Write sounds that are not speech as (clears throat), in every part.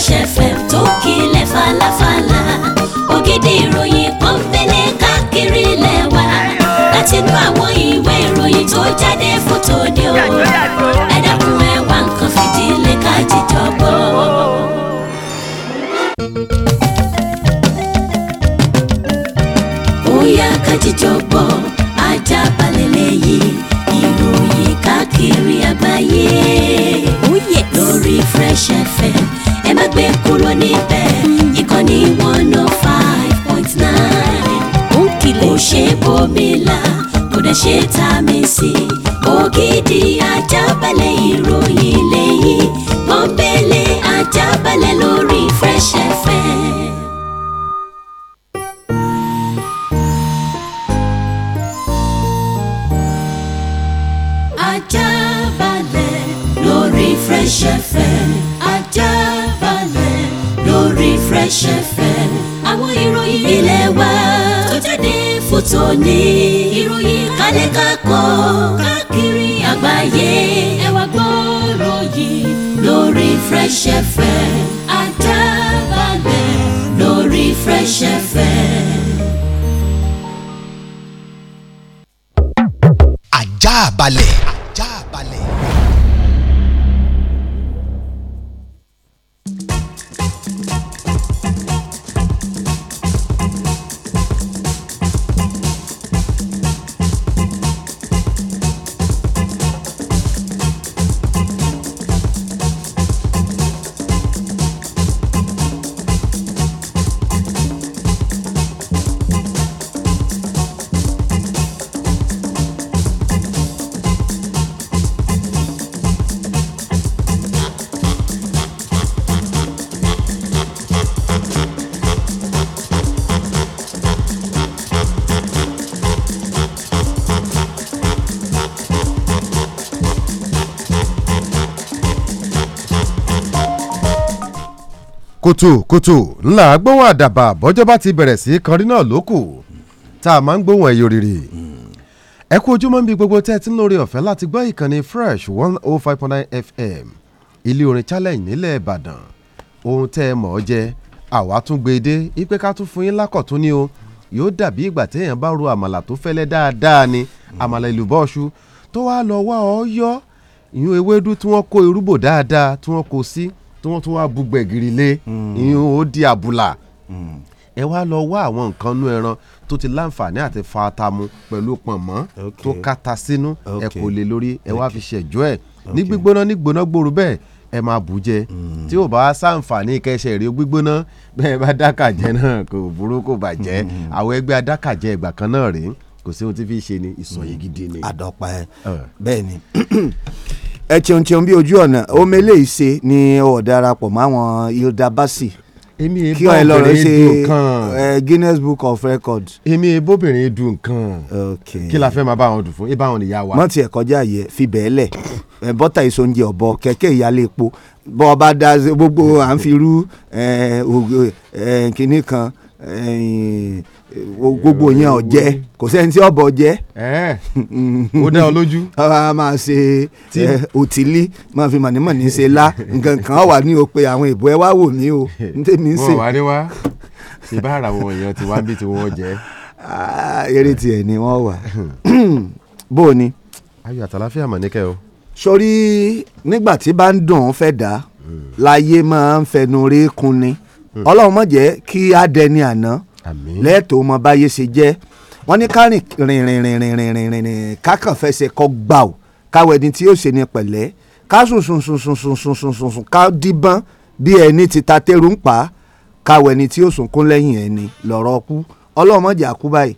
Fresh FM tó kílẹ̀ falafala ògidì ìròyìn kan fẹlẹ̀ káàkiri lẹ́wà látinú àwọn ìwé ìròyìn tó jáde fún. time. kùtùkùtù ńlá gbóhùn àdàbà bọ́jọ́ bá ti bẹ̀rẹ̀ sí kanrí náà lókù tá a máa ń gbóhùn ẹ̀yọ́ rírì. ẹ kú ojúmọ́ ń bi gbogbo tẹ́ ẹ ti ń lórí ọ̀fẹ́ láti gbọ́ ìkànnì fresh one oh five point nine fm ilé orin challenge nílẹ̀ ìbàdàn ohun tẹ́ ẹ mọ̀ ọ́ jẹ́ àwa tún gbé e dé ipe ká tún fún yín lákọ̀tún ni o yóò dàbí ìgbà téèyàn bá ro àmàlà tó fẹ́lẹ́ dáadáa ni àmàlà ìlú bọ́ọ̀ṣù tó wá lọ wá ọ yọ ìyún ewédú tí wọ́n kó irúbò dáadáa tí wọ́n kó sí tí wọ́n tún wá bu gbẹ̀gìrì lé ìyún ó di àbùlà ẹ wá lọ wá àwọn nǹkan nú ẹran tó ti láǹfààní àti fa ata mu pẹ̀lú pọ̀nmọ́ tó kàtà sínú ẹ kò lè lórí ẹ wá fi ṣẹ̀jọ́ ẹ̀ ní gbígbóná ní gbóná gbòòrò bẹ́ẹ̀ ẹ máa bù jẹ hmm. tí ò bá sàǹfààní kẹsẹ̀ rí gbígbóná bẹ́ẹ̀ bá dákàjẹ́ náà kò burú kò bàjẹ́ hmm. àwọn ẹgbẹ́ adákàjẹ́ ìgbà kan náà rèé kò sí ohun tí fi ṣe ni ìsọ̀yí gidi ni. àdọ́pẹ́ bẹ́ẹ̀ ni (clears throat) ẹ cheun bí ojú ọ̀nà omi eléyìí ṣe ni ọ̀ darapọ̀ máwọn Hilda Basi kí ọ̀ ẹ lọ rẹ ṣe Guinness Book of Records. èmi ebóbìnrin dùn nǹkan kí la fẹ́ máa bá wọn dùn fún ibà wọn nìyá wa. mọ́tì ẹ̀ kọjá yẹ fi bẹ́ẹ̀ lẹ̀ bọ́tà ìsọ̀njẹ ọ̀bọ kẹ̀kẹ́ ìyálé epo bọ́ ọba da gbogbo à ń fi rú kínní kan gbogbo yẹn ọjẹ kò sẹ́ni tí ọ̀bọ̀ jẹ́. ó dá ọ lójú. (laughs) a máa ṣe òtílí máa fi mànímàní ṣe lá nǹkan kan wà ní o pé àwọn ìbò ẹ wá wò mí o (laughs) ní tèmi ń ṣe. wọn wà ní wá ṣe bá ara wọn èèyàn tí wàá bí tí wọn jẹ. Ah, eré tiẹ̀ ni wọ́n wà. (laughs) (clears throat) bó o ni. ayọ̀ àtàláfíà mọ̀ o. sórí nígbà tí bá ń dùn ún fẹ́ dá hmm. láyé máa ń fẹnu rí kun hmm. ọlọ́run má kí á dẹni àná lẹ́ẹ̀tọ́ mọ báyé ṣe jẹ́ wọ́n ní ká rìn rìn rìn rìn rìn rìn rìn rìn rìn kákàn fẹsẹ̀ kọ gbà ó káwọ ẹni tí yóò ṣe ní pẹ̀lẹ́ ká sùn sùn sùn sùn sùn sùn sùn sùn sùn ká díbọ́n bí ẹni ti ta tẹ́rù ń pa káwọ ẹni tí yóò sunkún lẹ́yìn ẹni lọ́rọ̀ kú ọlọ́mọdé àkú báyìí.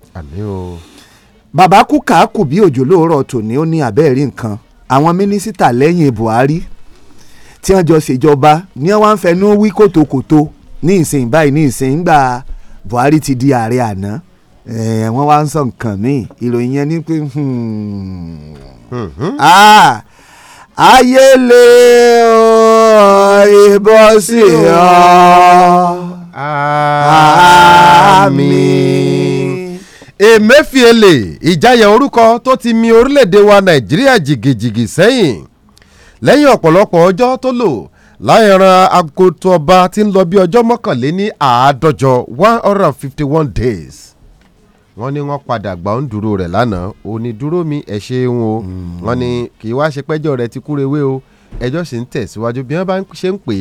bàbá kú kàákù bí òjò lóòrọ̀ tòní ó ní àbẹ́ẹ̀rí nǹkan àwọn mínísítà lẹ́yìn Buhari tí wọ́n jọ ṣèjọba ni wọ́n wá ń fẹnu wí kòtòkòtò ní ìsìn báyìí ní ìsìn gbà Buhari ti di ààrẹ àná eh, wọ́n wá ń sọ nǹkan míì ìròyìn yẹn ni pé hmm. mm-hmm. ah, ayé lè ìbọn sí ọ àmín emefiele ìjayà orúkọ tó ti mì orílẹ̀-èdè wa nàìjíríà jìgìjìgì sẹ́yìn lẹ́yìn ọ̀pọ̀lọpọ̀ ọjọ́ tó lò láìran akoto ọba tí ń lọ bí ọjọ́ mọ́kànléní àádọ́jọ one hundred and fifty one days wọ́n ní wọ́n padà gbà ń dúró rẹ̀ lánàá onídúró mi ẹ̀ ṣe ń o hmm. wọ́n ní kì í wá ṣe pẹ́jọ́ rẹ̀ ti kúrewé o ẹjọ́ sì ń tẹ̀síwájú bí wọ́n bá ṣe ń pè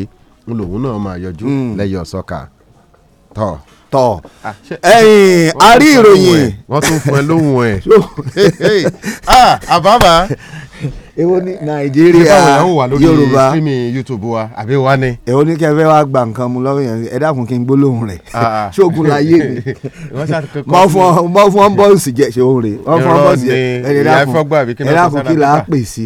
é lòun náà máa yọjú hmm. lẹ́yìn ọ̀sọ́ka tọ́ tọ ah, ẹyin a rí ìròyìn. wọ́n tún fún ẹ lóhùn ẹ̀ (laughs) ah, àbábà èwo ni nàìjíríà yorùbá youtube wa àbí wa ni. èwo ní kẹfẹ́ wa gba nǹkan mu lọ́wọ́ yẹn ẹ dákun kí n gbólóhùn rẹ̀ ah, ah. (laughs) ṣóògùn láyé mi mọ fún ọ́n bọ́ọ̀sì jẹ ṣe òun rè mọ fún ọ́n bọ́ọ̀sì jẹ ẹ dákun ẹ dákun kí là á pè sí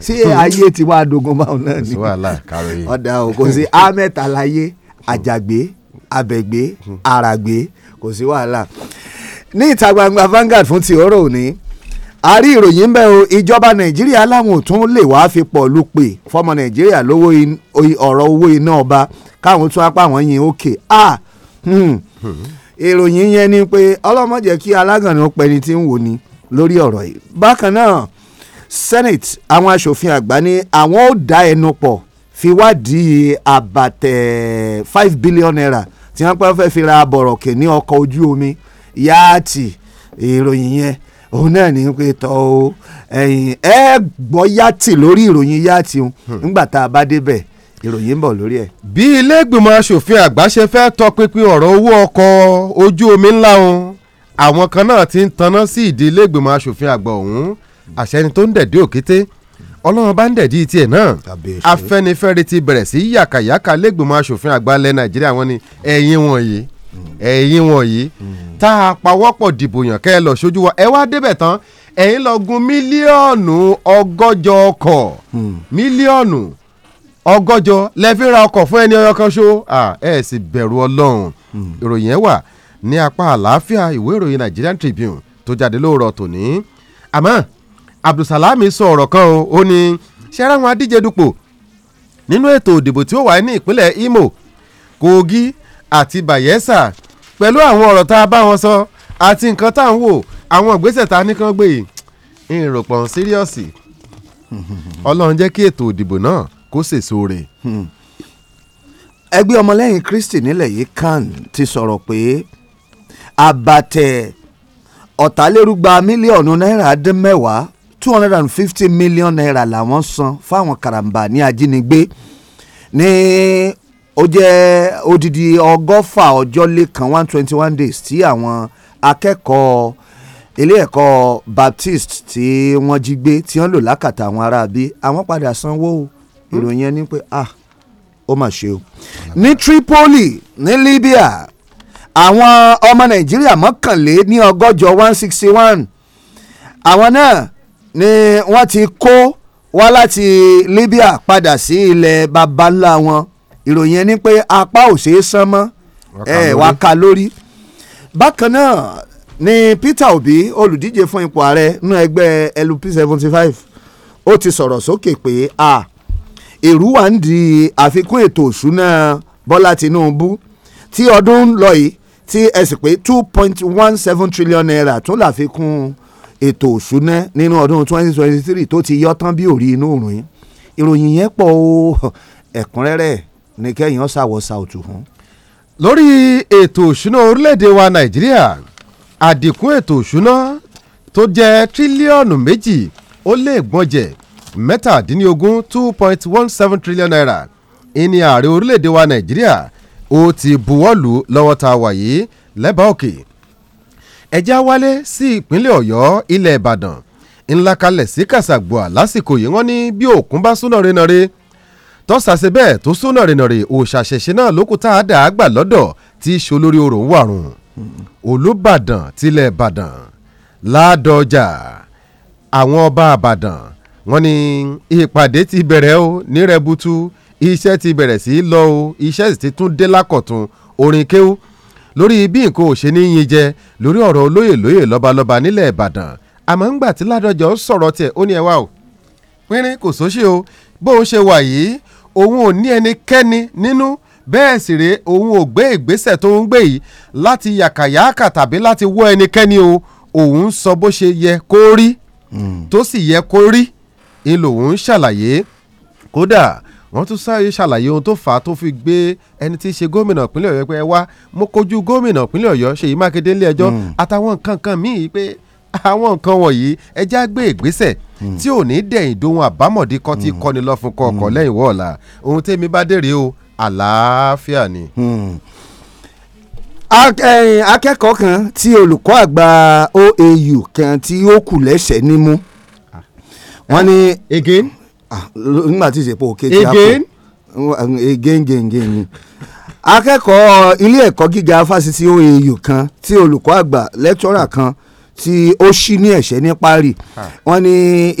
sí ah, ayé tí wàá dogun báwọn náà ni (laughs) ọ̀dà o kò sí amẹ́ta láyé àjàgbé abẹ́gbé àràgbé kò sí wàhálà ní ìta gbangba Vanguard fún ti ọ̀rọ̀ òní àrí ìròyìn ń bẹ o ìjọba nàìjíríà láwọn ò tún lè wáá fi pọ̀ lu pè fọmọ nàìjíríà lówó ọ̀rọ̀ owó iná ọba káwọn tún apá wọn yin òkè a hmm. ìròyìn yẹn ni pé ọlọ́mọdé kí alágànnà pẹni tí ń wò ni lórí ọ̀rọ̀ yìí bákan náà senate àwọn asòfin àgbà ní àwọn ò dá ẹnu pọ̀ fi wádìí àbàtẹ̀ five billion naira tí wọ́n pẹ́ fẹ́ fi ra bọ̀rọ̀kẹ̀ ní ọkọ̀ ojú omi yáàtì ìròyìn yẹn òun náà ní pé tọ́ o ẹ̀yìn ẹ gbọ́ yàtì lórí ìròyìn yàtì o hmm. nígbà tá a bá débẹ̀ ìròyìn ń bọ̀ lórí ẹ̀. bí ilé ìgbìmọ̀ asòfin àgbà ṣe fẹ́ tọpinpin ọ̀rọ̀ owó ọkọ̀ ojú omi ńlá o àwọn kan náà ti ń taná sí ìdí ilé ìgbìmọ̀ asòfin àgbà ọ̀hún àṣẹni tó ń dẹ̀dí òkété ọlọ́run bá ń dẹ̀dí tiẹ̀ náà afẹ́nifẹ́re ti bẹ̀rẹ̀ sí yàkàyàkà lẹ́gbẹ̀mọ asòfin àgbà ilẹ̀ nàìjíríà wọn ni ẹ̀yin wọ̀nyí ẹ̀yin wọ̀nyí tá a pawọ́pọ̀ dìbò yàn kẹ́ ẹ lọ sójú wa ẹ wá débẹ̀ tán ẹ̀yin lọ gun mílíọ̀nù ọgọ́jọ ọkọ̀ hmm. mílíọ̀nù ọgọ́jọ lẹ́fí ra ọkọ̀ fún ẹni ọyọ kan ṣó ẹ sì bẹ̀rù ọlọ́run hmm. ìròyìn ẹ wà ní apá àlàáfíà ìwé ìròyìn Nigerian Tribune tó jáde lóòrọ̀ tòní àmọ́ Abdulsalami sọ ọ̀rọ̀ kan o ó ní ṣẹ́ra wọn adíje dupò nínú ètò òdìbò tí ó wáyé ní ìpínlẹ̀ Imo Kogi àti Bayelsa pẹ̀lú àwọn ọ̀rọ̀ tá a bá wọn sọ àti nǹkan tá à ń wò àwọn ìgbésẹ̀ tá a ní kán gbé yìí ìròpọ̀n síríọ̀sì Ọlọ́run jẹ́ kí ètò òdìbò náà kó sèso rẹ̀. ẹgbẹ́ ọmọlẹ́yìn Kristi nílẹ̀ yìí kan ti sọ̀rọ̀ pé àbàtẹ̀ ọ̀tàlérúgba mílíọ̀nù náírà dín mẹ́wàá two hundred and fifty million naira làwọn san fáwọn karambà ní ajínigbé ní ó jẹ́ odidi ọgọ́fà ọjọ́ lẹ́kan one twenty one days tí àwọn akẹ́kọ̀ọ́ ilé ẹ̀kọ́ Baptist tí wọ́n jí gbé tí wọ́n lò lákàtà àwọn aráabí àwọn padà sanwó ìròyìn ẹni pé ah ó mà ṣe o. ní Tripoli ní Libya àwọn ọmọ Nàìjíríà mọ́kànlé ní ọgọ́jọ one sixty one àwọn náà ni wọ́n ti kó wá láti Libya padà sí ilẹ̀ baba ńlá wọn ìròyìn ẹni pé apá ò ṣeé sán mọ́ ẹ wá ka lórí. bákan náà ni Peter Obi olùdíje fún ipò ààrẹ nínú ẹgbẹ́ LP seventy five ó ti sọ̀rọ̀ sókè pé a èrú wà ń di àfikún ètò òṣùná Bọ́lá Tinubu tí ọdún ń lọ yìí tí ẹ sì pé two point one seven trillion naira tún láfikún ètò òṣùná nínú ọdún twenty twenty three tó ti yọ tán bí òrí inú òrùn yìí ìròyìn yẹn pọ̀ o ẹ̀kúnrẹ́rẹ́ ní kẹ́yìn ọ̀sàwọ̀sà òtù fún. lórí ètò òṣùná orílẹ̀-èdè wa nàìjíríà àdínkù ètò òṣùná tó jẹ́ tírílíọ̀nù méjì ó lé ìgbọ́njẹ̀ mẹ́tàdínlógún two point one seven trillion naira ìní ààrẹ orílẹ̀-èdè wa nàìjíríà ó ti buwọ́lù lọ́wọ́ tá wà yìí lẹ́bàá òkè ẹjá wálé sí ìpínlẹ̀ ọ̀yọ́ ilẹ̀ ìbàdàn ńlá kalẹ̀ sí kàṣàgbọ́à lásìkò yìí wọ́n ní bí òkun bá súná renare tọ́sàṣe bẹ́ẹ̀ tó súnà rìnàrè òṣàṣẹ̀ṣe náà lókùtà àdàgbà lọ́dọ̀ tí í ṣe olórí orò ń wàrùn olùbàdàn tilẹ̀ ìbàdàn ládọjà àwọn ọba àbàdàn wọ́n ní ìpàdé ti bẹ̀rẹ̀ o nírẹ̀butu iṣẹ́ ti bẹ̀rẹ̀ sí í lọ o iṣẹ́ sì ti tún dé lákọ̀tún orin kéwú lórí bí nǹkan ò ṣe ní yin jẹ lórí ọ̀rọ̀ olóyè lóyè lọ́balọ́ba nílẹ̀ ìbàdàn àmọ́ ńgbà tí ládọjà ó sọ̀rọ̀ tiẹ̀ ó ní ẹ wá o pínrín kò sóṣe o bó o ṣe wà yìí òun ò ní ẹnikẹ́ni nínú bẹ́ẹ̀ sì rèé òun ò gbé ìgbésẹ̀ tó ń gbé yìí láti yàkàyàkà tàbí láti wọ́ ẹnikẹ́ni o òun sọ bó ṣe yẹ kó rí hmm. tó sì yẹ kó rí ń lòun ṣàlàyé kódà wọ́n tún sáré ṣàlàyé ohun tó fà á tó fi gbé ẹni tí í ṣe gómìnà ìpínlẹ̀ ọ̀yọ́ pé ẹ wá mo kojú gómìnà ìpínlẹ̀ ọ̀yọ́ ṣèyí mákindé ilé ẹjọ́ hmm. àtàwọn nǹkan kan míì pé àwọn nǹkan wọ̀nyí ẹjẹ́ á gbé ìgbésẹ̀ hmm. tí ò ní dẹ̀yìn dohun àbámọ̀dé kan ti hmm. kọ́ni lọ́fun kọ ọkọ̀ hmm. lẹ́yìn wọ́ọ̀la ohun tẹ́mi bá dèrè o àlàáfíà ni. akẹ́kọ̀ọ́ kan tí olùkọ́ àgbà OAU kan tí ó kù lẹ́sẹ̀ nímú wọ́n ní. again. nígbà tí ìṣèpọ̀ òkè tí a again again again akẹ́kọ̀ọ́ ilé ẹ̀kọ́ gíga fásitì OAU kan tí olùkọ́ àgbà lẹ́tọ́rà kan. Mm tí ó ṣí ní ẹ̀ṣẹ́ ní parí wọ́n ní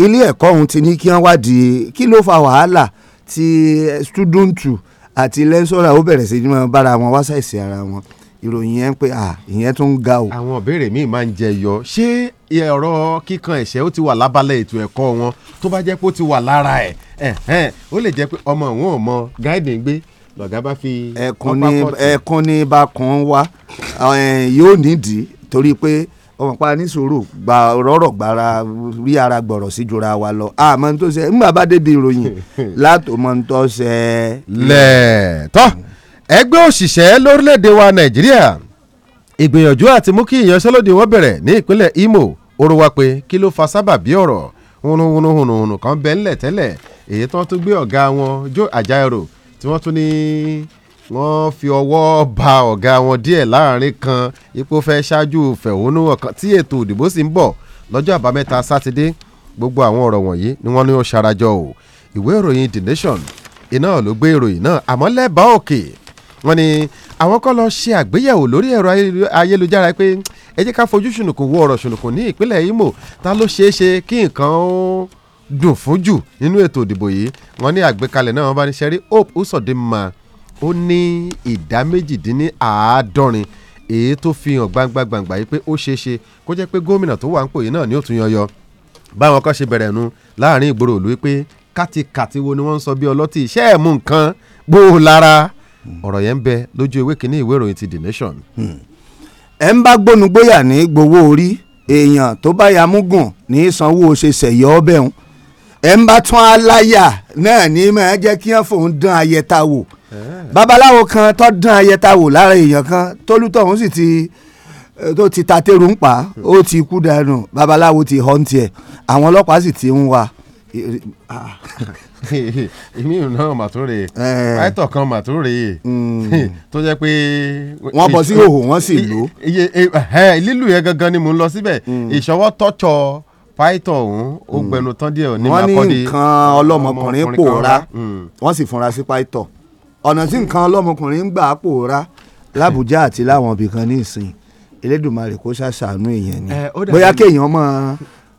ilé ẹ̀kọ́ ọ̀hún ti ní kí wọ́n wádìí kí ló fa wàhálà tí eh, stúdùntù àti lẹ́ńsọ́rà ó bẹ̀rẹ̀ sí ní máa bára wọn wá ṣàìsí ara wọn ìròyìn yẹn pé à ìyẹn tún ga o. àwọn ìbéèrè míì máa ń jẹyọ ṣé ọ̀rọ̀ kíkan ẹ̀ṣẹ́ ó ti wà lábálẹ̀ ètò ẹ̀kọ́ wọn tó bá jẹ́ pé ó ti wà lára ẹ̀ ó lè jẹ́ pé ọmọ òun ò mọ gáìdì gbé lọ̀gá bá fi ọpá pọ̀ tì. ẹkùn ní bákan wá yóò nídìí torí pé ọmọ pa níṣòro gba rọ́rọ̀ gbára rí ara gbọ̀rọ̀ sí jura wa lọ àmọ́ n tó ṣe ń bàbá débi ìròyìn (laughs) látò mọ́ n tó ṣe. lẹ́ẹ̀tọ́ ẹgbẹ́ òṣìṣẹ́ lórílẹ̀‐èdè wa nàìjíríà ìgbìyànjú àti mú kí ìyanṣẹ́lódì wọn bẹ̀rẹ̀ ní ìpínlẹ̀ imo oró wa pé kí ló fa sábàbí ọ̀rọ̀ hunuhunuhunuhunu kan bẹ́ẹ̀ ńlẹ̀ tẹ́lẹ̀ èyí tí wọ́n tún gbé ọ̀gá wọn jó àjàrò tí wọ́n tún ní wọ́n fi ọwọ́ ba ọ̀gá wọn díẹ̀ láàrin kan ipò fẹ́ ṣáájú fẹ̀hónúhàn kan tí ètò òdìbò sì ń bọ̀ lọ́jọ́ àbámẹ́ta sátidé gbogbo àwọn ọ̀rọ̀ wọ̀nyí ni wọ́n ní ó ṣarajọ o ìwé ìròyìn The Nation iná ló gbé ìròyìn náà àmọ́ lẹ́bàá òkè wọ́n ní àwọn kọ́ lọ ṣe àgbéyẹ̀wò lórí ẹ̀rọ ayélujára pé ẹ jẹ́ ká fojú ṣùnùkùn wo ọ̀rọ̀ ṣùnùkùn ní ìpínlẹ̀ Imo ta ló ṣeé ṣe kí nǹkan ó dùn fún jù nínú ètò ìdìbò yìí wọ́n ní àgbékalẹ̀ náà wọ́n bá ní sẹ́rí Hope Usodimma ó ní ìdá méjìdínláàádọ́rin èyí tó fi hàn gbangba gbangba yìí pé ó ṣeé ṣe kó jẹ́ pé gómìnà tó wà ń pò yìí náà ni ó tún yọyọ báwọn kan ṣe bẹ̀rẹ̀ nu láàrin ìgboro ìlú pé kátìkàtì wo ni wọ́n ń sọ bí ọlọ́tì iṣẹ́ ẹ̀ mú nǹkan gbòó lára ọ̀rọ̀ yẹn ń bẹ lójú ewé kínní ìwé ìròyìn ti The Nation. Hmm. ẹ ń bá gbónúgbóyà ní gbowó orí èèyàn tó bá ya múgùn ní sanwó ṣe ṣẹ̀yọ ọbẹ̀ òun ẹ ń bá tún aláyà náà ní máa jẹ́ kí wọ́n fòun dán ayẹta wò babaláwo kan tó dán ayẹta wò lára èèyàn kan tólútọ̀hún sì ti tó ti ta tẹ́rù ń pa ó ti kú dànù babaláwo ti hàn tiẹ̀ àwọn ọlọ́pàá sì ti ń wa èmi (laughs) ò náà màtúrè pàìtọ̀ kan màtúrè hmm. (laughs) tó jẹ́ pé. wọ́n bọ̀ sí òhò wọ́n sì lò. lílù yẹn gangan ni mò ń lọ síbẹ̀ hmm. ìṣọwọ́ tọ́jọ́ pàìtọ̀ ọ̀hún ó hmm. gbẹnu tán díẹ̀ ní màkọ́dé. wọ́n ní nǹkan ọlọ́mọkùnrin pòórá wọ́n sì fúnra sí pàìtọ̀ ọ̀nà tí nǹkan ọlọ́mọkùnrin ń gbà pòórá làbújá àti láwọn ibì kan ní ìsìn elédùnmarè kó ṣàṣàánú èèyàn ni bóyá kéèyàn mọ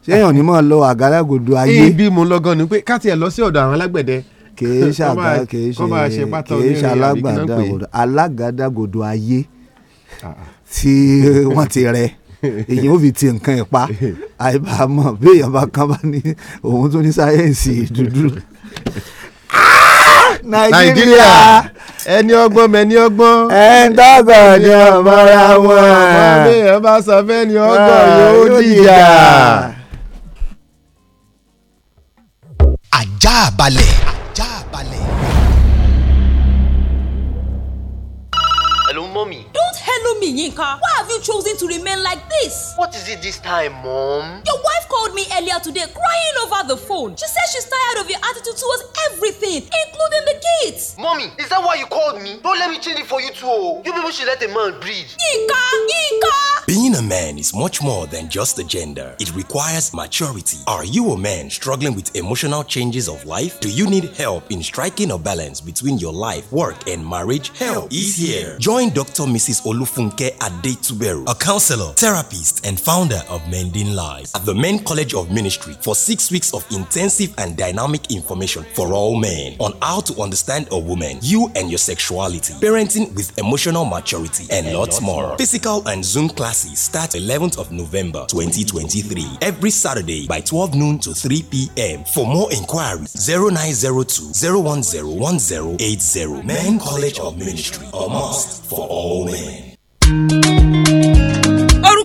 séèyàn ní mọ lọ àgádágodo ayé. ibi mo lọgán ni pé káti ẹ lọ sí ọ̀dọ̀ àwọn alágbẹ̀dẹ. kèé ṣàgbà kèé ṣe kèé ṣàlágbàdàgodo alágàdàgodo ayé ah, ah. tí wọ́n ti rẹ̀ èyàn ò fi ti nǹkan ẹ̀ pa (laughs) àìbámọ̀ bí èèyàn bá kán bá ní òun tó ní sáyẹ́ǹsì dúdú. (laughs) nàìjíríà ẹni ọgbọ́n mẹ́ni ọgbọ́n. ẹn tọ́sọ̀ ni ọmọ ra wọn. ọmọ mi ẹ bá sọ fẹ́ ni ọgbọ́n ah, yóò dìjà. ajá balẹ̀. ajá balẹ̀. hello mọ́mì. don't hello me Yinka. wá you chosen to remain like this? What is it this time, Mom? Your wife called me earlier today crying over the phone. She says she's tired of your attitude towards everything, including the kids. Mommy, is that why you called me? Don't let me change it for you too. You people should let a man breathe. Yinka, Yinka! Being a man is much more than just a gender. It requires maturity. Are you a man struggling with emotional changes of life? Do you need help in striking a balance between your life, work, and marriage? Help is here. Join Dr. Mrs. Olufunke two a counselor, therapist, and founder of Mending Lives at the Men College of Ministry for six weeks of intensive and dynamic information for all men on how to understand a woman, you and your sexuality, parenting with emotional maturity, and, and lots, lots more. more. Physical and Zoom classes start 11th of November 2023 every Saturday by 12 noon to 3 p.m. For more inquiries, 0902 010 1080. Men College of Ministry, a must for all men. Música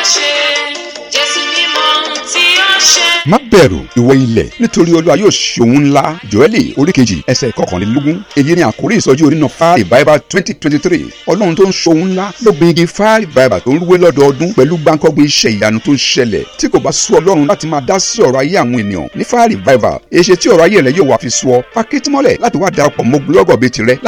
achei. má bẹ̀rù ìwọ ilẹ̀ nítorí olúwa yóò ṣòun ńlá joeli oríkejì ẹsẹ̀ kọkànlélógún èyí ni àkórí ìsọjí onínà fáàlì báíbà twenty twenty three ọlọ́run tó ń ṣòun ńlá ló gbin igi fáàlì báíbà tó ń rúwé lọ́dọọdún pẹ̀lú gbáǹkọ́gbìn iṣẹ́ ìyanu tó ń ṣẹlẹ̀ tí kò bá sú ọlọ́run láti máa dá sí ọ̀rọ̀ ayé àwọn ènìyàn ní fáàlì báíbà èṣe tí ọ̀rọ̀ ayé rẹ yóò wá fi sú ọ akíntúmọ̀lẹ̀ láti wá darapọ̀ mọ́ búlọ́gọ̀ bíi tirẹ̀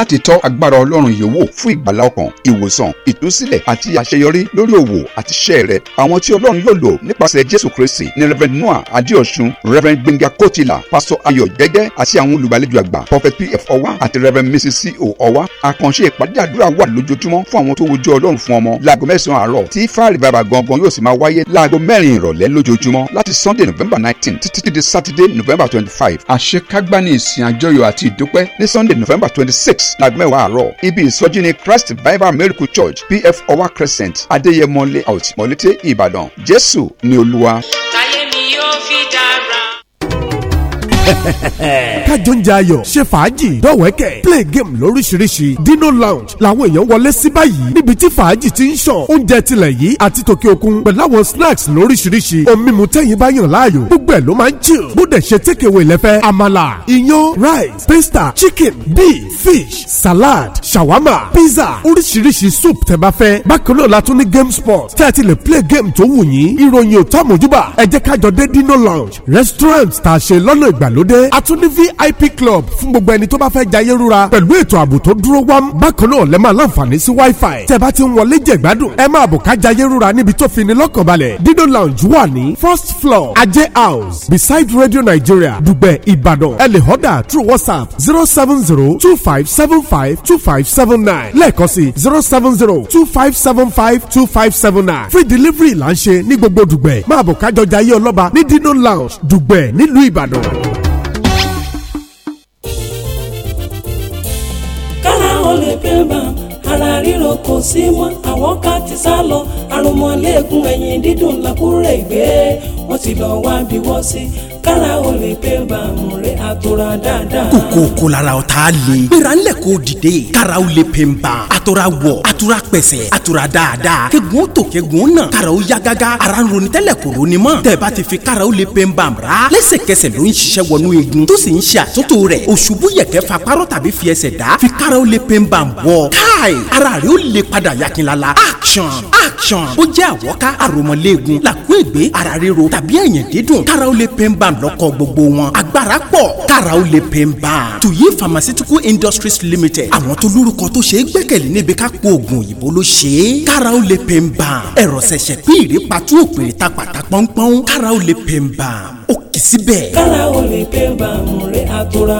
láti noah Adiosun reverend gbẹ̀ngà Kotila Pastor ayọ̀ jẹ́gẹ́ àti àwọn olùgbàlejò àgbà prophet pf ọwá àti reverend mrs co ọwá àkànṣe ìpàdé àdúrà wà lójoojúmọ́ fún àwọn tó wojú ọlọ́run fún ọmọ láago mẹ́sàn-án àárọ̀ tí fáàrí bàbá gangan yóò sì máa wáyé láago mẹ́rin ìrọ̀lẹ́ lójoojúmọ́ láti sunday november nineteen títí di saturday november twenty-five àṣekágbá ní ìsìn àjọyọ̀ àti ìdúpẹ́ ní sunday november twenty-six láago mẹ́wàá àárọ̀ ibi ìsọjí ní christ Bible miracle church pf ọwá crescent adéyẹmọlé àwòtí mọ̀lété ìbàdàn jésù ni olúwa. táyé kájọ ń jẹ ayọ̀ ṣe fàájì dọ́wẹ́kẹ̀ play game lóríṣiríṣi dino lounge làwọn èèyàn wọlé sí báyìí níbi tí fàájì ti ń sàn oúnjẹ tilẹ̀ yìí àti tòkè òkun pẹ̀lú àwọn snacks lóríṣiríṣi omimu tẹ̀yìn bá yàn láàyò gbogbo ẹ̀ ló máa ń chill bóde ṣe takeaway lẹ́fẹ́ àmàlà iyán rice pasta chicken beef fish salad shawama pizza oríṣiríṣi soup tẹ́ bá fẹ́ bákan náà la tún ní game sport tẹ́ ẹ ti lè play game tó wù yín ìròyìn ò tó àmójúbà dino lounge restaurant tá a ṣe lọ́nà ìgbàlódé a tún ní vip club fún gbogbo ẹni tó bá fẹ́ jayé rúra pẹ̀lú ètò ààbò tó dúró wám bákan náà lẹ́ máa láǹfààní sí wifi tẹ́ bá ti ń wọlé jẹ̀gbádùn ẹ máa bò ká jayé rúra níbi tó fi ni lọ́kànbalẹ̀ dido lounge wà ní first floor ajé house beside radio nigeria dùgbẹ̀ ìbàdàn ẹ lè họ́dà through whatsapp zero seven zero two five seven five two five seven nine lẹ́ẹ̀kan sí zero seven zero two five seven five two five seven nine free delivery là ń ṣe ní gbogbo dùgbẹ̀ máa bò kájọ jayé ọlọ́ba ní dino lounge dùgbẹ̀ nílùú ìbàdàn. ma alari ro ko si mo awon ka ti sa lo arumo legun eyin didun la kure won ti lo wa si kára o lè pé bàmù rẹ̀ àtòrà dáadáa. kòkó kò lára ọ̀tá le. gbéra ńlẹ̀ kò dìde. kára o lè pè ń ban. àtòrà wọ̀ àtòrà pẹ̀sẹ̀ kegun tó kegun náà. kára o ya gágá. ara ń ronú tẹ́lẹ̀ kò ronú mọ́. tẹ̀bá ti fi kára o lè pè ń ban ra. lẹ́sẹ̀kẹsẹ̀ ló ń ṣiṣẹ́ wọnú egun. tó sì ń ṣe àtúntò rẹ̀. òṣùbù yẹ̀kẹ́ fa párọ̀ tàbí fi ẹsẹ̀ dá. fi kára o lè pè ń ban wọ. káì ara rẹ̀ ó lè padà yakinlala. action action. ó jẹ́ àwọ̀ká àròmọ̀lẹ́gun làkúègbé ara ríro tàbí ẹ̀yìn dídùn. kára o lè pè bam lọ́kọ̀ gbogbo wọn agbára pọ̀ kára ó lè pè ń tuyi pharmaceutical industries limited àwọn tó lórúkọ tó ṣe é gbẹ́kẹ̀lé níbi ká po oògùn òyìnbó ló ṣe é kára ó lè pè ń bá. ẹ̀rọ ṣẹ̀ṣẹ̀ pín ìrèpàtú òpèrè ta pàtà pọ́npọ́n kára ó lè pè ń ó kì í síbẹ̀. kára ó lè pè ń bá àmúrẹ́ àtòrà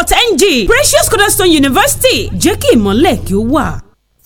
NG Precious Cornerstone University jẹ́ kí ìmọ̀lẹ̀ kí ó wà.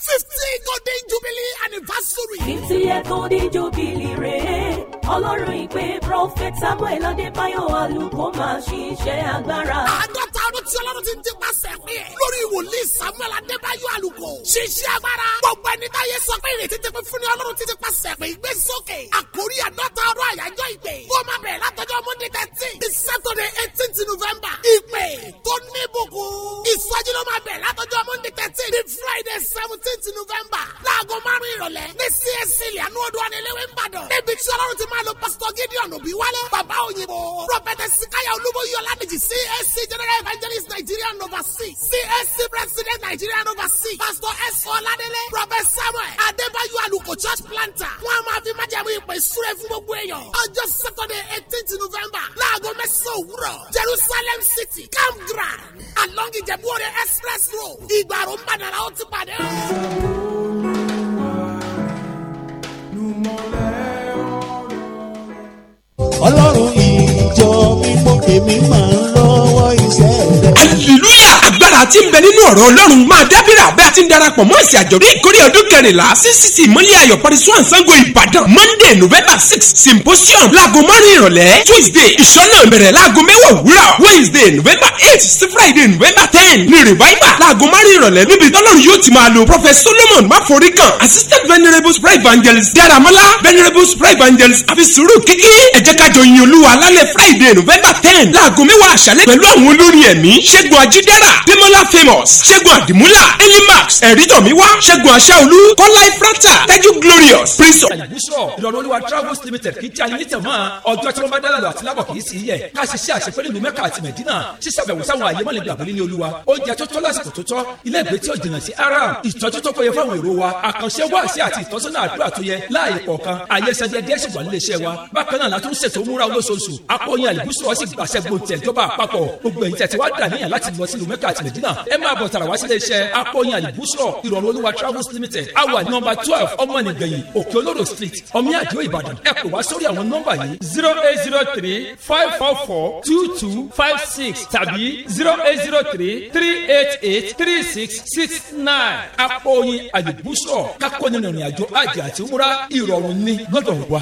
fifty golden jubilee anniversary. fifty year golden jubilee rèé ọlọ́run ìpè prophet samuel adébáyọ̀ àlùkò máa ṣiṣẹ́ agbára. àádọ́ta ọdún tí ọlọ́run ti ń dípasẹ̀ pé lórí ìwòlíì samuel adébáyọ̀ àlùkò ṣiṣẹ́ agbára. gbogbo ẹni táyé sọ pé ìrètí ti pín fún ni ọlọ́run ti ti pasẹ̀ pé ìgbé sókè. àkórí àádọ́ta ọdún àyájọ́ ìpè. kó máa bẹ̀rẹ̀ látọjọ́ monday thirteen the saturday eighteenth november. ìpè tó ní ìbùkún. ìsọjí ló máa bẹ̀rẹ̀ látọjọ́ monday thirteen the friday seventeenth november. láago márùn-ún ìrọ̀lẹ́ ní csc lẹ́nu odò àníléwé ń bàdàn. níbi tí ọlọ́run ti m máa lo pásítọ̀ gideon òbí wálé bàbá òyìnbó prọfẹtẹ sikaya olúbóyè ọládèjì CAC general evangelist nigeria overseas CSC president nigeria overseas pastor s ọládélé prophet samuel adébáyọ̀ àlùkò church planter wọn a máa fi májàmú ìpè súré fún gbogbo èèyàn ọjọ́ saturday eighteenth november láago mẹ́sàn-án jerusalem city campground along ìjẹ̀bú-òde express road ìgbàrò mbàdàlà ó ti pàdé. olùwà ọlọ́run ìjọ mímọ́ èmi máa ń lọ́wọ́ iṣẹ́ rẹ̀. hallelujah tí ń bẹ nínú ọ̀rọ̀ ọlọ́run máa dábìrà bẹ́ẹ̀ ti ń darapọ̀ mọ́ ìsìn àjọ̀dún ìkórè ọdún kẹrìnlá ccc mọ́lẹ̀ ayọ̀ pariswan sango ìbàdàn monday november six symposium láago márùn ìrọ̀lẹ́ tuesday ìṣọ́nà bẹ̀rẹ̀ láago mẹ́wàá òwúrọ̀ wednesday november eight sí friday november ten ní revival láago márùn ìrọ̀lẹ́ níbi tọ́lọ́run yóò ti máa lo prophet solomon maforikan assistant venerable spray evangelist daramola venerable spray evangelist afisuru kiki ẹ jẹ́ ká jọ yin olúwa lálẹ́ friday november ten láago mẹ́wàá àṣálẹ́ pẹ̀lú àwọn olórin ẹ̀mí ṣẹ́gun ajídára démọ́lá Kọ́lá Famous, Ṣẹ́gun Àdìmúlà, Elimax, Ẹ̀rítọ̀míwá, Ṣẹ́gun Aṣáolú, Kọ́lá Ifrata, Tẹ́jú Glorious, Prince. Àyàdísọ̀ Ìlọrin Olúwa Travels Limited kì í tí a ní tẹ̀ mọ́ ọjọ́ tí wọ́n bá dálà lọ àti lábọ̀ kì í sì yẹ. Ká ṣiṣẹ́ àṣepẹ́ nílùú Mẹ́kà àti Mẹ̀dínà, ṣíṣàbẹ̀wò sáwọn àyè mọ́lẹ̀ gbàgbé ní Olúwa. Oúnjẹ tó tọ́ lásìkò tó tọ́, ilé ìgbé tí ó jìnnà sí Aram, ìtọ́jú tó péye fáwọn èrò wa, àkànṣe wáàsí àti ìtọ́sọ́nà àdúrà tó yẹ láàyè kọ̀ọ̀kan, àyè sẹ́jẹ́ díẹ̀ ṣùgbọ́n nílé iṣẹ́ wa. Bákan náà la tún ṣètò múra olóṣooṣù, akọ̀yìn àlùbùsọ̀ sì gbàṣẹ́ gbòǹtẹ̀ ìjọba àpapọ̀, gbogbo èyí tẹ̀ tí wá dà níyàn láti lọ sílùú Mẹ́kà àti Mẹ̀dínà Medina ẹ máa bọ̀ tàrà wá sílé iṣẹ́ akọ̀yìn àlìbúsọ̀ ìrọ̀rùn olúwa travels limited Awa nọ́mbà twelve ọmọnìgbẹ̀yìn òkè olóró street ọmíàdìó ìbàdàn ẹ pè wá sórí àwọn nọ́mbà yìí zero eight zero three five four four two two five six tàbí zero eight zero three three eight eight three six six nine akọ̀yìn àlìbúsọ̀ kakọ̀yìn ìrìn àjò àjẹ àti múra ìrọ̀rùn ni lọ́dọ̀ wa.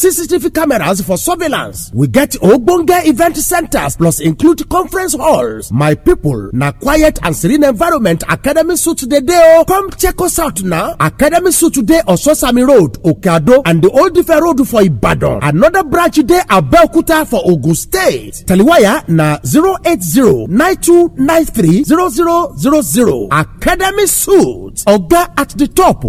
CCTV cameras for surveillance. We get ogbonge event centers plus include conference halls. My people na quiet and serene environment Academy Suit dey day. Oh, Come check us out now. Academy Suit on Sosami Road, Okeado and the Old Ife Road for Ibadan. Another branch at Belkuta for Ogun State. Teliwaya na 08092930000. Academy Suit. Oga at the top.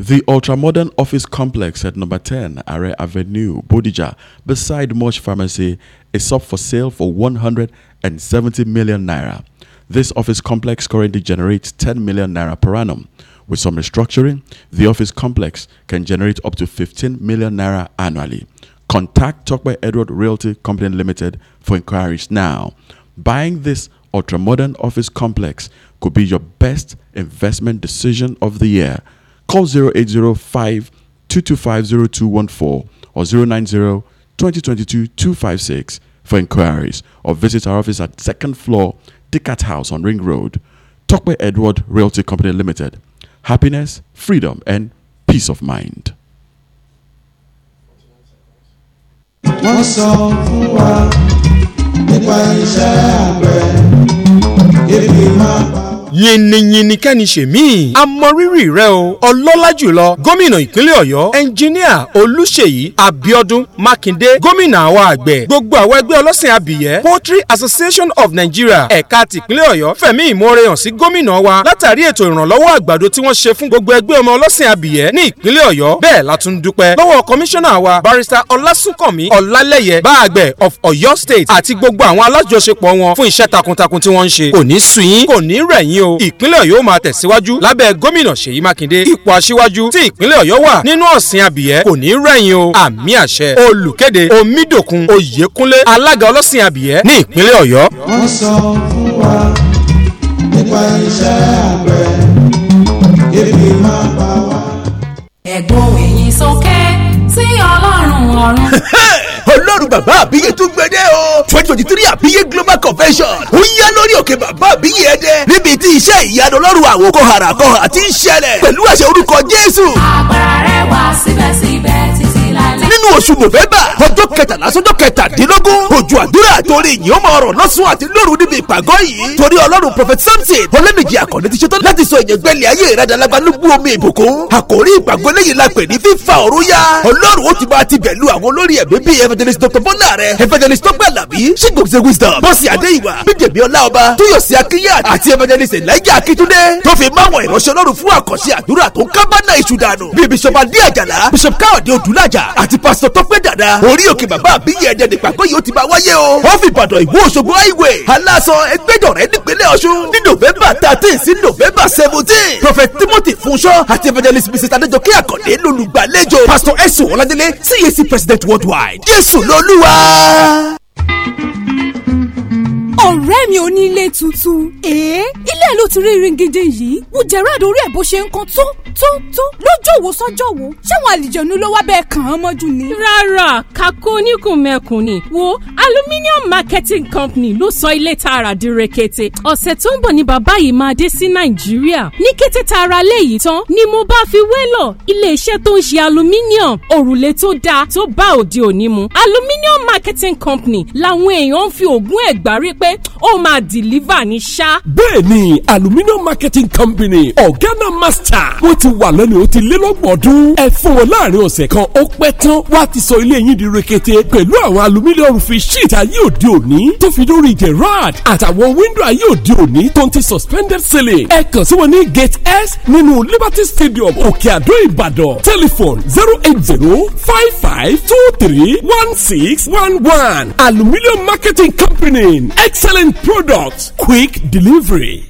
The ultra modern office complex at number 10 Are Avenue, Bodija, beside Mosh Pharmacy, is up for sale for 170 million naira. This office complex currently generates 10 million naira per annum. With some restructuring, the office complex can generate up to 15 million naira annually. Contact Talk by Edward Realty Company Limited for inquiries now. Buying this ultra modern office complex could be your best investment decision of the year. Call 0805 225 0214 or 090 2022 256 for inquiries or visit our office at second floor Dickert House on Ring Road, Talkway Edward Realty Company Limited. Happiness, freedom, and peace of mind. yìnyínyìnyín kẹ́ni ṣèmí amọrírì rẹ o ọlọ́lá jùlọ gómìnà ìpínlẹ̀ ọ̀yọ́ ẹnjiníà olúṣèyí abiodun makinde gómìnà àwọn àgbẹ̀ gbogbo àwọn ẹgbẹ́ ọlọ́sìn abìyẹ́ poultry association of nigeria ẹ̀ka tìpínlẹ̀ ọ̀yọ́ fẹ̀mí ìmoore hàn sí gómìnà wa látàrí ètò ìrànlọ́wọ́ àgbàdo tí wọ́n ṣe fún gbogbo ẹgbẹ́ ọmọ ọlọ́sìn abìyẹ́ ní ìpínlẹ̀ ọ̀yọ́ bẹ́ẹ̀ la tún dúpẹ́ lọ́wọ́ kọmíṣánná wa barrister ọlásùnkànmí ọlálẹ́yẹ báàgbẹ̀ of ọ̀yọ́ state àti gbogbo àwọn alájọṣepọ̀ wọn fún iṣẹ́ takuntakun tí wọ́n ń ṣe kò ní sú yín kò ní rẹ̀ ni o ìpínlẹ̀ ọ̀yọ́ máa tẹ̀síwájú lábẹ́ gómìnà ṣèyí mákindé ipò aṣíwájú tí ìpínlẹ̀ ọ̀yọ́ wà nínú ọ̀sìn abìyẹ́ kò ní rẹ̀yìn o àmì àṣẹ olùkéde omídòkun oyèkúnlé alága ọlọ́sìn abìyẹ́ ní ìpínlẹ̀ ọ̀yọ́. wọ́n sọ fún wa nípa iṣẹ́ àgbẹ̀ ebi máa bá wa. ẹ̀gbọ́n èyí sókè sí ọlọ́run ọ̀run. (laughs) ọlọ́run bàbá àbíyè tún gbẹdẹ o twenty twenty three àbíyè global convention ó yá lórí òkè bàbá àbíyè ẹdẹ níbi tí iṣẹ́ ìyanu ọlọ́run àwòkọ́ àràkọ́ àti ìṣẹ̀lẹ̀ pẹ̀lú àṣẹ orúkọ jésù. àgbàrá rẹ̀ wá síbẹ̀síbẹ̀ tí nínú oṣù november ọjọ́ kẹtàlá sọ́jọ́ kẹtàdínlógún òjò àdúrà torí ìyìn ọmọ ọ̀rọ̀ lọ́sùn àti lóru níbi ìpàgọ́ yìí torí ọlọ́run prophet samson ọlẹ́mìjì àkànní ti ṣetán láti sọ ìyẹn gbẹ́lẹ̀ ayé ìradàlágbá lógún omi ìbùkún àkòrí ìpàgọ́ lẹ́yìn la pè ní fífa ọ̀run yá ọlọ́run ó ti bá ti bẹ̀lú àwọn olórí ẹ̀mí bíi evangelist dr bọ́lá rẹ̀ evangelist tọ́pẹ́ àlàbí ṣígòkè wisdom bọ́sì adéyìnwá bídèmí ọláọba tóyọ̀sí akínyà àti evangelist elijah akíntúndé tó fi máwọn ìránṣẹ́ ọlọ́run fún àkànṣe àdúrà tó ń kábàánà ìṣúdànù bíi bishop adé àjàlá bishop àti pásítọ̀ tó pé dàda orí òkè bàbá àbíyẹ ẹ̀jẹ̀ nípàgọ́ yìí ó ti bá wáyé o. wọ́n fi ìbàdàn ìwé òṣogbo highway aláṣọ ẹgbẹ́jọ̀rẹ́ nípínlẹ̀ ọ̀ṣun ní november thirteen sí november seventeen. prophet timothy funṣọ àti evangelist mrs adéjọkẹ́ àkàndé lolùgbàlejò pásítọ̀ ẹ̀sùn ọ̀làdélé cac president worldwide jésù lolúwa ọ̀rẹ́ mi ò ní ilé tuntun. èé ilé ló ti rí iringide yìí wù Gerard orí ẹ̀ bó ṣe ń kan tó tó tó lọ́jọ́ wo sọ́jọ́ wo ṣé àwọn àlìjẹ̀nu ló wá bẹ́ẹ̀ kàn án mọ́jú ni. rárá kakó oníkùn mẹ́kùn ni wo aluminium marketing company ló sọ ilé tààrà di rekete ọ̀sẹ̀ tó ń bọ̀ ni bàbá yìí máa dé sí nàìjíríà ní kété tààrà léyìí tán ni mo bá fi wélọ̀ iléeṣẹ́ tó ń ṣe aluminium òrùlé tó dáa tó bá òde òní mu aluminium marketing company làwọn èèyàn ń fi ògùn ẹ̀gbá rí pé pé ó máa deliver ní ṣá. bẹ́ẹ̀ni aluminium marketing company ọ̀gánà master wọ́n ti wà lẹ́nu ó ti lé lọ́gbọ̀n ọdún ẹ fún wọn láàrin ọ̀sẹ̀ kan ó pẹ́ tán wá ti sọ ilé yín di rekete pẹ̀lú àwọn aluminium fi sheet ayé òde òní tó fi dórí gerard àtàwọn window ayé òde òní tó ń ti suspended ceiling ẹ kàn sí wọn ní gate s nínú liberty stadium òkè àdó ìbàdàn telephone zero eight zero five five two three one six one one aluminium marketing company x excellent products, quick delivery.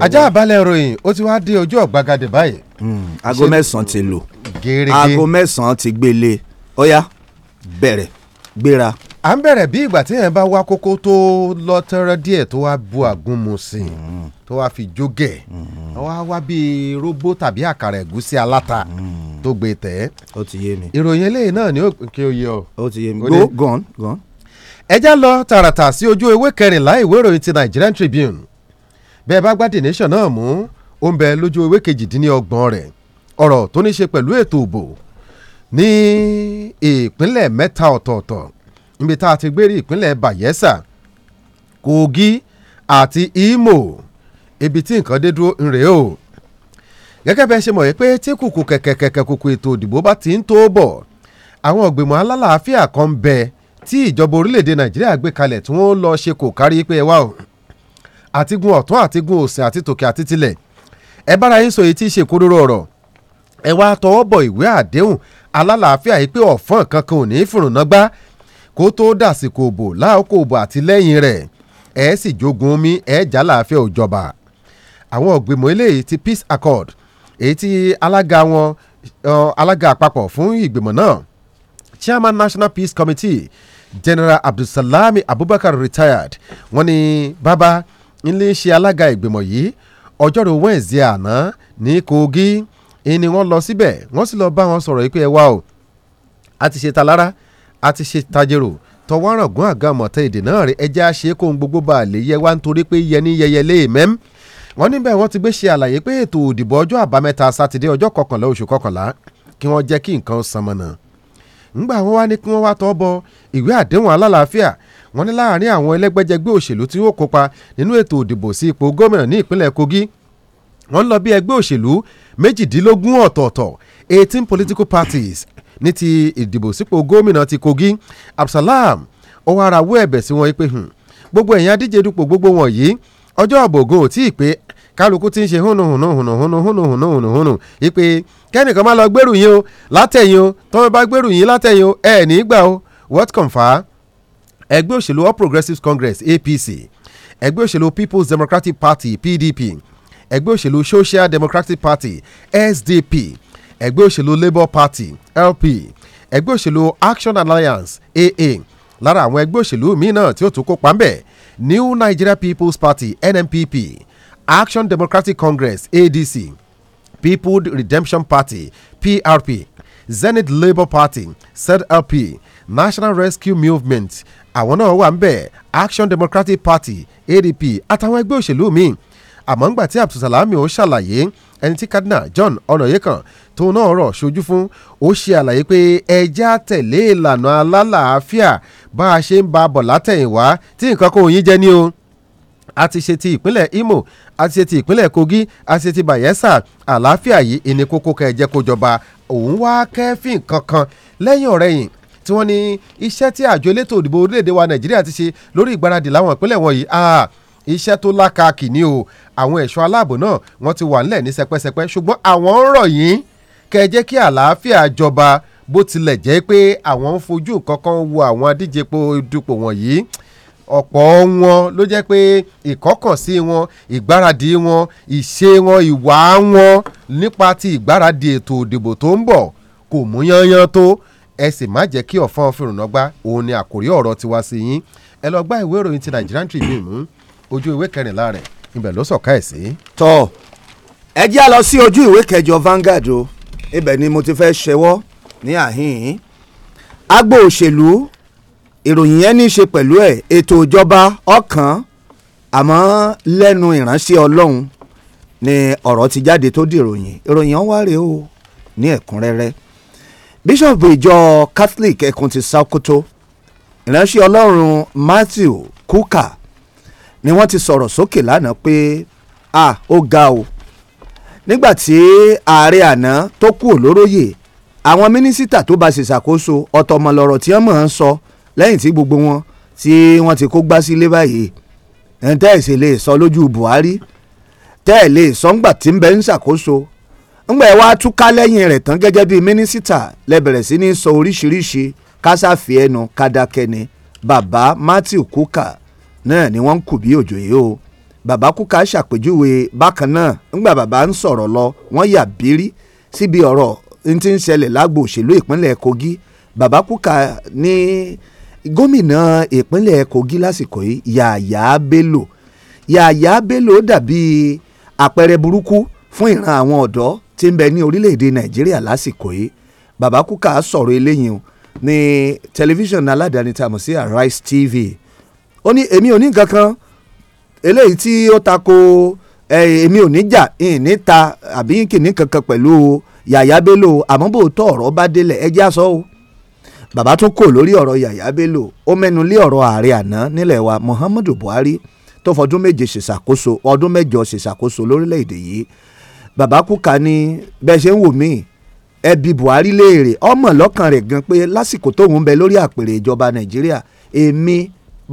ajá àbálẹ̀ ìròyìn ó ti wá dé ojú ọ̀gbagadè báyìí. Hmm, aago mẹ́sàn-án ti lò aago mẹ́sàn-án ti gbélé ọ̀yá bẹ̀rẹ̀ gbéra. à ń bẹ̀rẹ̀ bí ìgbà tí yẹn bá wá kókó tó lọ tẹ́rẹ́ díẹ̀ tó wá bu àgúnmu sí i hmm. tó wá fi jógẹ̀ hmm. wá wá bí róbó tàbí àkàrà ẹ̀gúsí aláta tó gbé tẹ̀. ó ti yé mi. ìròyìn eléyìí náà ni ó kí ó yẹ ọ. ó ti yé mi go gone gone. ẹ já lọ tààràtà sí ojú ewé kẹrìnlá ìwé ìròyìn ti Nigerian Tribune bẹ́ẹ̀ bá gbá The Nation náà mú ó ń bẹ lójú ewé kejìdínlọ́gbọ̀n rẹ̀ ọ̀rọ̀ tó ní ṣe pẹ̀lú ètò òbò ní ìpínlẹ̀ mẹ́ta ọ̀tọ̀ọ̀tọ̀ níbi tá a ti gbé rí ìpínlẹ̀ Bayelsa Kogi àti Imo ibi tí nǹkan dé dúró ń rèé o gẹ́gẹ́ bẹ́ẹ̀ ṣe mọ̀ yẹ́ pé tí kùkù kẹ̀kẹ̀kẹ̀kẹ̀ kùkù ètò òdìbò bá ti ń tó bọ̀ àwọn ọ̀gbìnmọ̀ alálàáfíà kan bẹ tí ìjọba orílẹ̀-èdè Nàìjíríà gbé kalẹ̀ tí wọ́n lọ ṣe kò kárí pé wá o àtigun ọ̀tún àtigun òsìn àti tòkè àti tilẹ̀ ẹ bára yín sọ èyí tí í ṣe kúrúrú ọ̀rọ̀ ẹ wá tọwọ́ bọ̀ ìwé àdéhùn alálàáfíà yìí pé ọ̀fọ́n kankan ò ní í fìrùnà gbá kó tó dàsìkò òbò láàkó òbò àti lẹ́yìn rẹ̀ ẹ sì jogun omi ẹ jà láàfíà òjọba àwọn ògbìmọ̀ eléyìí ti peace accord èyí tí alága wọn alága àpapọ̀ fún ìgbìmọ̀ náà chairman national peace committee general abdulsalami abubakar retired wọ́n ní bàbá ńlẹ ṣe alága ìgbìmọ̀ yìí ọjọ́rò Wednesday àná ní Kogi ni wọ́n lọ síbẹ̀ wọ́n sì lọ bá wọn sọ̀rọ̀ yìí pé ẹ wá o a ti ṣe talára a ti ṣe tajero tọwọ́rọ̀gún àga mọ̀tẹ́ èdè náà rẹ̀ ẹja ṣe kó ohun gbogbo bá a lè yẹ wá nítorí pé yẹni yẹyẹ lé mẹ́m wọ́n níbẹ̀ wọ́n ti gbé ṣe àlàyé pé ètò òdìbò ọjọ́ àbámẹ́ta sátidé ọjọ́ kọkànlá oṣù kọkànlá kí wọ́n jẹ́ kí nǹkan sanmọ́nà ńgbà wọn wá ní kí wọ́n wá tọ́ bọ ìwé àdéhùn alálàáfíà wọ́n ní láàrin àwọn ẹlẹ́gbẹ́jẹgbẹ́ òṣèlú tí ó kópa nínú ètò òdìbò sí ipò gómìnà ní ìpínlẹ̀ Kogi wọ́n lọ bí ẹgbẹ́ òṣèlú méjìdínlógún ọ̀tọ̀ọ̀tọ̀ eighteen political parties ní ti ìdìbò sípò gómìnà ti Kogi Absalam ó wá rawọ́ ẹ̀bẹ̀ sí wọn pé hmm, gbogbo ẹ̀yin adíje dupò gbogbo wọn yìí ọjọ́ àbògo ò tí ì pé kálukú ti ń ṣe hùnù hùnù hùnù hùnù hùnù hùnù hùnù hùnù ipe kẹ́nìkan má lọ gbèrú yín o látẹ̀yìn o tọ́wọ́ bá gbèrú yín látẹ̀yìn o ẹ̀ ní í gbà o what confirm ẹgbẹ́ òṣèlú All Progressives Congress APC ẹgbẹ́ òṣèlú People's Democratic Party PDP ẹgbẹ́ òṣèlú Social Democratic Party SDP ẹgbẹ́ òṣèlú Labour Party LP ẹgbẹ́ òṣèlú Action Alliance AA lára àwọn ẹgbẹ́ òṣèlú míì náà tí ó tún kópa ńbẹ̀ New Nigeria People's Party NNPP Action Democratic Congress ADC People Redemption Party PRP Zenith Labour Party ZLP National Rescue Movement àwọn náà wà ń bẹ̀ Action Democratic Party ADP àtàwọn ẹgbẹ́ òṣèlú míì àmọ́ ńgbà tí Abdulsalami ó ṣàlàyé ẹni tí Cardinal John Ọ̀nàyẹ́kàn tó náà rọ̀ ṣojú fún ó ṣe àlàyé pé ẹjẹ́ àtẹ̀lé ìlànà alálàáfíà bá a ṣe ń ba bọ̀ látẹ̀yìnwá tí nǹkan kò yín jẹ́ ní o a ti ṣe ti ìpínlẹ̀ Imo a ti ṣe ti ìpínlẹ̀ Kogi a ti ṣe ti Bayelsa àlàáfíà yìí ìní kókó kẹjẹ kó jọba òun wá kẹ́fìn kankan lẹ́yìn ọ̀rẹ́yìn tí wọ́n ní iṣẹ́ tí àjọ elétò òdìbò orílẹ̀-èdè wa nàìjíríà ti ṣe lórí ìgbaradì láwọn ìpínlẹ̀ wọ̀nyí iṣẹ́ tó lákàkì ni o àwọn ẹ̀ṣọ́ aláàbò náà wọ́n ti wà ńlẹ̀ ní sẹpẹ́sẹpẹ́ ṣùgbọ́n àwọn ń rọ̀ yín kẹ́ ẹ jẹ́ kí àlàáfíà jọba bó tilẹ̀ jẹ́ pé àwọn ń fojú kankan wo àwọn adíje dupò wọ̀nyí ọ̀pọ̀ wọn ló jẹ́ pé ìkọ́kànsí wọn ìgbáradì wọn ìṣe wọn ìwà wọn nípa ti ìgbáradì ètò òdìbò tó ń bọ̀ kò mú yányán tó ẹ sì má jẹ́ kí ọ̀fọ́n fìrùnà gbá òun ni àkòrí ọ̀rọ̀ tiwa sí yín ẹ lọ gbá ìwé ìròyìn ti Nigerian Tribune mú ojú ìwé kẹrìnlá rẹ̀ ibẹ̀ ló sọ̀ka ẹ̀ sí. tọ́ ẹ jẹ́ lọ sí ojú ìwé kẹjọ Vanguard o ibẹ̀ ni mo ti fẹ́ ṣẹwọ́ ní àhín agbo òṣèlú ìròyìn yẹn ní í ṣe pẹ̀lú ẹ̀ ètò ìjọba ọ̀kan àmọ́ lẹ́nu ìránṣẹ́ ọlọ́run ni ọ̀rọ̀ ti jáde tó dìròyìn ìròyìn ọ̀wárẹ̀ o ní ẹ̀kúnrẹ́rẹ́ bíṣọ̀bù ìjọ catholic ẹkùn ti Sokoto ìránṣẹ́ ọlọ́run Matthew Kuka ni wọ́n ti sọ̀rọ̀ sókè lánàá pé a ó ga o nígbà tí ààrẹ àná tó kú olóróyè àwọn mínísítà tó bá ṣe ṣàkóso ọ̀tọ̀mọlọ̀rọ̀ tí wọ́n máa ń sọ lẹ́yìn tí gbogbo wọn tí wọ́n ti kó gbá sílé báyìí ẹ̀ ẹ̀ sì lè sọ lójú Buhari tẹ́ ẹ̀ lè sọ ńgbà tí ń bẹ ń ṣàkóso ńgbà ẹ̀ wá túká lẹ́yìn rẹ̀ tán gẹ́gẹ́ bíi mínísítà lẹ́bẹ̀rẹ̀ sí ní sọ oríṣiríṣi kásáfì ẹnu kádàkẹ́ni bàbá Matthew Kuka náà ni wọ́n ń kù bí òjò yìí o bàbá Kuka ṣàpèjúwe bákan náà ńgbà bàbá ń sọ̀rọ̀ lọ wọ́n yà bírí síbi ọ̀rọ̀ n ti ń ṣẹlẹ̀ lágbo òṣèlú ìpínlẹ̀ Kogi bàbá Kuka ní gómìnà ìpínlẹ̀ Kogi lásìkò yìí Yàyà Bello Yàyà Bello dàbí àpẹẹrẹ burúkú fún ìran àwọn ọ̀dọ́ tí ń bẹ ní orílẹ̀-èdè nàìjíríà lásìkò yìí bàbá kúkà sọ̀rọ̀ eléyìí ní tẹlifíṣàn aládàáni tá sí Arise TV ó ní èmi ò ní nǹkan kan eléyìí tí ó tako èmi ò ní jà ìní ta àbí kìíní kankan pẹ̀lú yàyà bello àmọ́ bò tó ọ̀rọ̀ bá délẹ̀ ẹ jẹ́ àṣọ o bàbá tún kò lórí ọ̀rọ̀ yàyà bello ó mẹ́nu lé ọ̀rọ̀ ààrẹ àná nílẹ̀ wa Muhammadu Buhari tó fọdún méje ṣèṣàkóso ọdún mẹ́jọ ṣèṣàkóso lórílẹ̀‐èdè yìí bàbá kúkà ni bẹ́ẹ̀ ṣe ń wò mí ẹbí buhari léèrè ọmọ lọ́kàn rẹ̀ gan pé lásìkò tóun ń bẹ lórí àpèrè ìjọba nàìjíríà èmi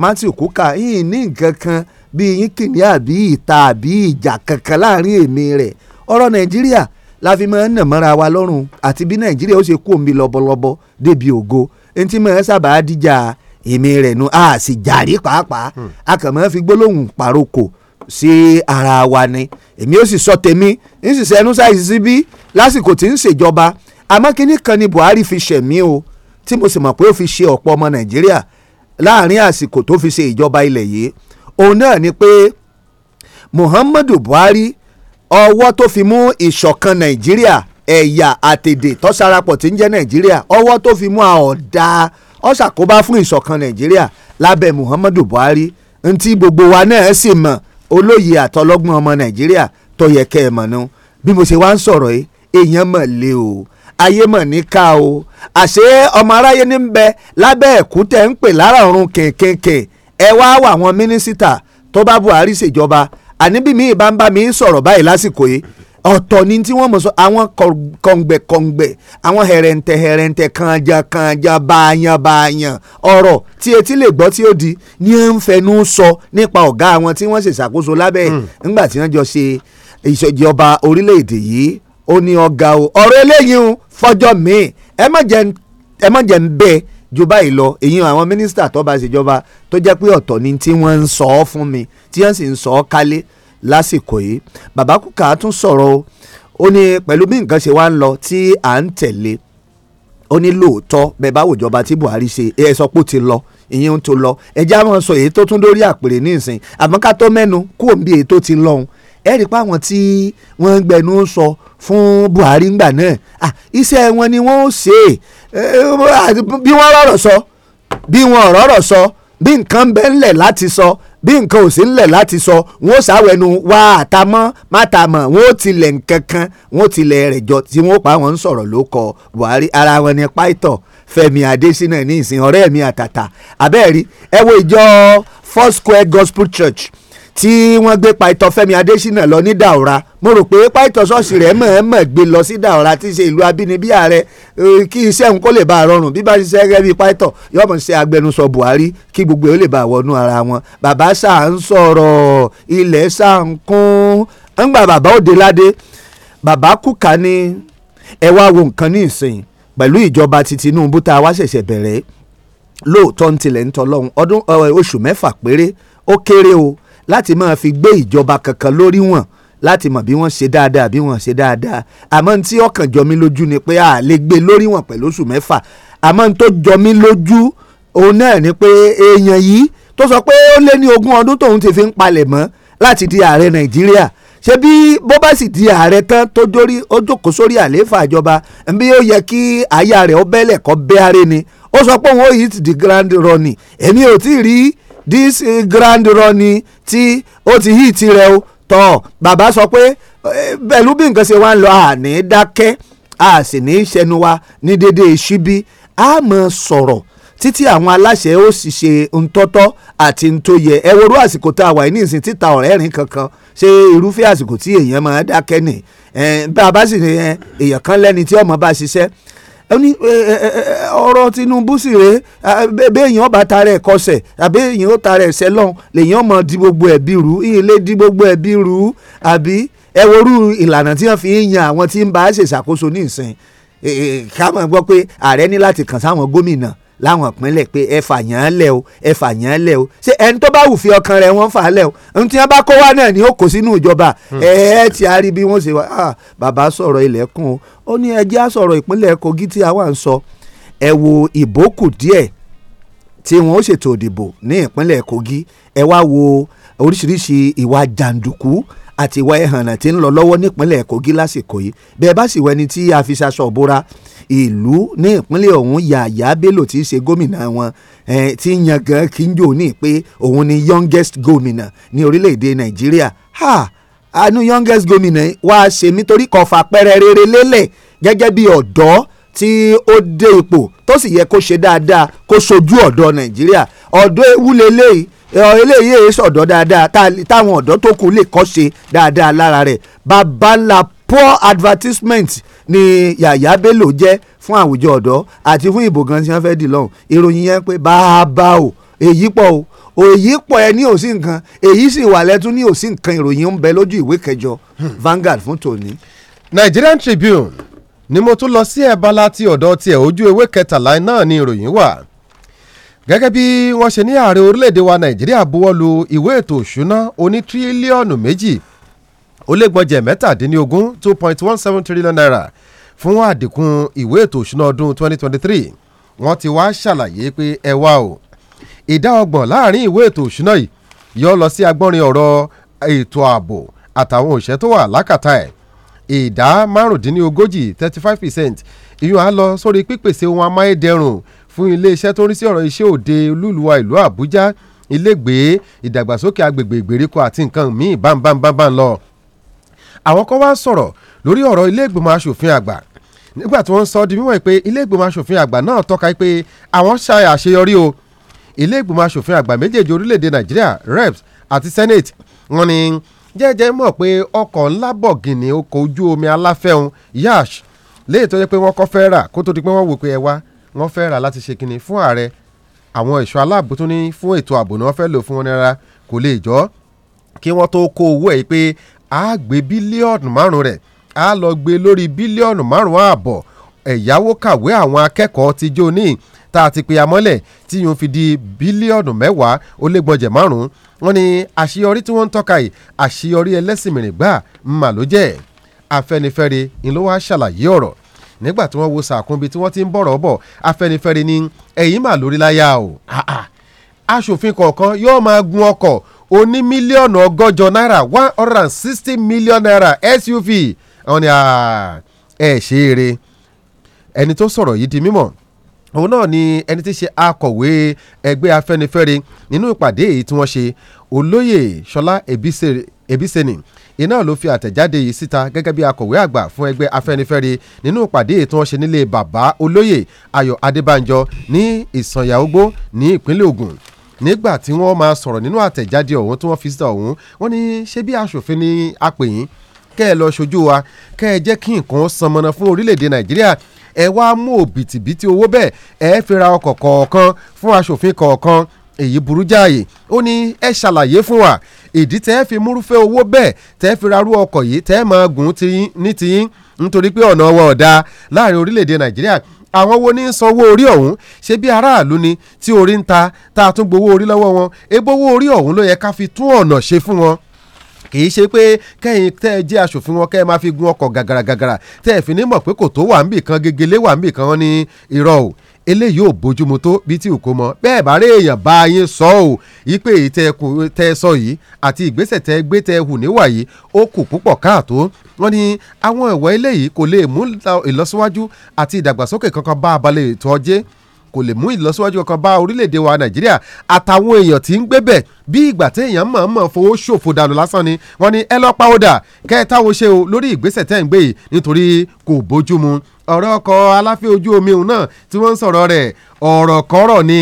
matthew kúkà yìí ní nǹkan kan bíi yín kìnìún àbí ìta àbí ìjà kankan láàrin èmi rẹ̀ ọ̀rọ̀ nàìjíríà la fi máa ń nà mọ́ra wa lọ́rùn àti bí nàìjíríà ó ṣe kú omi lọ́bọ̀lọ́bọ̀ débi ògo ntí mọ̀ ẹ́ sábà díjà èmi rẹ̀ nu a sì jàrí pàápàá hmm. a fi gbólóhùn pàrokò sí ara wa ni èmi ó sì sọ tèmi ń sì sẹ́nu ṣáìsì síbí lásìkò tí ń ṣèjọba àmọ́ kínní kan ni Buhari fi ṣẹ̀mí o tí mo sì mọ̀ pé ó fi ṣe ọ̀pọ̀ ọmọ Nàìjíríà láàrin àsìkò tó fi ṣe ìjọba ilẹ̀ yìí òun náà ni pé Muhammadu Buhari ọwọ́ tó fi mú ìṣọ̀kan Nàìjíríà ẹ̀yà àtèdè tọ́sárapọ̀ tí ń jẹ́ nàìjíríà ọwọ́ tó fi mú àọ̀dá ọ̀ṣàkóbá fún ìṣọ̀kan nàìjíríà lábẹ́ muhammadu buhari ntí gbogbo wa náà sì mọ̀ olóye àtọlọ́gbọ́n ọmọ nàìjíríà tó yẹ kẹ́ ẹ mọ̀ nù bí mo ṣe wá ń sọ̀rọ̀ yìí èèyàn mọ̀ lé o ayé mọ̀ ní ká o àṣé ọmọ aráyé ní ń bẹ lábẹ́ ẹ̀kútẹ́ ń pè lára ọ̀run kẹ̀kẹ̀kẹ̀ ẹ wá wà àwọn mínísítà tó bá buhari ṣèjọba àní bí mi ìbá ń mi sọ̀rọ̀ báyìí lásìkò yìí ọ̀tọ̀ ni tí wọ́n mọ̀ sọ àwọn kọ̀ǹgbẹ̀kọ̀ǹgbẹ̀ àwọn hẹ̀rẹ̀ǹtẹ̀ hẹ̀rẹ̀ǹtẹ̀ kànjà kànjà báyàn báyàn ọ̀rọ̀ tí etí lè gbọ́ tí ó di ni à ń fẹnu sọ nípa ọ̀gá àwọn tí wọ́n ṣèṣàkóso lábẹ́ ńgbà hmm. tí wọ́n jọ ṣe ìṣèjọba orílẹ̀-èdè yìí ó ní ọ̀gá o ọ̀rọ̀ eléyìí ń fọjọ́ míì ẹ má jẹ́ ń bẹ́ẹ̀ ju báyìí lọ èyí àwọn mínísítà tó bá ṣèjọba tó jẹ́ pé ọ̀tọ̀ ni tí wọ́n ń sọ ọ́ fún mi tí wọ́n sì ń sọ ọ́ kálé lásìkò yìí bàbá kúkà tún sọ̀rọ̀ o ó ní pẹ̀lú bí nǹkan ṣe wá ń lọ tí à ń tẹ̀lé ó ní lóòótọ́ bẹ́ẹ̀ bá wòjọba tí Buhari ṣe ẹ sọ pé ó ti lọ ìyẹn tó lọ ẹjẹ́ àwọn sọ èyí tó tún dórí àpèrè nísìn àmọ́ ká tó mẹ́nu kú òǹbí èyí tó ti lọ́hùn ẹ rí i pé àwọn tí wọ́n ń gbẹnu sọ fún Buhari ńgbà náà iṣẹ́ wọn ni wọ́n ó ṣe bí wọ́n rọ̀rọ̀ sọ bí wọ́n rọ̀rọ̀ sọ bí nǹkan bẹ́ẹ̀ ńlẹ̀ láti sọ bí nǹkan ò sí ńlẹ̀ láti sọ wọn ó sáwẹ́nu wá àtàmọ́ mátàmọ́ wọn ó tilẹ̀ nǹkan kan wọn ó tilẹ̀ rẹ̀ jọ tí wọn ó pa wọn ń sọ̀rọ̀ ló kọ Buhari ara wọn ni pító Fẹ́mi Adésínà ní ìsìn ọ̀rẹ́ mi àtàtà abẹ́ẹ̀rí ẹ wo ìjọ Foursquare Gospel Church tí wọ́n gbé paitọ́ Fẹ́mi Adésínà lọ ní Daura mo rò pé paitọ́ ṣọ́ọ̀ṣì rẹ̀ mọ̀ọ́mọ̀ gbé lọ sí Daura tí í ṣe ìlú abínibí ààrẹ kí iṣẹ́ òun kó lè bá a rọrùn bí bá ń ṣiṣẹ́ gẹ́gẹ́ bí paitọ́ yọmọ ṣe agbẹnusọ Buhari kí gbogbo ẹ̀ ó lè bá wọnú ara wọn bàbá ṣáà ń sọ̀rọ̀ ilẹ̀ ṣáà ń kún ńgbà bàbá òde ládé bàbá kúkà ní ẹ wá wo nǹkan ní ìsìn pẹ̀lú ìjọba ti Tinubu tá a wá ṣẹ̀ṣẹ̀ bẹ̀rẹ̀ lóòótọ́ ń tilẹ̀ ń tọ́ lọ́hùn ọdún oṣù mẹ́fà péré ó kéré o láti máa fi gbé ìjọba kankan lórí wọn láti mọ̀ bí wọ́n ṣe dáadáa bí wọ́n ṣe dáadáa àmọ́ ní tí ọkàn jọ mí lójú ni pé a lè gbé lórí wọn pẹ̀lú oṣù mẹ́fà àmọ́ ní tó jọ mí lójú òun náà ni pé èèyàn yìí tó sọ pé ó lé ní ogún ọdún tóun ti fi ń palẹ̀ mọ́ láti di ààrẹ nàìjíríà ṣé bí bó bá sì di ààrẹ tán tó dórí ó jókòó sórí àlééfà ìjọba bí ó yẹ kí àyà rẹ̀ ó bẹ́lẹ̀ kọ́ bẹ́ ni ó sọ pé òun yìí ti di grand running èmi ò tí ì rí this grand running tí ó ti hí tirẹ̀ o tọ̀ bàbá sọ pé eh, pẹ̀lú bí nǹkan ṣe wá ń lọ àní dákẹ́ a sì ní í ṣẹnu wa ní déédéé ṣíbí a mọ̀ sọ̀rọ̀ títí àwọn aláṣẹ ó sì ṣe ntọ́tọ́ àti ntóyẹ ẹ worú àsìkò tá a wà ní ìsìn títa ọ̀rẹ́ rìn kankan ṣé irúfẹ́ àsìkò tí èèyàn máa dákẹ́ nì bá a bá sì ní èèyàn kan lẹ́ni tí ọmọ bá ṣiṣẹ́ ẹni ọ̀rọ̀ Tinubu sì rèé béèyàn ọba tara ẹ̀ kọsẹ̀ àbí èèyàn ó tara ẹ̀ sẹ́lọ̀n lèèyàn mọ̀ di gbogbo ẹ̀bí rú ilé di gbogbo ẹ̀bí rú àbí ẹ worú ìlànà tí wọ́n fi ń yan àwọn tí ń bá ṣèṣàkóso ní ìsìn ká mọ̀ gbọ́ pé ààrẹ ní láti kàn sáwọn gómìnà láwọn ìpínlẹ̀ pé ẹ fàyàn lẹ̀ o ẹ fàyàn lẹ̀ o ṣé ẹni tó bá wù fi ọkàn rẹ̀ wọ́n fà lẹ̀ o ohun tí wọ́n bá kó wá náà ni ó kó sínú ìjọba hmm. ẹ ẹ ti a rí bí wọ́n ṣe wá bàbá sọ̀rọ̀ ilẹ̀kùn o ó ní ẹjẹ́ sọ̀rọ̀ ìpínlẹ̀ Kogi tí a wà ń sọ ẹ wo ìbókù díẹ̀ tí wọ́n ó ṣètò ìdìbò ní ìpínlẹ̀ Kogi ẹ wá wo oríṣiríṣi ìwà jàǹdùkú àti ìwà ẹ̀hànnà tí ń lọ lọ́wọ́ nípínlẹ̀ Kogi lásìkò yìí bẹ́ẹ̀ bá sì wẹni tí a fi ṣaṣọ òbúra ìlú ní ìpínlẹ̀ ọ̀hún Yàyà Bello tí í ṣe gómìnà wọn tí yan gan kíjò ní pé òun ni youngest gómìnà ní orílẹ̀-èdè Nàìjíríà ha àánú youngest gómìnà wá ṣe mí torí kò fàpẹẹrẹ rere lélẹ̀ gẹ́gẹ́ bí ọ̀dọ́ tí ó dé ipò tó sì yẹ kó ṣe dáadáa kó sojú ọ̀dọ́ Nàìjíríà ọ̀dọ́ ewu lélẹ́yìí eléyìí èyí sọ̀dọ̀ dáadáa táwọn ọ̀dọ́ tó kù lè kọ́ ṣe dáadáa lára rẹ̀ babalá poor advertisement ni Yàyà Bello jẹ́ fún àwùjọ ọ̀dọ́ àti fún ìbò gan tí wọ́n fẹ́ dì lọ́hùn ìròyìn yẹn pé bàbá o èyí pọ̀ o òyì pọ̀ ẹ ní òsì nǹkan èyí sì wà lẹ́tún ní òsì nǹkan ìròyìn ń bẹ lójú ìwé kẹjọ Vanguard fún tòní. Nigerian Tribune ni mo tún lọ sí ẹ̀bálá ti ọ̀dọ̀ tiẹ̀ ojú ewé kẹtàlá náà ni ìròyìn wà gẹ́gẹ́ bí wọ́n ṣe ní ààrẹ orílẹ̀ wa Nàìjíríà buwọ́lu ìwé ètò òṣùná oní tírílíọ̀nù méjì ó lé gbọ́njẹ̀ mẹ́tàdínlógún two point one seven trillion naira fún àdínkùn ìwé ètò òṣùná ọdún twenty twenty three wọ́n ti wá ṣàlàyé pé ẹ wá o ìdá ọgbọ̀n láàrin ìwé ètò òṣùná yìí yọ lọ sí agbọ́nrin ọ̀rọ̀ ètò ààbò àtàwọn òṣẹ́ tó wà lákàtà ẹ̀ ìdá márùndínlógójì thirty five percent ìyún á lọ sórí pípèsè ohun amáyédẹrùn fún iléeṣẹ́ tó ń rí sí ọ̀rọ̀ iṣẹ́ òde olúluwa ìlú àbújá ilégbèé ìdàgbàsókè agbègbè ìgbèríko àti nǹkan míì bámbámbámbá lọ àwọn kan wá sọ̀rọ̀ lórí ọ̀rọ̀ ilé ìgbìmọ̀ asòfin àgbà nígbà tí wọ́n sọ di mímọ̀ pé ilé ìgbìmọ̀ asòfin àgbà náà tọ́ka pé àwọn ṣe àṣeyọrí o ilé ìgbìmọ̀ asòfin àgbà méjèèjì orílẹ̀-èdè nàìjíríà reps àti senate wọ́n ní jẹ́jẹ́ mọ̀ pé ọkọ̀ ńlá bọ̀ gìnì ọkọ̀ ojú omi aláfẹ́hun yash léyìí tó yẹ pé wọ́n kọ́ fẹ́ rà kó tó di pé wọ́n wò pé ẹ wá wọ́n fẹ́ rà láti ṣe kinní fún ààrẹ àwọn ẹ̀ṣọ́ aláàbò tó ní fún ètò ààbò náà fẹ́ lò fún wọn nira kò lè jọ́ kí wọ́n tó kó owó ẹ̀ pé á gbé bílíọ̀nù márùn rẹ̀ á lọ gbé e lórí bílíọ̀nù márùn ààbọ̀ ẹ̀yáwó kàwé àwọn akẹ́kọ̀ọ́ ti jó ní tá a ti pe amọ́lẹ̀ tí yóò fi di bílíọ̀nù mẹ́wàá ó lé gbọ́njẹ̀ márùn wọn ni àṣeyọrí tí wọ́n ń tọ́ka yìí àṣeyọrí ẹlẹ́sìn mìíràn gbà mà ló jẹ́ afẹ́nifẹ́re ni ló wá ṣàlàyé ọ̀rọ̀ nígbà tí wọ́n wo sàkúnbi tí wọ́n ti ń bọ̀rọ̀ bọ̀ afẹ́nifẹ́re ni ẹ̀yìn mà lórí láyà o àṣòfin kọ̀ọ̀kan yóò máa gun ọkọ̀ oní mílíọ̀nù ọgọ́jọ náírà one hundred and sixty million naira SUV àwọn ni ah, ẹ ṣe é re ẹni tó sọ̀rọ̀ yìí di mímọ̀ òun náà ni ẹni tí í ṣe akọ̀wé ẹgbẹ́ afẹ́nifẹ́re nínú ìpàdé èyí tí wọ́n ṣe olóyè ṣọlá ebiseni iná ló fi àtẹ̀jáde yìí síta gẹ́gẹ́ bí akọ̀wé àgbà fún ẹgbẹ́ afẹ́nifẹ́re nínú ìpàdé èyí tí wọ́n ṣe nílé bàbá olóyè ayọ̀ adébánjọ ní ìsànyà ogbó ní ìpínlẹ̀ ògùn nígbà tí wọ́n máa sọ̀rọ̀ nínú àtẹ̀jáde ọ̀hún tí wọ́n fi síta ọ̀hún wọ́n ní ṣé bí aṣòfin ni a pè yín kẹ́ ẹ lọ ṣojú wa kẹ́ ẹ jẹ́ kí nǹkan sanmọ́nà fún orílẹ̀-èdè nàìjíríà ẹ wá mú òbítíbitì owó bẹ́ẹ̀ ẹ fi ra ọkọ̀ kọ̀ọ̀kan fún aṣòfin kọ̀ọ̀kan èyí burú jáàyè ó ní ẹ ṣàlàyé fún wa ìdí tẹ́ ẹ fi múrúfẹ́ owó bẹ́ẹ̀ tẹ́ ẹ fi rarú ọkọ̀ yìí tẹ́ ẹ máa gùn ní tiyín nítorí pé ọ̀nà wọn ò dáa láàrin orílẹ̀-èdè nàìjíríà àwọn wo ní sanwó orí ọ̀hún ṣé bí aráàlú ni tí orí ń ta tá a tún gbowó orí lọ́wọ́ wọn ebówó orí ọ̀hún ló yẹ ká fi tún ọ̀nà ṣe fún wọn kì í ṣe pé kẹ́yìn tẹ́ ẹ jẹ́ aṣòfin wọn kẹ́ ẹ máa fi gun ọkọ̀ gàgàràgàgàrà tẹ́ ẹ fi ní mọ̀ pé kò tó wà ń bì kan gegele wà ń bì kan ní irọ́ o eléyìí ò bójúmu tó bí tí ò kó mọ bẹ́ẹ̀ bá rí èèyàn bá yín sọ ò ìpè tẹ sọ yìí àti ìgbésẹ̀ tẹ gbé tẹ hù níwà yìí ó kù púpọ̀ káàtó wọ́n ní àwọn ẹ̀wọ̀ eléyìí kò lè mú ìlọsíwájú àti ìdàgbàsókè kankan bá abalẹ̀ ètò ọjẹ́ kò lè mú ìlọsíwájú kankan bá orílẹ̀-èdè wa nàìjíríà àtàwọn èèyàn tí ń gbé bẹ̀ bí ìgbà téèyàn mọ̀ọ́mọ̀ fowó ṣòfò dànù lásán ni wọ́n ní ẹ lọ́ọ́ pàwọ́dà kẹ́ẹ̀táwo ṣe o lórí ìgbésẹ̀ tẹ́ ń gbé yìí nítorí kò bójúmu ọ̀rọ̀ ọkọ̀ aláfẹ́ ojú omi òun náà tí wọ́n ń sọ̀rọ̀ rẹ̀ ọ̀rọ̀ kọ́rọ̀ ni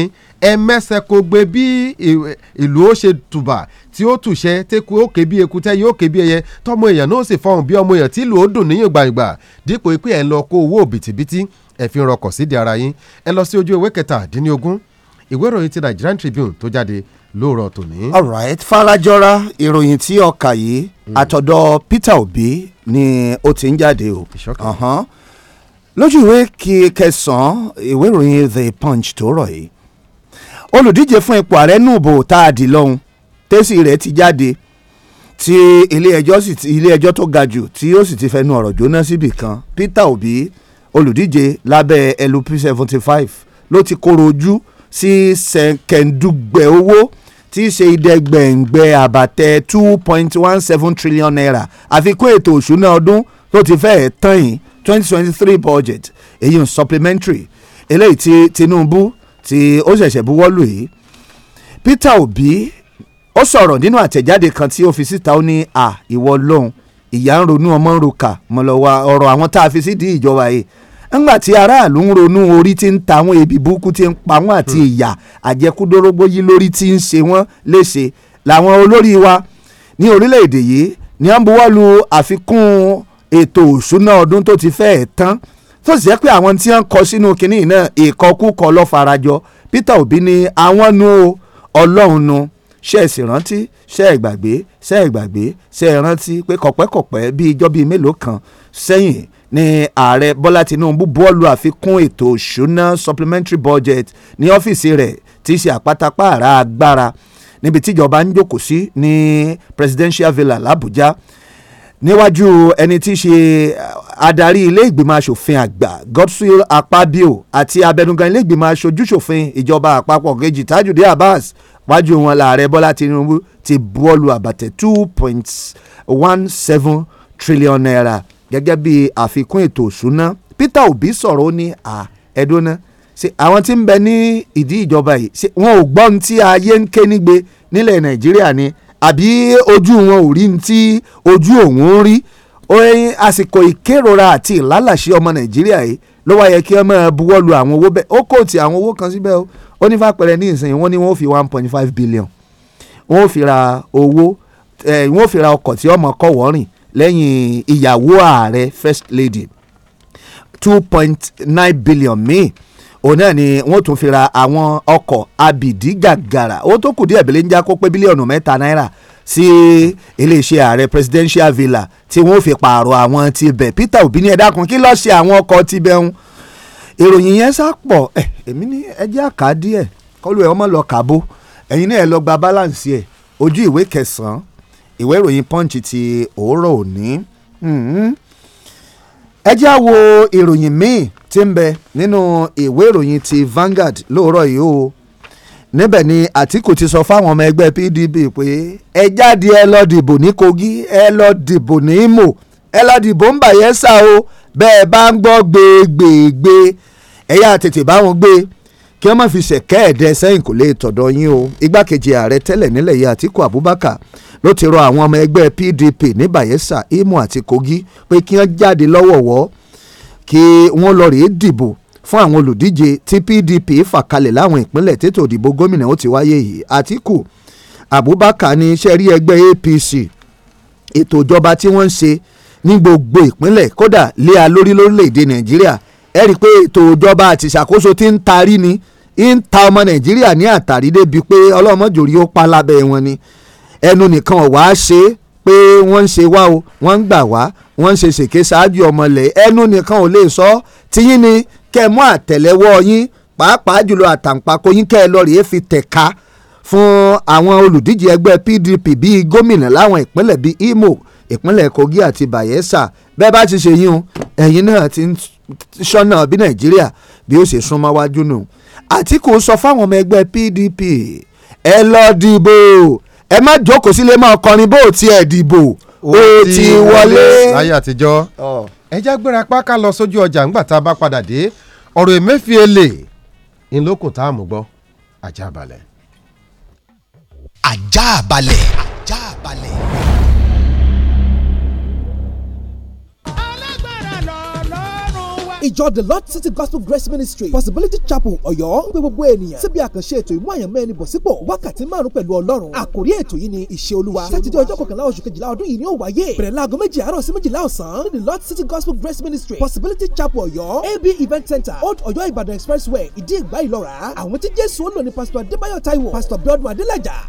ẹ mẹ́sẹ̀ kò gbé bí ìlú ó ṣe tùbà tí ó tùṣẹ́ tẹ́kù ó ké bí ekutẹ́ yóò ké bí ẹyẹ tọmọ èèyàn náà sì fọhùn bí ọmọ èèyàn tí ìlú ó dùn níyàn gbàǹgbà dípò pé ẹ lọ kó owó òbítíbitì ẹ fi rọkọ̀ sídìí ara yín ẹ lọ sí ojú ìwé kẹtàdínlógún ìwé ìròyìn ti Nigerian Tribune tó jáde lóòrọ̀ tòní. right, farajọra ìròyìn tí ọkà yìí hmm. àtọ̀dọ̀ Peter Obi ni ó ti ń jáde o. ìṣọ́kẹ́ lójú ìwé kẹsàn-án ìwé ìròyìn the punch tó rọ̀ yìí olùdíje fún ipò ààrẹ nùbò tá a dì lọ́hùn tẹ́sí rẹ̀ ti jáde tí ilé ẹjọ́ tó ga jù tí ó sì ti fẹnu ọ̀rọ̀ jóná síbì kan Peter Obi olùdíje lábẹ́ LP seventy five ló ti kóró ojú sí ṣẹ̀kẹ̀ǹdùgbẹ̀ owó tí í ṣe ìdẹ́gbẹ̀ǹgbẹ̀ àbàtẹ two point one seven trillion naira àfikún ètò òṣùná ọdún tó ti fẹ́ẹ̀ tán yìí twenty twenty three budget èyí ń supplementary eléyìí ti Tinubu tí ó ṣẹ̀ṣẹ̀ buwọ́lù yìí Peter Obi ó sọ̀rọ̀ nínú àtẹ̀jáde kan tí ó fi síta ó ní à ìwọ lóhun ìyá ń ronú ọmọ ń roka mọ̀lọ́wà ọ̀rọ̀ àwọn tá a fi sídìí ìjọba yìí ńgbà tí aráàlú ń ronú orí tí ń ta wọn ebi burúkú ti ń pa wọn àti hmm. ìyà àjẹkúdórógbó yìí lórí tí ń ṣe wọn léṣe làwọn olórí wa ní orílẹ̀ yìí ni à ń buwọ́lu àfikún ètò òṣùná ọdún tó ti fẹ́ẹ̀ tán tó sì jẹ́ pé àwọn tí wọ́n kọ sínú kinní náà ìkọkúkọ lọ́ farajọ Peter Obi ni àwọn nu o ọlọ́run nu ṣe é sì rántí ṣe é gbàgbé ṣe é gbàgbé ṣe é rántí pé kọ̀pẹ́kọ̀pẹ́ bíi ijọ́ bíi mélòó kan sẹ́yìn ni ààrẹ Bọ́lá Tinubu bọ́ọ̀lù àfikún ètò òṣùná supplementary budget ní ọ́fíìsì rẹ̀ tí í ṣe àpátápàrà agbára níbi tíjọba ń jókòó sí ní presidential villa làbújá níwájú ẹni tí í ṣe uh, adarí ilé ìgbìmọ̀ asòfin àgbà Godswill Akpabio àti abẹnugan ilé ìgbìmọ̀ asojúṣòfin ìjọba àpapọ̀ kejì Tajudeen Abbas wájú wọn làárẹ̀ Bọ́lá Tinubu ti buwọ́lu àbàtẹ̀ two point one seven trillion naira gẹ́gẹ́ bí àfikún ètò òṣùná Peter Obi sọ̀rọ̀ ó ní à ẹ̀dọ́nà ṣe àwọn tí ń bẹ ní ìdí ìjọba yìí ṣe wọn ò gbọ́n tí ayé ń ké nígbe nílẹ̀ Nàìjíríà ni. Ah, àbí ojú wọn ò rí ní ojú òun rí oyin àsìkò ìkérora àti ìlálàṣẹ ọmọ nàìjíríà yìí ló wáyé kí wọn máa buwọ́ lu àwọn owó bẹ́ẹ̀ ó kóòtù àwọn owó kan síbẹ̀ ó ní fàpẹrẹ ní ìsìn wọn ni wọn fi one point five billion wọn ó fi ra owó ẹ wọn ó fi ra ọkọ̀ tí ọmọ kọ wọ́rìn lẹ́yìn ìyàwó ààrẹ first lady two point nine billion míì òun náà ni wọ́n tún fi ra àwọn ọkọ̀ abìdí gàgàrà owó tó kù díẹ̀ bílẹ̀ ń já pé bílíọ̀nù mẹ́ta náírà sí iléeṣẹ́ ààrẹ presidential villa tí wọ́n fi pààrọ̀ àwọn tibẹ̀ Peter Obi ní ẹ dákun kí lọ́ọ́ ṣe àwọn ọkọ̀ tibẹ̀ ń ìròyìn yẹn sá pọ̀ ẹ̀ eh, èmi ní ẹjẹ́ àká díẹ̀ kọlu ẹ̀ ọmọ lọ kàbó ẹ̀yin náà ẹ lọ gba balance ẹ̀ ojú ìwé kẹsàn-án ìwé ìròyìn punch ti òórọ̀ òní hmm, hmm ẹ já wo ìròyìn míì tí ń bẹ nínú ìwé ìròyìn ti Vanguard lóòrọ̀ yìí o níbẹ̀ ni Àtìkù ti sọ fáwọn ọmọ ẹgbẹ́ PDP pé ẹ jáde ẹ lọ dìbò ní Kogi ẹ lọ dìbò ní Imo ẹ lọ dìbò ń Bayelsa o bẹ́ẹ̀ bá ń gbọ́ gbègbègbè ẹ yá tètè bá wọn gbé kí wọ́n má fi ṣẹ̀kẹ́ ẹ̀dẹ́ sẹ́yìn kò lè tọ̀dọ̀ yín o igbákejì ààrẹ tẹ́lẹ̀ nílẹ̀ yìí Àtìkù Abubakar ló ti rọ àwọn ọmọ ẹgbẹ́ PDP ní Bayelsa Imo àti Kogi pé kí wọ́n jáde lọ́wọ́wọ́ kí wọ́n lọ rèé dìbò fún àwọn olùdíje tí PDP fà kalẹ̀ láwọn ìpínlẹ̀ tètò òdìbò gómìnà ó ti wáyé yìí Àtíkù Abubakar ní iṣẹ́ rí ẹgbẹ́ APC ètò ìjọba tí wọ́n ń ṣe ní gbogbo ìpínlẹ̀ kódà lé a lórí lórílẹ̀‐èdè Nàìjíríà ẹ rí i pé ètò ìjọba àti ìṣàkóso ti ń tarí ni ń ta ọmọ Nàìjíríà ní àtàrí débi pé ọlọ́mọjòrí ó pa lábẹ́ wọn ni ẹnu nìkan ọ̀ wá ṣe é pé wọ́n ń ṣe wá o wọ́n ń gbà wá wọ́n ń ṣe ṣèké ṣáájú ọmọlẹ̀ ẹnu nìkan ò lè sọ tiyín ni kẹ́ ẹ mú àtẹ̀lẹ́wọ́ yín pàápàá jùlọ àtàǹpàkò yín kẹ́ ẹ lọ rèé fi tẹ̀ka fún àwọn olùdíje ẹgbẹ́ PDP bíi gómìnà láwọn ìpínlẹ̀ bíi Imo ìpínlẹ̀ Kogi àti Bayelsa bẹ́ẹ̀ bá ti ṣe yín o ẹ̀yin náà ti ń ṣọ́nà bí Nàìjíríà bí ó ṣe súnmọ́ wájú nù Àtìkù sọ fáwọn ọmọ ẹgbẹ́ PDP ẹ lọ dìbò ẹ má jókòó sílé máa kọrin bó ti ẹ̀ dìbò ó ti wọlé. láyé àtijọ́ ẹ já gbéra páká lọ sójú ọjà ńgbà tá a bá padà dé ọ̀rọ̀ Emefiele ńlọkùn tá a mú gbọ́ ajá balẹ̀. ajá balẹ̀. ajá balẹ̀. ìjọ the Lord City Gospel Grace Ministry Possibility Chapel Ọ̀yọ́ ń pe gbogbo ènìyàn síbi àkànṣe ètò ìmú àyànmọ́ ẹni bọ̀ sípò wákàtí márùn pẹ̀lú Ọlọ́run àkòrí ètò yìí ni ìṣe Olúwa sátidé ọjọ́ kọkànlá oṣù kejìlá ọdún yìí ni ó wáyé bẹ̀rẹ̀ láago méjì àárọ̀ sí méjìlá ọ̀sán the Lord City Gospel Grace Ministry Possibility Chapel Ọ̀yọ́ AB Event Center Old Ọ̀yọ́ Ìbàdàn Expressway ìdí ìgbà Ìlọ́ra àwọn tí Jésù ó lò ní pásítọ̀ Adébáyọ̀ Táíwò pásítọ̀ Bíọ́dún Adélàjà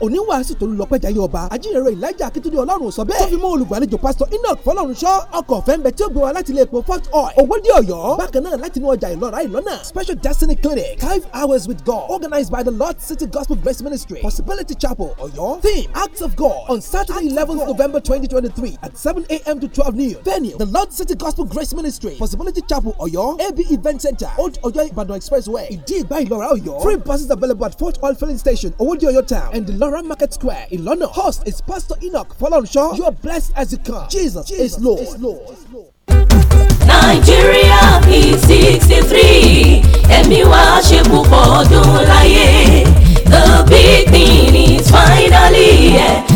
Elijah Akíntúndé Ọlọ́run sọ bẹ́ẹ̀ tó fi mú olùgbàlejò pásítọ̀ Enoch Fọlọ́runṣọ́ ọkọ̀ ọ̀fẹ́ ń bẹ tí ó gbé wa bákan náà láti inú ọjà ìlọ́ra ìlọ́nà special destiny clinic five hours with god organized by the lord city gospel grace ministry possibility chapel ọ̀yọ́ theme acts of god on saturday eleven november twenty twenty three at seven a.m. to twelve noon venue the lord city gospel grace ministry possibility chapel ọ̀yọ́ ab event center old ọ̀yọ́ ìbàdàn expressway ìdí ìgbà ìlọ́ra free buses available at fort oil filling station owodi ọ̀yọ́ town and the market square ìlọ́nà host is pastor enoch fọlọ́runṣọ́ you are blessed as you come jesus, jesus is lord. Is lord. Is lord nàìjíríà p sixty three ẹ̀mí wa ṣe púpọ̀ ọdún láyé the big thing is finally here. Yeah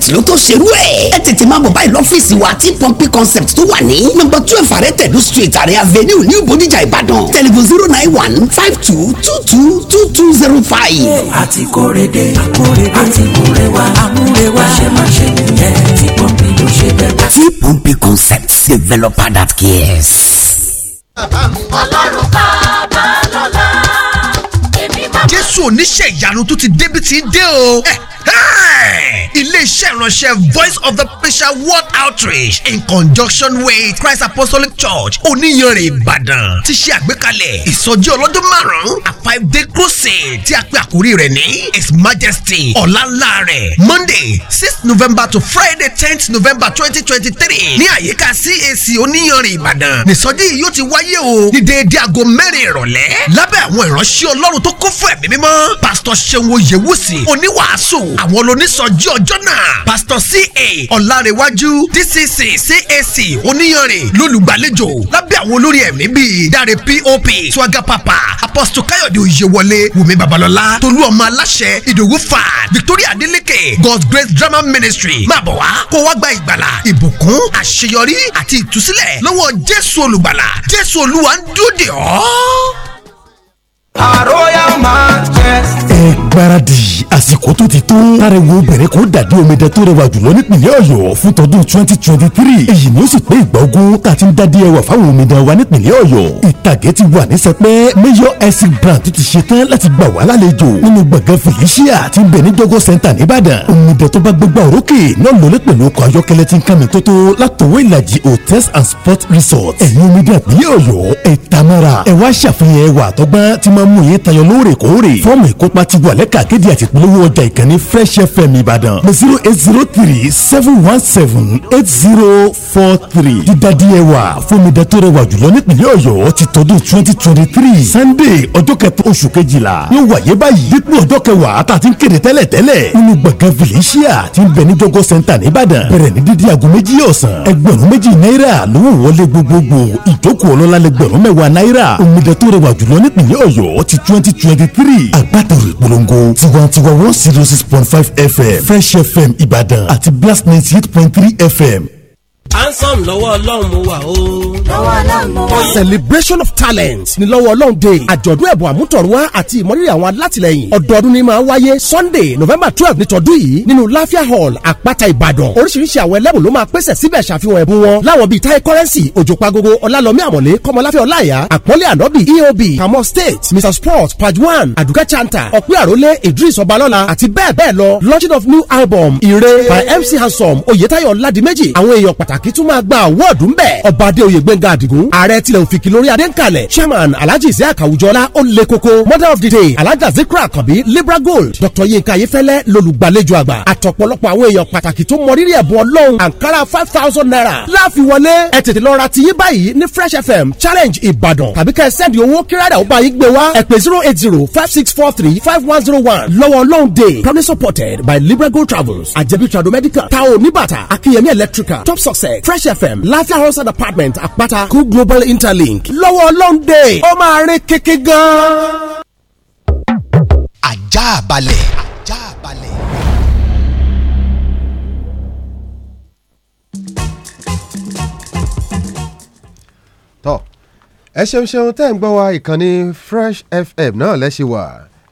concept ló tó ṣerú ẹ̀. ẹ tètè máa bọ̀ báyìí lọ́fíìsì wa tí pọ́ńpì concept tó wà ní. nọ́mbà twelve àrẹ tẹ̀lú street àrẹ avenue new Bodija Ìbàdàn tẹlifon zero nine one five two two two two two zero five. àti kórede àkórede àti múrewa àmúrewa àṣemáṣe nìyẹn tí pọ́ńpì ló ṣe bẹ́ẹ̀. tí pọ́ńpì concept developer that cares. ọlọ́run ká bá lọ́la jésù oníṣẹ́ ìyanu tó ti débi ti dé o. Eh, iléeṣẹ́ ìránṣẹ́ voice of the special world outreach in conjunction with christ apostolic church oníyanrìn ìbàdàn ti ṣe àgbékalẹ̀ ìsọjí ọlọ́jọ́ márùn-ún a five day crusade tí a pè àkórí rẹ̀ ní his majesty ọ̀làńlá rẹ̀ monday six november to friday tenth november twenty twenty three ní àyíká cac oníyanrìn ìbàdàn nìsọjí yìí yóò ti wáyé o ní déédéé aago mẹ́rin ìrọ̀lẹ́ lábẹ́ àwọn ìránṣẹ́ ọlọ́run tó kún fún ẹ̀mí mímọ́ pásítọ̀ ṣeun oyèwùsì oníwàásù àwọn olóníṣọjí ọjọ́ náà pásítọ̀ ca ọ̀làrẹ̀wájú dcc cac oníyanrìn lólùgbàlejò lábẹ́ àwọn olórí ẹ̀mí bíi dáre pop swaga papa apostle káyọ̀dé oyèwọlé wùmí babalọ́lá Tolu ọmọ aláṣẹ ìdòwú fà victoria adeleke god's grace drama ministry máa bọ̀ wá kó wá gba ìgbàlà ìbùkún àṣeyọrí àti ìtúsílẹ̀ lọ́wọ́ jésù olùgbàlà jésù olúwa ń dúdè ọ́ ẹ gbáradì àsìkò tó ti tó tariwo bẹ̀rẹ̀ kó dàdí omidan tó rẹwà jùlọ nípìnlẹ̀ ọ̀yọ́ fún tọdún twenty twenty three èyí ni ó sì pé ìgbà ogún tá a ti ń dá díẹ̀ wà fáwọn omidan wa nípìnlẹ̀ ọ̀yọ́ ìtàgé ti wà ní sẹpẹ́ mayor essex brand ti ṣe tán láti gbà wá lálejò nínú gbọ̀ngàn felicia ti ń bẹ ní jọgọ́ center nìbàdàn omidan tó bá gbégbá òrókè náà lọlé pẹ̀lú ọkọ̀ ayọ́kẹ́lẹ́ ti ń kàmì tótó látọwọ́ and sports resort ẹ̀yin omidan ìpínlẹ̀ ọ̀yọ́ ẹ̀ tamara ẹ̀ wá ṣàfihàn máa mú yín tayọ lóòrèkóòrè fọ́ọ̀mù ìkópa ti wà lẹ́ka akéde àti ìpolówó ọjà ìkànnì fresh fm ìbàdàn ní zero eight zero three seven one seven eight zero four three dídádí ẹwà fúnmidà tó rẹwà jùlọ nípìnlẹ̀ ọ̀yọ́ ti tọdún twenty twenty three sunday ọjọ́ kẹta oṣù kejìlá yóò wáyé báyìí dípò ọjọ́ kẹwàá tá a ti ń kéde tẹ́lẹ̀ tẹ́lẹ̀ nínú gbọ̀ngàn felicia ti ń bẹ ní jọgọ́ center nìbàdàn bẹ̀rẹ̀ ní dídí aago méjì ọ̀sán ẹgbẹ̀rún méjì náírà lówó wọlé gbogbogbò ìjókòó ọlọ́lá lẹgbẹ̀rún mẹ́wàá náírà òmìnira rẹwà jùlọ nípìnlẹ̀ ọ̀yọ́ ọ̀yọ́ ti twenty twenty three agbátẹrù ìpolongo tiwantiwa one zero six point five fm fresh fm ìbàdàn àti blast ninety eight point three fm handsome lọ́wọ́ ọlọ́run wà o. lọ́wọ́ ọlọ́run wà. celebration of talents ni lọ́wọ́ ọlọ́run day àjọ̀dún ẹ̀bùn àmútọ̀rùwá àti ìmọ̀rírì àwọn alátìlẹyìn ọ̀dọ́ọdún ni máa wáyé sunday november twelve nítọ́dún yìí nínú lafia hall àpáta ìbàdàn oríṣiríṣi àwọn ẹlẹ́bùn ló máa pèsè síbẹ̀ ṣàfihàn ẹ̀bùn wọn láwọn bíi tai currency òjòpagogo ọlálọ́mí àmọ̀lé kọ́mọláfẹ́ ọláyà àpọ́nlé ànọ́bì eob kamo state mr sport pajwan aduka chanta ọ̀pẹ́ àrólé idris ọbalọ́la àti bẹ́ẹ̀ bẹ́ẹ̀ lọ launching of new album by mc handsome oyetayo ladimeji àwọn èèyàn pàtàkì pàtàkì tún máa gba àwọ́ọ̀dù ń bẹ̀. ọba adéoyè gbẹ̀ngà àdìgún ààrẹ tilẹ̀ òfìkì lórí adéǹkalẹ̀ chairman alhaji isiaka awujọla ó lè koko mother of the day alhaja zikra akabi libra gold dr yinka ayefẹlẹ lolùgbàlejò àgbà àtọ̀pọ̀lọpọ̀ àwọn èèyàn pàtàkì tó mọrírì ẹ̀bùn ọlọ́run ankara five thousand naira láàfin wọlé ẹ tètè lọ ra tiyín báyìí ní fresh fm challenge ìbàdàn tàbí ká ẹ sẹ́ndì owó kíráàdà ó bá yín gbé wá ẹ day proudly supported by libra gold travels àjẹbí trado medical tao nibata akínyẹmí electrical top success project Fresh FM Latin Hausa department àpáta Cool Global Interlink lọ́wọ́ ọlọ́run dé ó máa rí kéke gan-an. ajá balẹ̀. ajá ẹ ṣeun ṣeun tẹ́ ń gbọ́ wa ìkànnì Fresh FM náà lẹ́sìn wà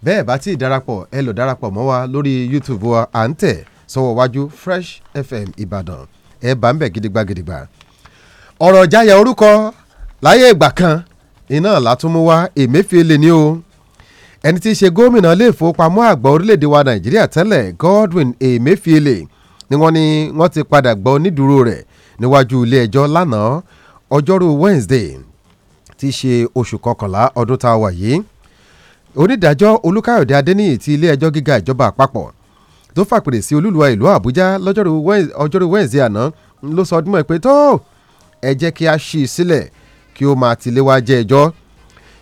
bẹ́ẹ̀ bá ti darapọ̀ ẹ lọ darapọ̀ mọ́ wa lórí YouTube wa à ń tẹ̀ sọ́wọ́ wájú Fresh FM Ìbàdàn ẹ bá ń bẹ̀ gidigba gidigba ọ̀rọ̀ jáyà orúkọ láyé ìgbà kan iná látúmú wá èmẹ́fìlẹ̀ ni o ẹni tí í ṣe gómìnà ilé ìfowópamọ́ àgbà orílẹ̀-èdè wa nàìjíríà tẹ́lẹ̀ Godwin èmẹ́fìlẹ̀ ni wọ́n ní wọ́n ti padà gbọ́ onídùúró rẹ̀ níwájú ilé ẹjọ́ lánàá ọjọ́rú Wednesday tí í ṣe oṣù kọkànlá ọdún tá a wà yìí onídàájọ́ olúkáyọ̀dé adéníyì ti ilé ẹjọ́ gíga ìjọba àpapọ̀ tó fàpèrè sí olúluwa ìlú àbújá lọ́jọ́rú wẹ́ẹ̀sì àná ló sọ ọdún mọ́ ẹ pé tó ẹ jẹ́ kí a ṣí i sílẹ̀ kí ó máa ti lé wá jẹ ẹjọ́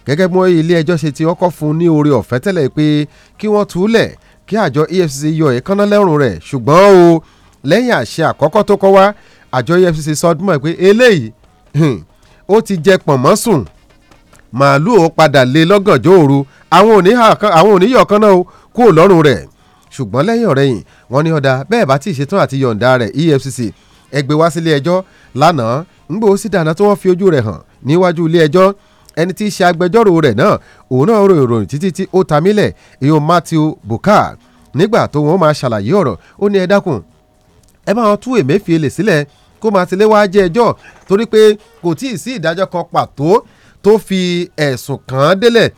gẹ́gẹ́ bí ilé ẹjọ́ ṣe ti ọkọ̀ fún un ní oore ọ̀fẹ́ tẹ́lẹ̀ pé kí wọ́n tú lẹ̀ kí àjọ EFCC yọ èékánná lẹ́rùn rẹ̀ ṣùgbọ́n o lẹ́yìn àṣẹ àkọ́kọ́ tó kọ́ wá àjọ EFCC sọ ọdún mọ́ pé eléyìí ó ti jẹ pọ̀nmọ́ sùn màálù ó padà lé lọ́gànjọ́ òru àwọn òníyọ̀ kan náà kúrò lọ́rùn rẹ̀ ṣùgbọ́n lẹ́yìn ọ̀rẹ́yìn wọ́n ní ọ̀dà bẹ́ẹ̀ bá ti ṣetán àti yọ̀ǹda rẹ̀ EFCC ẹgbẹ́ wá sílé ẹjọ́ lánàá ńgbò sí dáná tí wọ́n fi ojú rẹ̀ hàn níwájú ilé ẹjọ́ ẹni tí í ṣe agbẹjọ́rò rẹ̀ náà òun náà rò ìròyìn títí tí ó ta mílẹ̀ ìyó Matthew Bukar nígbà tó wọn máa ṣàlàyé ọ̀rọ̀ ó ní ẹ dákun ẹ máa tú Emefiele sílẹ̀ kó máa tilé wá jẹ́ ẹjọ́ torí pé kò tíì sí ìdájọ́ kan pàtó tó fi ẹ̀sùn kàn án délẹ̀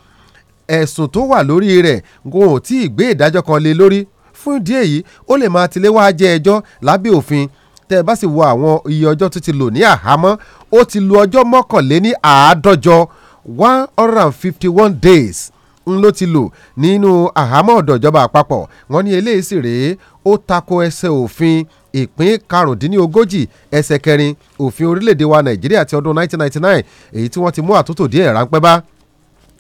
ẹ̀sùn tó wà lórí rẹ̀ kò tí ì gbé ìdájọ́ kan lé lórí fún ìdí èyí ó lè máa tilé wá jẹ ẹjọ́ lábẹ́ òfin tẹ́ ẹ bá sì wo àwọn iye ọjọ́ tó ti lò ní àhámọ́ ó ti lo ọjọ́ mọ́kànléní àádọ́jọ one hundred and fifty one days n ló ti lò nínú àhámọ́ ọ̀dọ̀ ìjọba àpapọ̀ wọ́n ní eléyìí sì rèé ó tako ẹsẹ̀ òfin ìpín karùndínlógójì ẹsẹ̀ kẹrin òfin orílẹ̀-èdè wa nàìjíríà ti ọdún 1999 èyí tí wọ́n ti mú àtúntò díẹ̀ ráńpẹ́ bá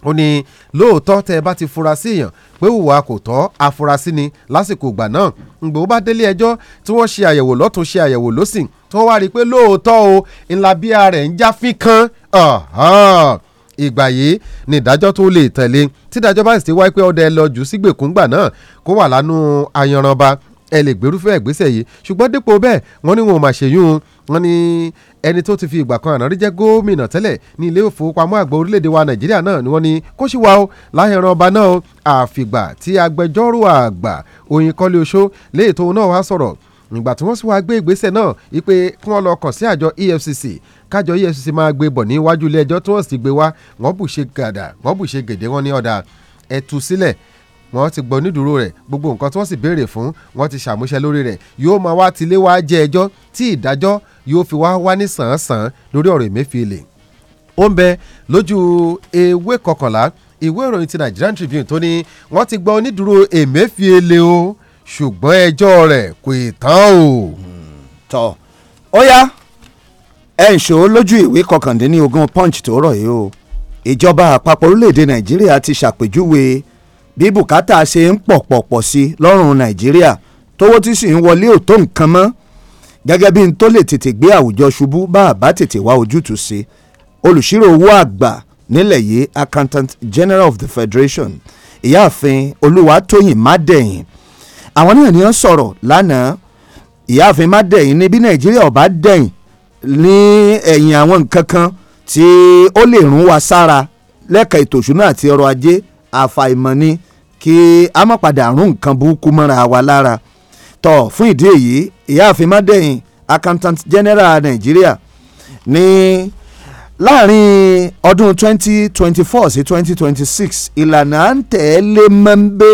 ó ní lóòótọ́ tẹ́ ẹ bá ti fura sí èèyàn pé hùwà kò tọ́ afurasí ni lásìkò ìgbà náà ngbò bá délé ẹjọ́ tí wọ́n ṣe àyẹ̀wò lọ́tún ṣe àyẹ̀wò lọ́sìn tí wọ́n wá rí i pé lóòótọ́ o ńlá bí ààrẹ ń já fín kan ìgbà yìí ni ìdájọ́ tó lè tẹ̀lé tí ìdájọ́ bá sì ti wáyé pé ọdẹ lọ jù sígbèkúngbà náà kó wà lánú ayanranba ẹ lè gbérúfẹ́ ìgbésẹ̀ yìí ṣùgbọ́n dípò bẹ́ẹ̀ wọ́n ní wọn ò mà ṣèyún wọ́n ní ẹni tó ti fi ìgbà kan àná rí gómìnà tẹ́lẹ̀ ní ilé ìfowópamọ́ àgbà orílẹ̀-èdè wa nàìjíríà náà ni wọ́n ní kó sì wá o láhẹ̀rán ọba náà àfìgbà tí agbẹjọ́rò àgbà Òyìnkọ́lé Oṣó léè tóun náà wá sọ̀rọ̀ nígbà tí wọ́n sì wáá gbé ìgbésẹ̀ náà wípé kí wọ́n lọ kàn sí àjọ EFCC kájọ EFCC máa gbé bọ̀ níwájú ilé ẹjọ́ tí wọ́n sì gbé wá wọ́n bù ṣe gàdà wọ́n bù ṣe gèdè wọn ní ọ̀dà ẹ̀tù sílẹ̀ wọ́n ti gbọ́ onídùúró rẹ̀ gbogbo nǹkan tí wọ́n sì béèrè fún wọ́n ti ṣàmúṣẹ lórí rẹ̀ yóò máa wá tilé wá jẹ́ ẹjọ́ tí ìdájọ́ yóò fi wá wá ní sàn-án-sàn lórí ọ̀rọ̀ Emefiele ó ń bẹ lójú ewé kọkànlá ìwé ìròyìn ti Nigerian Tribune tó ní wọ́n ti gbọ́ onídùúró Emefiele o ṣùgbọ́n ẹjọ́ rẹ̀ kò tán o. tọ́ ó yá ẹ̀ ń ṣòó lójú ìwé kọkàndínlógún punch tó rọ̀ yìí o ìjọba àpapọ̀ orílẹ̀-èdè Nàìjíríà ti ṣàpèjúwe bí bùkátà ṣe ń pọ̀pọ̀pọ̀ sí lọ́rùn nàìjíríà tówó tí sì ń wọlé ò tó nǹkan mọ́ gẹ́gẹ́ bí n tó lè tètè gbé àwùjọ ṣubú bá a bá tètè wá ojútùú sí olùṣírò owó àgbà nílẹ̀ yìí accountant general of the federation ìyáàfin olúwatóyìn mádẹ̀yìn àwọn náà ni wọ́n sọ̀rọ̀ lánàá ìyáàfin mádẹ̀yìn ní bí nàìjíríà ọ̀bá dẹ̀yìn ní ẹ̀yìn àwọn nǹkan kan tí ó lè rún wa sára lẹ́ka ètò òṣùnà àti ọrọ̀ ajé àfàìmọ̀ ni kí a má padà rún nǹkan burúkú mọ́ra wa lára tọ́ fún ìdí èyí ìyáàfin mádẹ́yìn accountant general nàìjíríà ní láàrin ọdún 2024 sí 2026 ìlànà à ń tẹ̀lé mọ́ńbé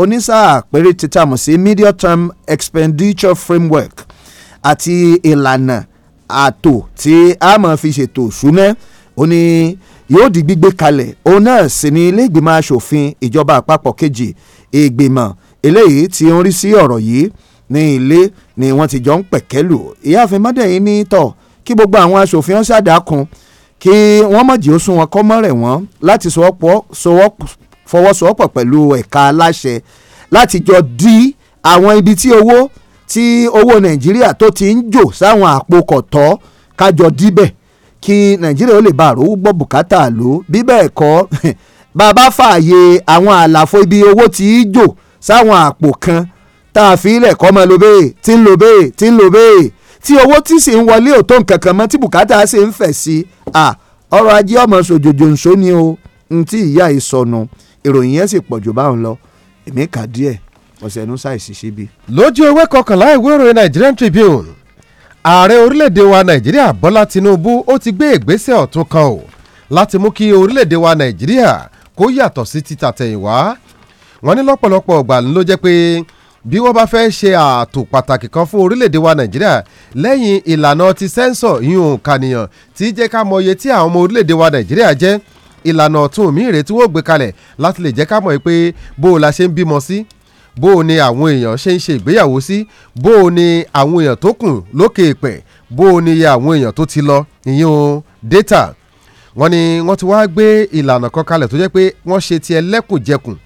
onísáà péré títà mọ̀ sí medium term expenditure framework àti ìlànà àtò tí a máa fi ṣètò ìṣúná ó ní yóò di gbígbé kalẹ̀ òun náà sì ni ilé ìgbìmọ̀ asòfin ìjọba àpapọ̀ kejì ìgbìmọ̀ eléyìí tí ń rí sí ọ̀rọ̀ yìí ní ilé ni wọ́n ti jọ ń pẹ̀kẹ́lù ìyáàfin mọ́dẹ̀yìn ní tọ̀ kí gbogbo àwọn asòfin ọ̀sẹ̀ àdàkùn kí wọ́n mọ̀jì ó sún wọn kọ́ mọ́rẹ̀ wọn láti fọwọ́sowọ́pọ̀ pẹ̀lú ẹ̀ka aláṣẹ láti jọ dí àwọn ibi tí owó tí owó Nàìjíríà tó ti ń jò sáwọn àpò kájọ díbẹ̀ kí nàìjíríà ó lè bá àròwú gbọ́ bùkátà lò bí bẹ́ẹ̀ kọ́ bàbá (laughs) fààyè àwọn àlàfo ibi owó tí í jò sáwọn àpò kan tá a fi ilẹ̀ kọ́ mọ́ lo bẹ́ẹ̀ tí ń lo bẹ́ẹ̀ tí ń lo bẹ́ẹ̀ tí owó tí sì ń wọlé ò tó nǹkan kan mọ́ tí bùkátà sì ń fẹ̀ sí à ọrọ̀ ajé ọmọ sòjòjò nsó ni o ntí ìyá ìsọnù ìròyìn yẹn sì pọ̀jù báwọn lọ èmi kà díẹ̀ ọ̀sẹ̀ ẹnu ṣàìsí síbi. lójú ewé kọkànlá ìwé ìròyìn Nigerian Tribune ààrẹ orílẹ̀-èdè wa nàìjíríà bọ́lá tinubu ó ti gbé ìgbésẹ̀ ọ̀tún kan o láti mú kí orílẹ̀-èdè wa nàìjíríà kó yàtọ̀ sí ti tàtẹ̀yìnwá wọ́n ní lọ́pọ̀lọpọ̀ ọgbà ló jẹ́ pé bí wọ́n bá fẹ́ ṣe ààtò pàtàkì kan fún orílẹ̀-èdè wa nàìjíríà lẹ́yìn ìlànà ti sẹ́ńsọ̀ ìyún kànìyàn tí jẹ́ ká mọ iye tí àwọn ọmọ orílẹ̀-èdè wa nàìjíríà jẹ́ ìlànà ọ̀tún mi rèé wọ́n gbé kalẹ̀ láti lè jẹ́ ká mọ̀ pé bó o la ṣe ń bímọ sí. Si bó o ní àwọn èèyàn ṣe ń ṣe ìgbéyàwó sí bó o ní àwọn èèyàn tó kù lókè èpẹ̀ bó o ní iye àwọn èèyàn tó ti lọ ìyẹn data wọ́n ní wọ́n ti wá gbé ìlànà kan tó jẹ́ pé wọ́n ṣe ti ẹlẹ́kùnjẹkùn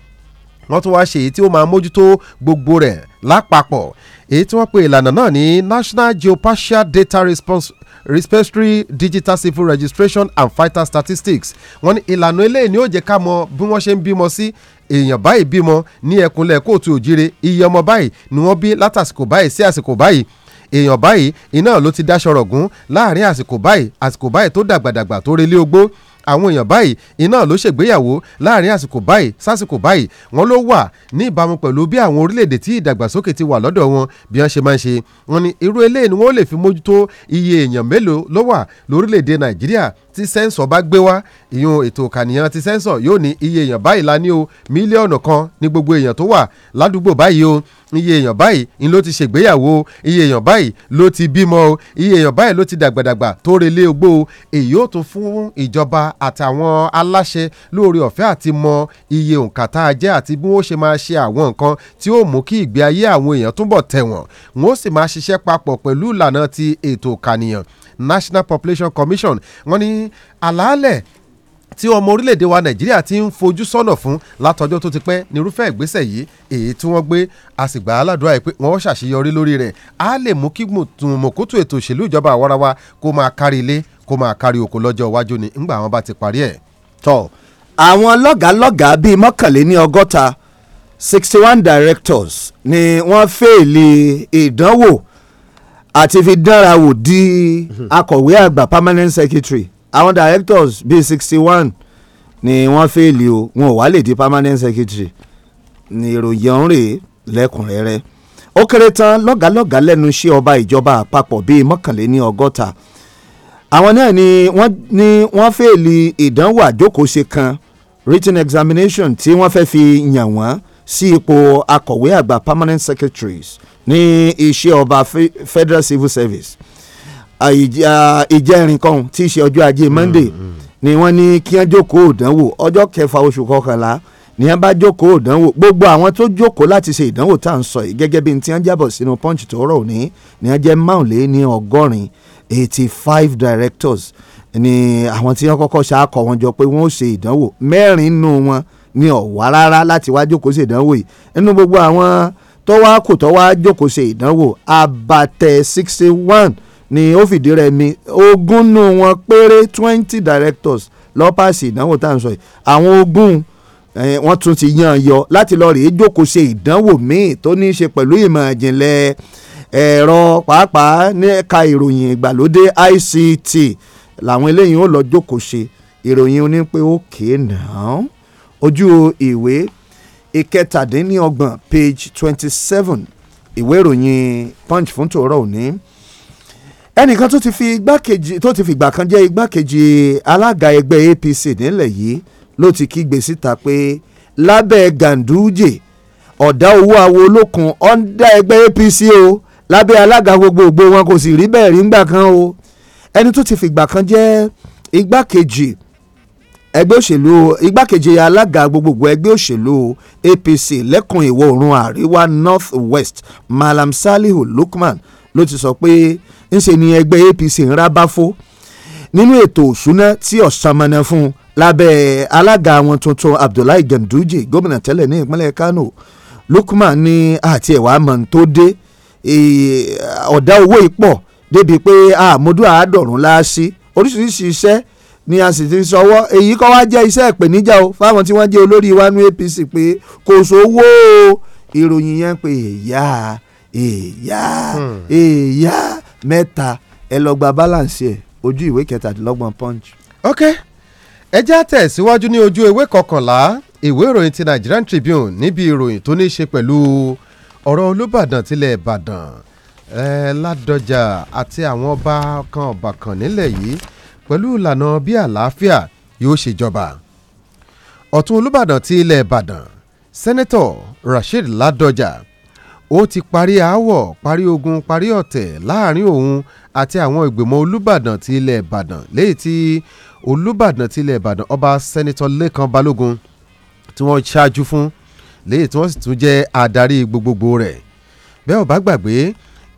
wọ́n tún wáá ṣe èyí tí ó máa mójútó gbogbo rẹ̀ lápapọ̀ èyí tí wọ́n pe ìlànà náà ní National Geospatial Data Response respiratory digital civil registration and vital statistics wọ́n ní ìlànà eléyìí ni ó jẹ́ ká mọ bí wọ́n ṣe ń bímọ sí èèyàn báyìí bímọ ní ẹkùnlẹ̀ kóòtù òjire iye ọmọ báyìí ni wọ́n bí látàsìkò báyìí sí àsìkò báyìí èèyàn báyìí iná ló ti dáṣọ rọ̀gùn láàrin àsìkò báyìí àsìkò báyìí tó dàgbàdàgbà tó relé ogbó àwọn èèyàn báyìí iná ló ṣègbéyàwó láàrin àsìkò báyìí sásìkò báyìí wọn ló wà ní ìbámu pẹ̀lú bí àwọn orílẹ̀-èdè tí ìdàgbàsókè ti wà lọ́dọ̀ wọn bí wọ́n ṣe máa ń ṣe wọn ni irú eléyìí ni wọ́n lè fi mójútó iye èèyàn mélòó ló wà lórílẹ̀-èdè nàìjíríà tí sẹ́ńsọ̀ bá gbé wá ìyún ètò kànìyàn tí sẹ́ńsọ̀ yóò ní iye èèyàn báyìí la ní o mílíọ̀nù kan ní gbogbo èèyàn tó wà ládùúgbò báyìí o iye èèyàn báyìí ni ló ti ṣègbéyàwó iye èèyàn báyìí ló ti bímọ o iye èèyàn báyìí ló ti dàgbàdàgbà tó relé ogbó o èyí ó tún fún ìjọba àtàwọn aláṣẹ lóore ọ̀fẹ́ àti mọ iye òǹkà tá a jẹ́ àti bí wọ́n ṣe máa ṣe àwọn nǹkan tí ó mú kí ìgbé ayé àwọn èèyàn túbọ̀ tẹ̀wọ̀n wọ́n sì máa ṣiṣẹ́ papọ̀ pẹ̀lú ìlànà ti ètò ìkànìyàn National Population Commission wọ́n ní àlàálẹ̀ tí ọmọ orílẹ̀-èdè wa nàìjíríà ti ń fojú sọ́nà fún látọjọ́ tó ti pẹ́ nírúfẹ́ ìgbésẹ̀ yìí èyí tí wọ́n gbé àsìgbà aládùúrà yìí pé wọ́n ṣàṣeyọrí lórí rẹ̀ á lè mú kí mọ̀kútù ètò òṣèlú ìjọba àwarawa kó máa kárí ilé kó máa kárí oko lọ́jọ́ iwájú ni ńgbà wọn bá ti parí ẹ̀. tọ́ àwọn lọ́gàálọ́gàá bíi mọ́kànléní ọgọ́ta sixty one directors ni wọ́n fèèlì ìdánwò àti fi dánra wò di mhm. permanent secretary àwọn directors bíi sixty one ni wọ́n fẹ́ẹ̀lì o wọn ò wá lè di permanent secretary ni ìròyìn ọ̀hún rèé lẹ́kùnrẹ́rẹ́ ó kéré tán lọ́gàálọ́gàá lẹ́nu iṣẹ́ ọba ìjọba àpapọ̀ bíi mọ́kànléní ọgọ́ta àwọn náà ni wọ́n ni wọ́n fẹ́ẹ̀lì ìdánwò àjókòóṣe kan written examination tí wọ́n fẹ́ fi yàn wọ́n sí ipò akọ̀wé àgbà permanent secretaries ní iṣẹ́ ọba federal civil service ìjẹrin kan tí í ṣe ọjọ́ ajé monday mm, mm. ni wọ́n ní kí wọ́n jókòó ìdánwò ọjọ́ kẹfà oṣù kọkànlá ni wọ́n bá jókòó ìdánwò gbogbo àwọn tó jókòó láti ṣe ìdánwò tá à ń sọ yìí gẹ́gẹ́ bí ti wọ́n jábọ̀ sínú punch tó rọ̀ òní ni wọ́n jẹ́ márùnlé ní ọgọ́rin eighty five directors ni àwọn tí wọ́n kọ́kọ́ ṣàkọ wọn jọ pé wọ́n ó ṣe ìdánwò mẹ́rin nù wọn ni ọ̀wá rárá láti wá jókòó ṣe ìdánwò yìí nínú gbogbo àwọn tó wá kò tó wá jókòó ṣe ìdánwò abatẹ sixty one ni ó fìdí rẹmi ogún nù wọn péré twenty directors lọ pàṣẹ ìdánwò tá à ń sọ yìí àwọn ogún wọn tún ti yan yọ láti lọ rèé jókòó ṣe ìdánwò míì tó ní í ṣe pẹ̀lú ìmọ̀ ìjìnlẹ̀ ẹ̀rọ pàápàá ní ẹ̀ka ìròyìn ìgbàlódé ICT làwọn eléyìí ó lọ jókòó ṣe ìròyìn oní pé ó kéé náà ojú ìwé ìkẹtàdínníọgbọ̀n page twenty seven ìwé ìròyìn punch fún tòórọ́ òní ẹnìkan tó ti fi igbákejì tó ti fìgbà kan jẹ́ igbákejì alága ẹgbẹ́ APC nílẹ̀ yìí ló ti kígbe síta pé lábẹ́ Ganduje ọ̀dá owó awo olókun ọ̀ndá ẹgbẹ́ APC o lábẹ́ alága gbogbogbò wọn kò sì rí bẹ́ẹ̀ rí ńgbà kan o ẹni tó ti fìgbà kan jẹ́ igbákejì ẹgbẹ́ òṣèlú igbákejì alága gbogbogbò ẹgbẹ́ òṣèlú APC lẹ́kùn ìwọ̀ oòrùn àríwá North West Malam Salihu Lukman ló ti sọ pé ńṣe ni ẹgbẹ́ APC ń rábáfó nínú ètò òṣùná tí ọ̀sánmọ́nà fún un lábẹ́ alága wọn tuntun Abdullahi Ganduje gómìnà tẹ́lẹ̀ ní ìpínlẹ̀ Kano Lukman ní àti ẹ̀wà mọ̀ tó dé ọ̀dá owó ìpọ̀ débi pé àmúdú àádọ́rùn láásí oríṣiríṣi iṣẹ́ ni a sì ti sọwọ́ èyí kọ́ wá jẹ́ iṣẹ́ ìpèníjà o fáwọn tí wọ́n jẹ́ olórí wánú APC pé kò sówó ìròyìn yẹn pé èyà èyà èyà mẹ́ta ẹ lọ gba balance ẹ̀ ojú ìwé kẹtàdínlọ́gbọ̀n punch. ok ẹ já tẹ̀síwájú ní ojú ewé kọkànlá ìwé ìròyìn ti Nigerian Tribune níbi ìròyìn tó ní í ṣe pẹ̀lú ọ̀rọ̀ Olúbàdàn tilẹ̀ Ìbàdàn Ládọjà àti àwọn ọba kan ọba kan nílẹ̀ yìí pẹ̀lú ìlànà bí àlàáfíà yóò ṣe jọba ọ̀tún Olúbàdàn ti Ìbàdàn Sẹ́nẹ́tọ̀ Rasheed Ládọjà ó ti parí aáwọ̀ parí ogun parí ọ̀tẹ̀ láàrin òun àti àwọn ìgbìmọ̀ olùbàdàn ti ilẹ̀ ìbàdàn léyìí tí olùbàdàn ti ilẹ̀ ìbàdàn ọba sẹ́nitọ́ lẹ́kan balógun tí wọ́n ṣáájú fún léyìí tí wọ́n sì tún jẹ́ adarí gbogbogbò rẹ̀ bẹ́ẹ̀ ò bá gbàgbé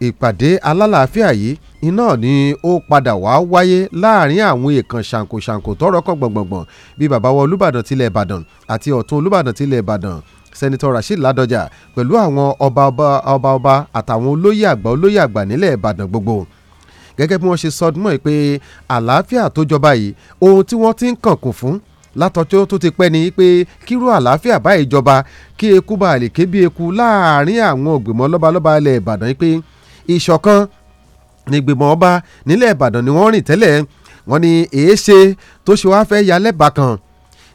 ìpàdé alálàáfíà yìí iná ni ó padà wá wáyé láàrin àwọn èèkàn ṣàǹkóṣàǹkó tọrọ kan gbọ̀ngbọ̀ngbọ̀n bíi bàbá wa olùbàdàn tilẹ̀ ìbàdàn àti ọ̀tún olùbàdàn tilẹ̀ ìbàdàn sẹ́nitọ́ Rasheed Ládọjà pẹ̀lú àwọn ọba ọba ọba àtàwọn olóyè àgbà olóyè àgbà nílẹ̀ Ìbàdàn gbogbo gẹ́gẹ́ bí wọ́n ṣe sọdún mọ́ ẹ pé àlàáfíà tó jọba yìí ohun tí wọ́n ti ń kànkùn fún látọjọ́ tó ti pẹ́ ni pé kírú àlàáfíà bá ìjọba kí eku bá lè ké bí eku láàrin àwọn ògbìmọ̀ lọ́balọ́ba ilẹ̀ Ìbàdàn pé ìṣọ̀kan nígbìmọ̀ ọba nílẹ̀ Ìbàdàn ni wọ́n rìn tẹ́lẹ̀ wọ́n ní èéṣe tó ṣe wá fẹ́ yálẹ̀ bàkàn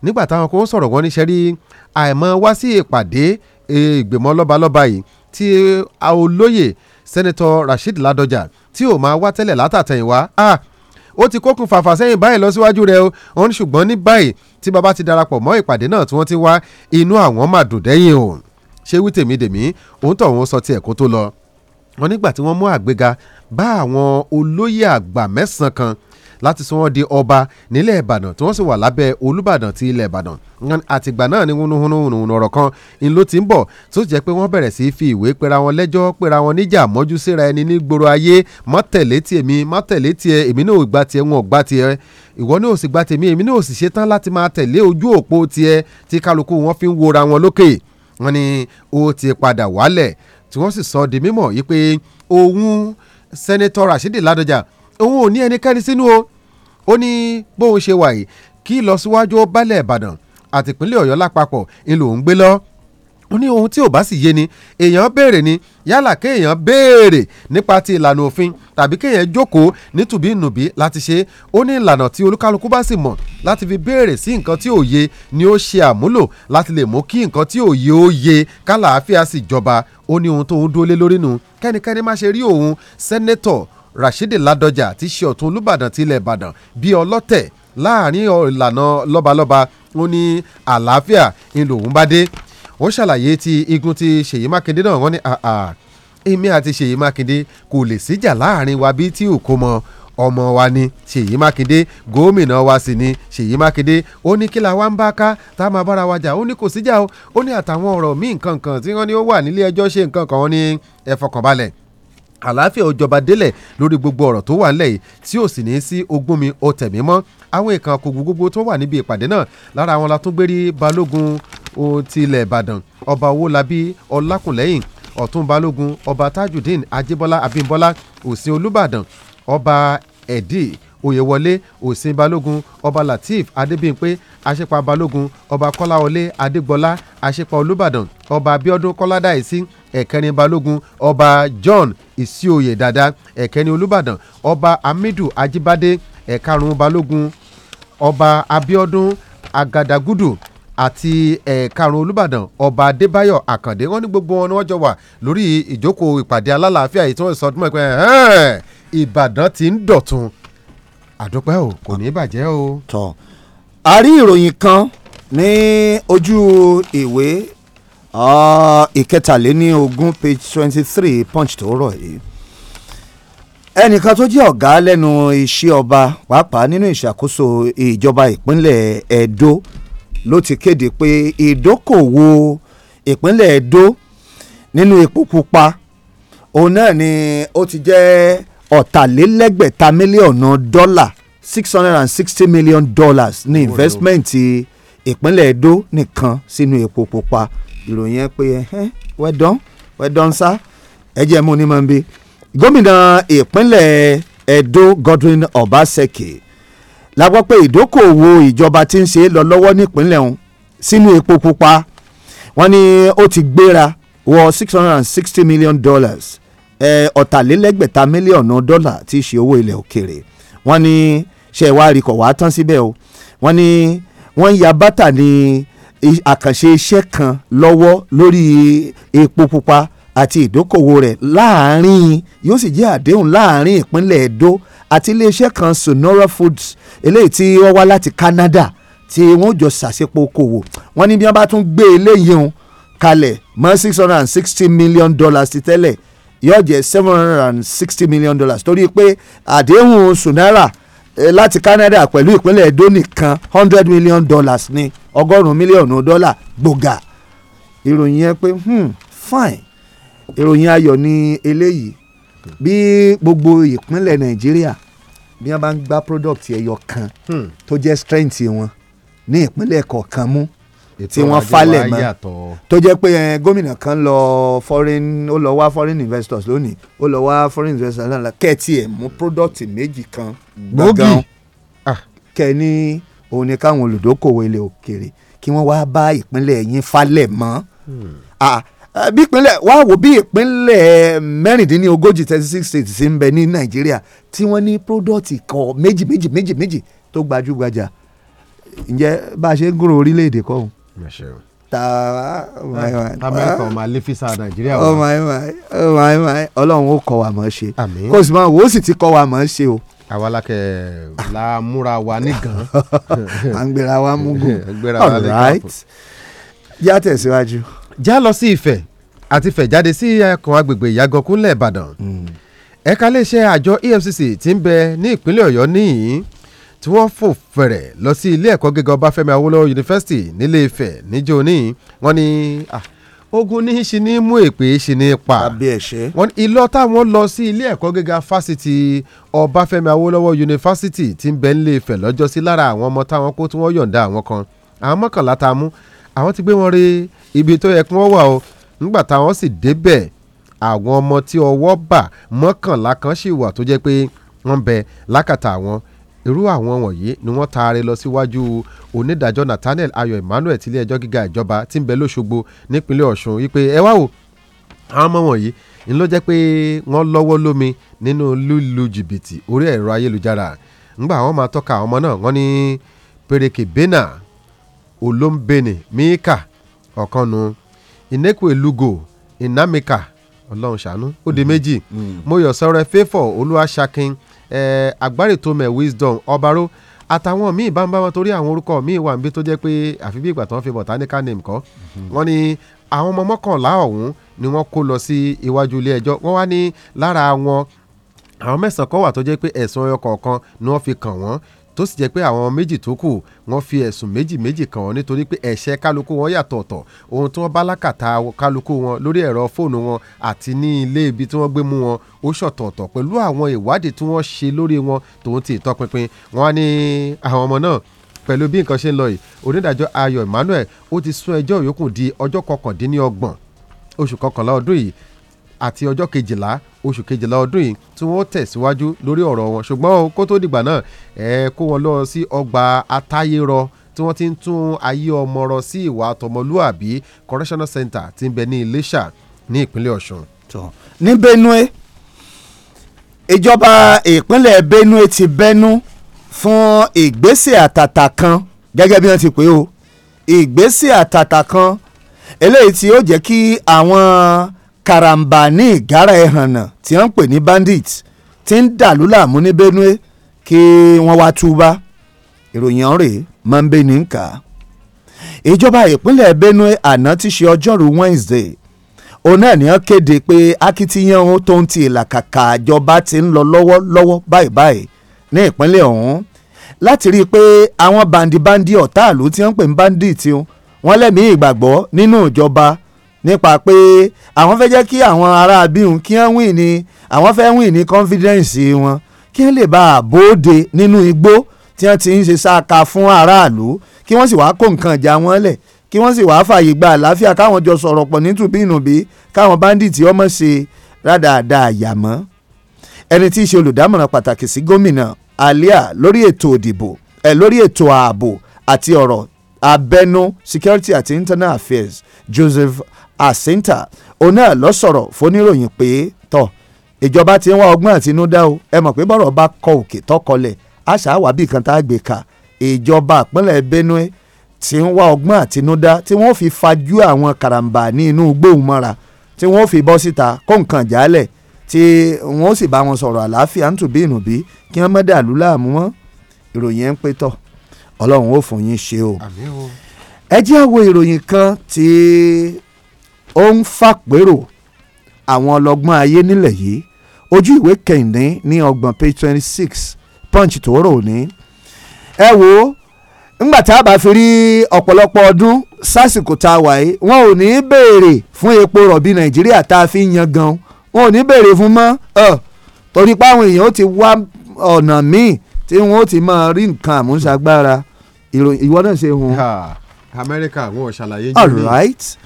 nígbà táwọn kan sọ̀rọ̀ wọ́n níṣẹ́ rí àìmọ́ wá sí ìpàdé e, ìgbìmọ̀ lọ́balọ́ba yìí tí olóyè sẹ́nitọ́ Rasheed Ládọjà tí ò máa wá tẹ́lẹ̀ látàtẹ̀yìnwá ó ti kókun fàfà sẹ́yìn báyìí lọ síwájú rẹ̀ ó ń ṣùgbọ́n ní báyìí tí bàbá ti darapọ̀ mọ́ ìpàdé náà tí wọ́n ti wá inú àwọn máa dùn dẹ́yìn o ṣé wí tèmídèmí òun tọ̀ wọ́n sọ tiẹ̀ kó tó lọ. wọ́n nígbà tí wọ́n mú àgbéga bá àwọn olóyè àgbà mẹ́sàn-án kan láti sọ wọ́n di ọba nílẹ̀ ìbàdàn tí wọ́n sì wà lábẹ́ olúbàdàn ti ilẹ̀ ìbàdàn àtìgbà náà ni húnúhúnúhùn ọ̀rọ̀ kan ń ló ti ń bọ̀ tó jẹ́ pé wọ́n bẹ̀rẹ̀ sí í fi ìwé pera wọn lẹ́jọ́ pera wọn níjà mọ́jú síra ẹni ní gbòòrò ayé má tẹ̀lé tiẹ̀ mi má tẹ̀lé tiẹ̀ èmi náà ò gbà tiẹ̀ wọn ò gbà tiẹ̀ ìwọ náà ò sì gbà tèmi èmi náà ò sì ṣetán láti máa tẹ̀lé ojú òpó tiẹ̀ tí kálukú wọn fi ń wora wọn lókè wọn ni ó ti padà wálẹ̀ tí wọ́n sì sọ di mímọ̀ yìí pé òun sẹ́nẹ́tọ̀ Rashidi Ládọjà òun ò ní ẹnikẹ́ni sínú o ó ní bóun ṣe wà yìí kí ìlọsíwájú ó bálẹ̀ ìbàdàn àti ìpínlẹ̀ ọ̀yọ́ lápapọ̀ ń lòún gbé lọ ó ní ohun tí ò bá sì yé ni èèyàn béèrè ni yálà kéèyàn béèrè nípa ti ìlànà òfin tàbí kéèyàn jókòó nítùbí nùbí láti ṣe ó ní ìlànà tí olúkálukú bá sì mọ̀ láti fi béèrè sí nǹkan tí ò yé ni ó ṣe àmúlò láti lè mú kí nǹkan tí ò yé ó yé kálàáfíà sì jọba ó ní ohun tó dúró lé lórí nu kẹ́nikẹ́ni má ṣe rí òun sẹ́nẹ́tọ̀ Rasheed Ládọjà tí ṣe ọ̀tún Olúbàdàn ti ilẹ̀ Ìbàdàn bíi ọlọ́tẹ̀ láàrin ìlànà lọ́balọ́ba ó ní àlàáfíà ń lòun bá dé ó ṣàlàyé ti igun ti Ṣèyí Mákindé náà wọ́n ní èmi àti Ṣèyí Mákindé kò lè síjà láàrin wa bíi tí òkò mọ́ ọmọ wa ni ṣèyí mákindé gómìnà wa sì ni ṣèyí mákindé ó ní kí la wá ń bá ká tá a máa bára wa jà ó ní kò síjà o ó ní àtàwọn ọ̀rọ̀ míì nǹkan kan tí wọ́n ní ó wà nílé ẹjọ́ ṣe nǹkan kan wọ́n ní ẹ àlàáfíà òjọba délẹ̀ lórí gbogbo ọ̀rọ̀ tó wà nílẹ̀ yìí tí ò sì ní sí ogún mi ó tẹ̀mí mọ́ àwọn ìkan kò gbogbo tó wà níbi ìpàdé náà lára àwọn la tún gbérí balógun tilẹ̀ ìbàdàn ọba owólabí ọlákùnlẹ́yìn ọ̀tún balógun ọba tajudeen ajibọlá abímbọ́lá òsín olúbàdàn ọba ẹ̀dì oyèwọlé òsín balógun ọba lateef adébíyìnpé àṣepa balógun ọba kọ́láwọlé adégbọlá àṣepa olúbàdàn ọba abíọ́dún kọ́ládàísí ẹ̀kẹrin balógun ọba john isioye dada ẹ̀kẹrin olùbàdàn ọba hamidu ajibade ẹ̀karùn balógun ọba abiodun agadagudu àti ẹ̀ẹ̀karùn eh, olùbàdàn ọba adébáyọ̀ àkàndé wọn ní gbogbo wọn ni wọ́n jọ wà lórí ìjókòó ìpàdé alálàáfíà yìí tí wọ́n sọ ọdún mọ́ ìbàdàn ti ń dọ̀tun àdúpẹ́ o kò ní í bàjẹ́ o. tọ́ a rí ìròyìn kan ní ojú ìwé Ah, ìkẹtàléní ogún page twenty three punch tó rọ̀ yìí ẹnìkan tó jẹ́ ọ̀gá lẹ́nu iṣẹ́ ọba pàápàá nínú ìṣàkóso ìjọba ìpínlẹ̀ Ẹdó ló ti kéde pé ìdókòwò ìpínlẹ̀ Ẹdó nínú epo pupa òun náà ni ó ti jẹ́ ọ̀tàlélẹ́gbẹ̀ta mílíọ̀nù dọ́là six hundred and sixty million dollars ní investment Oh, no ìpínlẹ̀ Edo nìkan sínú epo pupa ìròyìn ẹ pé ẹhẹ́n wẹ́dán wẹ́dán sá ẹjẹ́ mú ní mọ́nbí gómìnà ìpínlẹ̀ Edo Godwin Obaseki la gbọ́ pé ìdókòwò ìjọba ti ń ṣe lọ lọ́wọ́ nípínlẹ̀ ọ̀hún sínú epo pupa wọ́n ní ó ti gbéra wọ six hundred and sixty million dollars ọ̀tàlélẹ́gbẹ̀ta mílíọ̀nù dọ́là tí í ṣe owó ilẹ̀ òkèèrè wọ́n ní ṣe ìwádìí kọ̀ wá tán síbẹ̀ o wọ́n ní wọ́n ń ya bátà ní àkànṣe iṣẹ́ kan lọ́wọ́ lórí epo pupa àti ìdókòwò rẹ̀ láàárín yóò sì jẹ́ àdéhùn láàárín ìpínlẹ̀ Edo àti iléeṣẹ́ kan Sonora Foods eléyìí tí wọ́n wá láti Canada tí wọ́n jọ ṣàṣepọ̀ okòwò wọ́n ní bí wọ́n bá tún gbé eléyìí hàn kalẹ̀ mọ́ six hundred and sixty million dollars ti tẹ́lẹ̀ yóò jẹ́ seven hundred and sixty million dollars torí pé àdéhùn Sonora Eh, láti Canada pẹ̀lú ìpínlẹ̀ Edo nìkan hundred million dollars ní ọgọ́rùn-ún mílíọ̀nù dọ́là gbòógà ìròyìn yẹn pé hmm, fine ìròyìn ayọ̀ ni eléyìí bí gbogbo ìpínlẹ̀ Nàìjíríà bí wọ́n bá ń gba product ẹyọ kan hmm. tó jẹ́ strength wọn ní ìpínlẹ̀ kọ̀ọ̀kan mú tí wọ́n falẹ̀ mọ́ tó jẹ́ pé eh, gómìnà kan lọ foreign ó lọ wá foreign investors lónìí ó lọ wá foreign investors náà kẹ́ẹ̀tì ẹ̀ mú product méjì kan gbọ̀ngàn ah. kẹ́ ní òun ni káwọn olùdókòwò ilẹ̀ òkèrè kí wọ́n wá bá ìpínlẹ̀ yín falẹ̀ mọ́ hmm. ah, eh, bí ìpínlẹ̀ wá wò bí ìpínlẹ̀ mẹ́rìndínlógójì thirty six states ń bẹ ní nàìjíríà tí wọ́n ní product kan méjì méjì méjì méjì tó gbajúgbajà ǹjẹ́ bá a ṣe ń gòrò orílẹ̀-èdè kọ́ tààrà oh ah, amẹ́ríkà ah. ọmọ alẹ́físà nàìjíríà wà. ọmọ ẹ̀mọ ọmọ ẹ̀mọ ọlọ́run ó kọ́ wa mọ̀ ṣe kó o sì máa wò ó sì ti kọ́ wa mọ̀ ṣe o. àwa lákẹ́ la múra wa nìkan. (laughs) à ń gbéra wa múgùn (laughs) all right já tẹ̀síwájú. já lọ sí Ifẹ̀ àti Ifẹ̀ jáde sí ẹkùn agbègbè ìyàgànkúnlẹ̀ ìbàdàn ẹ̀ka iléeṣẹ́ àjọ EFCC ti ń bẹ ní ìpínlẹ̀ ọ̀yọ́ níyìn tí wọ́n fò fẹ̀rẹ̀ lọ sí ilé ẹ̀kọ́ gíga ọbáfẹ́mi awólọ́wọ̀ yunifásitì nílé ifẹ̀ níjó ní wọ́n ní ogun ní í ṣe ní mú èpè ṣe ní pa wọ́n ní ìlọ táwọn lọ sí ilé ẹ̀kọ́ gíga fásitì ọbáfẹ́mi awólọ́wọ̀ yunifásitì tí ń bẹ nílé ifẹ̀ lọ́jọ́ sí lára àwọn ọmọ táwọn kó tí wọ́n yọ̀ǹda àwọn kan àwọn mọ́kànlá ta mú àwọn ti gbé wọn rí ibi tó yẹ kí wọ́n wà o nígbà táwọn sì débẹ̀ àwọn ọmọ tí ọwọ́ bà mọ́kànlá kan sì wà tó jẹ́ pé wọ́n bẹ lákàtà àwọn irú àwọn wọ̀nyí ni wọ́n taari lọ síwájú onídàájọ́ Nathaniel Ayọ̀ Emmanuel tilé ẹjọ́ gíga ìjọba tí ń bẹ lóṣogbo nípínlẹ̀ Ọ̀ṣun wípé ẹ wá wò àwọn ọmọ wọ̀nyí ń lọ jẹ́ pé wọ́n lọ́wọ́ lómi nínú lílu jìbìtì orí ẹ̀rọ ayélujára ńgbà àwọn máa tọ́ka àwọn ọmọ náà wọ́n ní pèrèkè bena olombene mika ọ̀kanu inekwe lugo inamika ọlọ́run ṣàánú ó di mm-hmm. méjì mm-hmm. moyọ̀ sọ̀rọ̀ fẹ́fọ̀ olúwaṣakin àgbárítómẹ̀ eh, wisdom ọbaró àtàwọn míì bá ń bá wọn torí àwọn orúkọ míì wà níbi tó jẹ́ pé àfi bí ìgbà tó ń fi botanical name kọ́ mhm. wọ́n ní àwọn ọmọ mọ́kànlá ọ̀hún ni wọ́n kó lọ sí iwájú ilé ẹjọ́ wọ́n wá ní lára wọn àwọn mẹ́sàn-án kan wà tó jẹ́ pé ẹ̀sùn ọyọ kọ̀ọ̀kan ni wọ́n fi kàn wọ́n tó sì jẹ́ pé àwọn méjì tó kù wọ́n fi ẹ̀sùn méjì méjì kàn wọ́n nítorí pé ẹ̀ṣẹ̀ kálukú wọn yàtọ̀ ọ̀tọ̀ ohun tí wọ́n bá lákàtà kálukú wọn lórí ẹ̀rọ fóònù wọn àti ní ilé ibi tí wọ́n gbé mú wọn ó ṣọ̀tọ̀ọ̀tọ̀ pẹ̀lú àwọn ìwádìí tí wọ́n ṣe lórí wọn tòun ti ìtọpinpin wọn ní àwọn ọmọ náà pẹ̀lú bí nǹkan ṣe ń lọ yìí onídàájọ́ Ayọ̀ Emmanuel ó ti sún ẹjọ́ yòókù di ọjọ́ kọkàndínlọ́gbọ̀n oṣù kọkànlá ọdún yìí àti ọjọ́ kejìlá oṣù kejìlá ọdún yìí tí wọ́n tẹ̀síwájú lórí ọ̀rọ̀ wọn ṣùgbọ́n kó tó dìgbà náà ẹ kó wọn lọ sí ọgbà atáyérọ tí wọ́n ti ń tún ayé ọmọ rọ sí ìwà àtọmọlúàbí correctional center tí ń bẹ ní Iléṣà ní ìpínlẹ̀ Ọ̀ṣun. ní Benue ìjọba ìpínlẹ̀ Benue ti bẹnu fún ìgbésẹ̀ àtàtà kan gẹ́gẹ́ bí wọ́n ti pè ó ìgbésẹ̀ àtàtà kan eléyìí tí ó jẹ́ kí àwọn karambà ní ìgárá ẹ̀hànnà tí wọ́n ń pè ní bandit ti ń dàlú láàmú ní benue kí wọ́n wá túbá ìròyìn ọ̀rẹ́ máa ń bẹ ní nkà. ìjọba ìpínlẹ̀ benue àná ti ṣe ọjọ́rú wednesday òun náà ni wọ́n kéde pé akitiyan ohun tó ń ti ìlàkàkà àjọba ti ń lọ lọ́wọ́lọ́wọ́ báyìí báyìí ní ìpínlẹ̀ ọ̀hún láti rí i pé àwọn bandibandi ọ̀táàlú tí wọ́n ń pè ní bandit wọn lẹ́mìí ìgbàgbọ́ nínú ìjọba nípa pé àwọn fẹ́ jẹ́ kí àwọn ará abíhùn kí wọ́n wìn ní àwọn fẹ́ wìn ní confidence wọn kí wọ́n lè bá a bóde nínú igbó tí wọ́n ti ń ṣe sáka fún aráàlú kí wọ́n sì wá kó nǹkan ìjà wọn lẹ̀ kí wọ́n sì wáá fààyè gba àlàáfíà káwọn jọ sọ̀rọ̀ pọ̀ nítùbínùbí káwọn báńdíìtì ọmọ ṣe rádaràda àyàmọ́ ẹni tí í ṣe olùdámọ̀ràn pàtàkì sí gómìnà alia lórí ètò òdìbò ẹ lórí ètò ààbò àti ọ̀rọ̀ abẹnú security àti internal affairs Joseph Asinta òun náà lọ sọ̀rọ̀ fóníròyìn pé tọ̀ ìjọba ti ń wá ọgbọ́n àtinúdá o ẹ mọ̀ pé bọ́rọ̀ bá kọ òkè tọkọlẹ̀ àṣà wà bí kan tá a gbé ka ìjọba ìpínlẹ̀ Benue ti ń wá ọgbọ́n àtinúdá tí wọ́n fi fajú àwọn karambà ní inú gbóhùn mọ́ra tí wọ́n fi bọ́ síta kó nǹkan jálẹ̀ tí wọ́n sì bá wọn sọ̀rọ̀ àlàáfíà ń tùbí ìnùbí kí wọ́n mọ́ dàlú láàmú wọn ìròyìn ọlọ́run ó fún yín ṣe o. ẹ jẹ́ wo ìròyìn kan tí ó ń fàpérò àwọn ọlọ́gbọ́n ayé nílẹ̀ yìí ojú ìwé kẹ̀hìndín ní ọgbọ̀n page twenty six punch tó rò ní. ẹ wo ńgbà tá a bá fi rí ọ̀pọ̀lọpọ̀ ọdún sásìkò tá a wà yìí wọn ò ní í béèrè fún epo rọ̀bì nàìjíríà tá a fi ń yan gan wọn ò ní béèrè fún mọ́ torí pé àwọn èèyàn ti wá ọ̀nà míì tí wọn ó ti máa rí nǹkan àmúṣagbára ìròyìn ìwọ náà ṣe hun. Amẹ́ríkà wọn ò ṣàlàyé jù ní. all right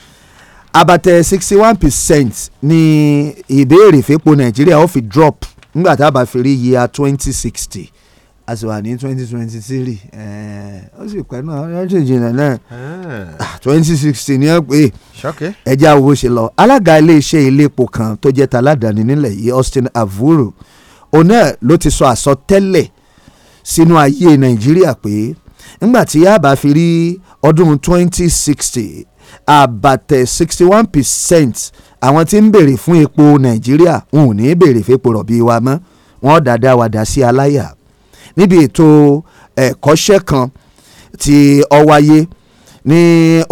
abatẹ sixty one percent ni ìbéèrè fẹ́po Nàìjíríà ó fi drop nígbà tá a bá fi rí yíya twenty sixty a sì wà ní twenty twenty three eh, ó sì pẹ́ náà ọjọ́ ìjìnlẹ̀ náà eh. ah, twenty sixteen ní ọ̀pẹ́ ẹja owó ṣe lọ alága iléeṣẹ́ iléepo kan tó jẹ́ taládàáni nílẹ̀ yìí Austin Avuru òun náà ló ti sọ àsọtẹ́lẹ̀ sínú ayé Nàìjíríà pé ngbàtí yaba fi rí ọdún twenty sixty àbàtẹ̀ percent àwọn tí ń béèrè fún epo nàìjíríà ń ò ní béèrè fẹ́po rọ̀bì wa mọ́ wọ́n dáadáa wàdà sí aláyà níbi ètò ẹ̀kọ́ṣẹ́ kan tí ó wáyé ní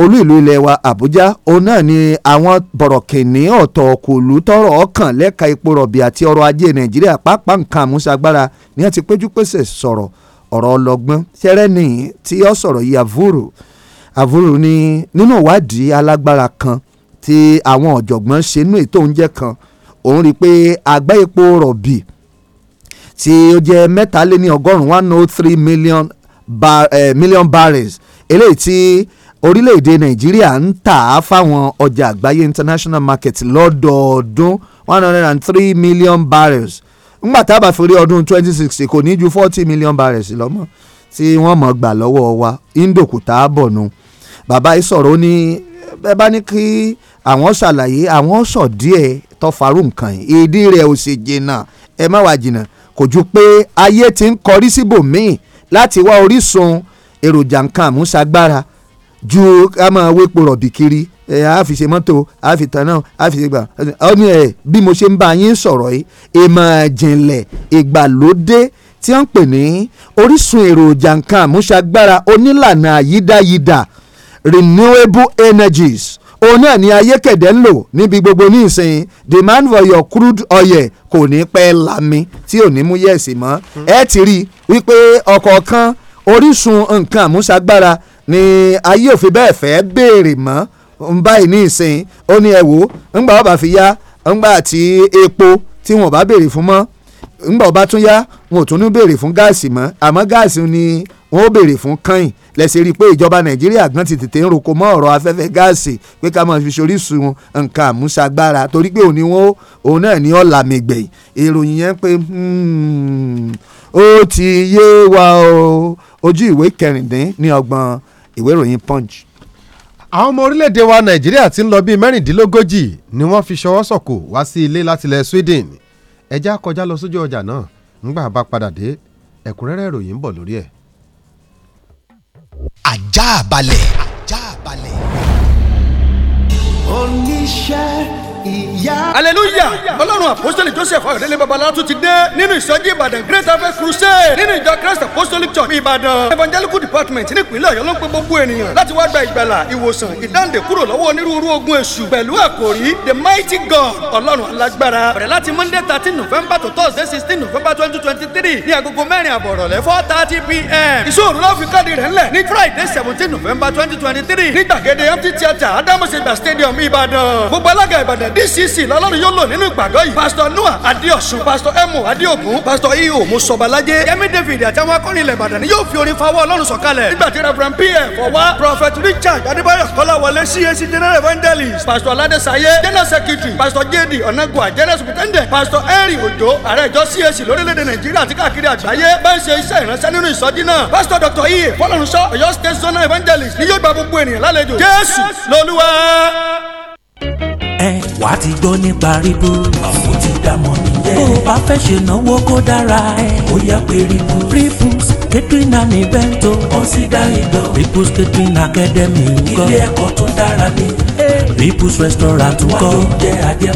olú ìlú ilẹ̀ wa abuja òun náà ni àwọn bọ̀rọ̀kìnní ọ̀tọ̀ kòlú tọrọ ọkàn lẹ́ka epo rọ̀bì àti ọrọ̀ ajé nàìjíríà pàápàá nǹkan àmúṣagbára ni wọ́n ti péjú pèsè sọ̀rọ̀ ọ̀rọ̀ ọlọ́gbọ́n sẹ́rẹ́nì tí ó sọ̀rọ̀ yìí àvúrò àvúrò ni nínú ìwádìí alágbára kan tí àwọn ọ̀jọ̀gbọ́n ṣe nínú ètò oúnjẹ kan òun rí i pé àgbá epo rọ̀bì tí ó jẹ́ mẹ́taléní ọgọ́rùn-ún one hundred oh three million, bar, eh, million barrels eléyìí tí orílẹ̀-èdè nàìjíríà ń tà á fáwọn ọjà àgbáyé international market lọ́dọọdún one hundred and three million barrels ńgbà tá a bá fi rí ọdún twenty sixty kò ní ju forty million barrels lọ́mọ́ tí wọ́n mọ̀ gbà lọ́wọ́ wa indoku kò tá a bọ̀ nu bàbá ìsọ̀rọ̀ ní ẹ bá ní kí àwọn ṣàlàyé àwọn sọ díẹ̀ tó farú nǹkan yìí ìdí rẹ̀ ò sì jìnnà ẹ má wàá jìnnà kò ju pé ayé ti ń kọrí síbòmíì láti wá orísun èròjà nǹkan àmúṣagbára ju ká máa wépo rọ̀bì kiri ẹ á fi ṣe mọ́tò á fi tán náà á fi ṣe gbà ọ ní ẹ bí mo ṣe ń bá yín sọ̀rọ̀ yìí ìmọ̀ ìjìnlẹ̀ ìgbàlódé tí wọ́n ń pè ní orísun èròjà nǹkan àmúṣagbára onílànà àyídáyidà renewable energies òun náà ni ayékèdè ń lò níbi gbogbo ní ìsìn demand for your crude oil kò ní pẹ́ lami tí ò ní mú yẹ̀sì mọ́ hmm. ẹ ti rí wípé ọ̀kọ̀ọ̀kan orísun nǹkan àmúṣagbára ni ayé òfin bẹ́ẹ̀ fẹ́ béèrè mọ́ ń báyìí ní ìsìn ó ní ẹ wò ó ńgbà ọba fi yá ńgbà tí epo tí wọn bá béèrè fún mọ́ ńgbà ọba tún yá wọn ò tún ní béèrè fún gáàsì mọ́ àmọ́ gáàsì ni wọn ó béèrè fún kàn lẹ́sẹ̀ rí i pé ìjọba nàìjíríà gan ti tètè ń roko mọ́ ọ̀rọ̀ afẹ́fẹ́ gáàsì pé ká máa fi ṣorísun nǹkan àmúṣagbára torí pé òun ni wọn òun náà ní ọ̀là mẹ̀gbẹ̀ ìròyìn yẹn pé hmm, ó ti yé wa o ojú ìwé kẹrìndínlọ́gbọ̀n ìwé ìròyìn punch àwọn ọmọ orílẹ̀-èdè wa nàìjíríà ti ń lọ bíi mẹ́rìndínlógójì ni wọ́n fi ṣọwọ́ sọ̀kò wá sí ilé látilẹ̀ sweden ẹjẹ́ akọjá lọ sójú ọjà náà ńgbà bá padà dé ẹ̀kúnrẹ́rẹ́ ìròyìn ń bọ̀ lórí ẹ̀. àjà balẹ̀ oníṣẹ́ ìyá. aleluya ọlọ́run apostoli joseph ayọ̀délé babalá tún ti dé nínú ìsọjí ìbàdàn great harvest crusade nínú ìjọ christ apostolic church ìbàdàn evangelical department nípínlẹ̀ ọ̀yọ́ ló ń pe gbogbo ènìyàn láti wá gba ìgbàlà ìwòsàn ìdáǹdè kúrò lọ́wọ́ onírúurú ogun èṣù pẹ̀lú àkòrí the mighty god ọlọ́run alágbára bẹ̀rẹ̀ láti monday thirteen november to thursday sixteen november twenty twenty three ní agogo mẹ́rin àbọ̀rọ̀lẹ́ four thirty pm ìṣòro ló fi káàdì rẹ̀ ńlẹ̀ ní friday seventeen november twenty twenty three ní gbàgede empty theatre adamasegba stadium ìbàdàn gbogbo alága ìbàdàn dcc lọ́lọ́run yóò lò nínú ìpàgọ́ yìí pásítọ̀ noah adéọ̀sùn Pastor emu adéògùn Pastor iyo e musobalajé yẹmi david àti àwọn akọrin ilẹ̀ ìbàdàn ni yóò fi orin fawọ́ ọlọ́run sọ̀kalẹ̀ nígbà tí reverend pf ọwá prophet richard adébáyọ̀ kọ́láwọlé cac general evangelist Pastor aládésáyé general secretary pásítọ̀ jd ọ̀nàgùà general superintendent pásítọ̀ henry ojo ààrẹ ìjọ cac lórílẹ̀‐èdè nàìjíríà àti káàkiri àgbáyé bá ń ṣe iṣẹ́ ìránṣẹ́ nínú ìsọjí náà pásítọ̀ dr iye fọlọ́runṣọ́ ọ̀yọ́ state zonal evangelist ni yóò gba gbogbo ènìyàn lálejò jésù lolúwa ẹ wà á ti gbọ́ nípa Rìbú. àwọn ti dámọ̀ nìyẹn. bó o bá fẹ́ ṣe náwó kó dára ẹ. ó yá pé Rìbú. Rìbú's catering and event consider it o. Rìbú's catering academy ń kọ́. ilé ẹ̀kọ́ tó dára ni. Ripples restaurant ń kọ́.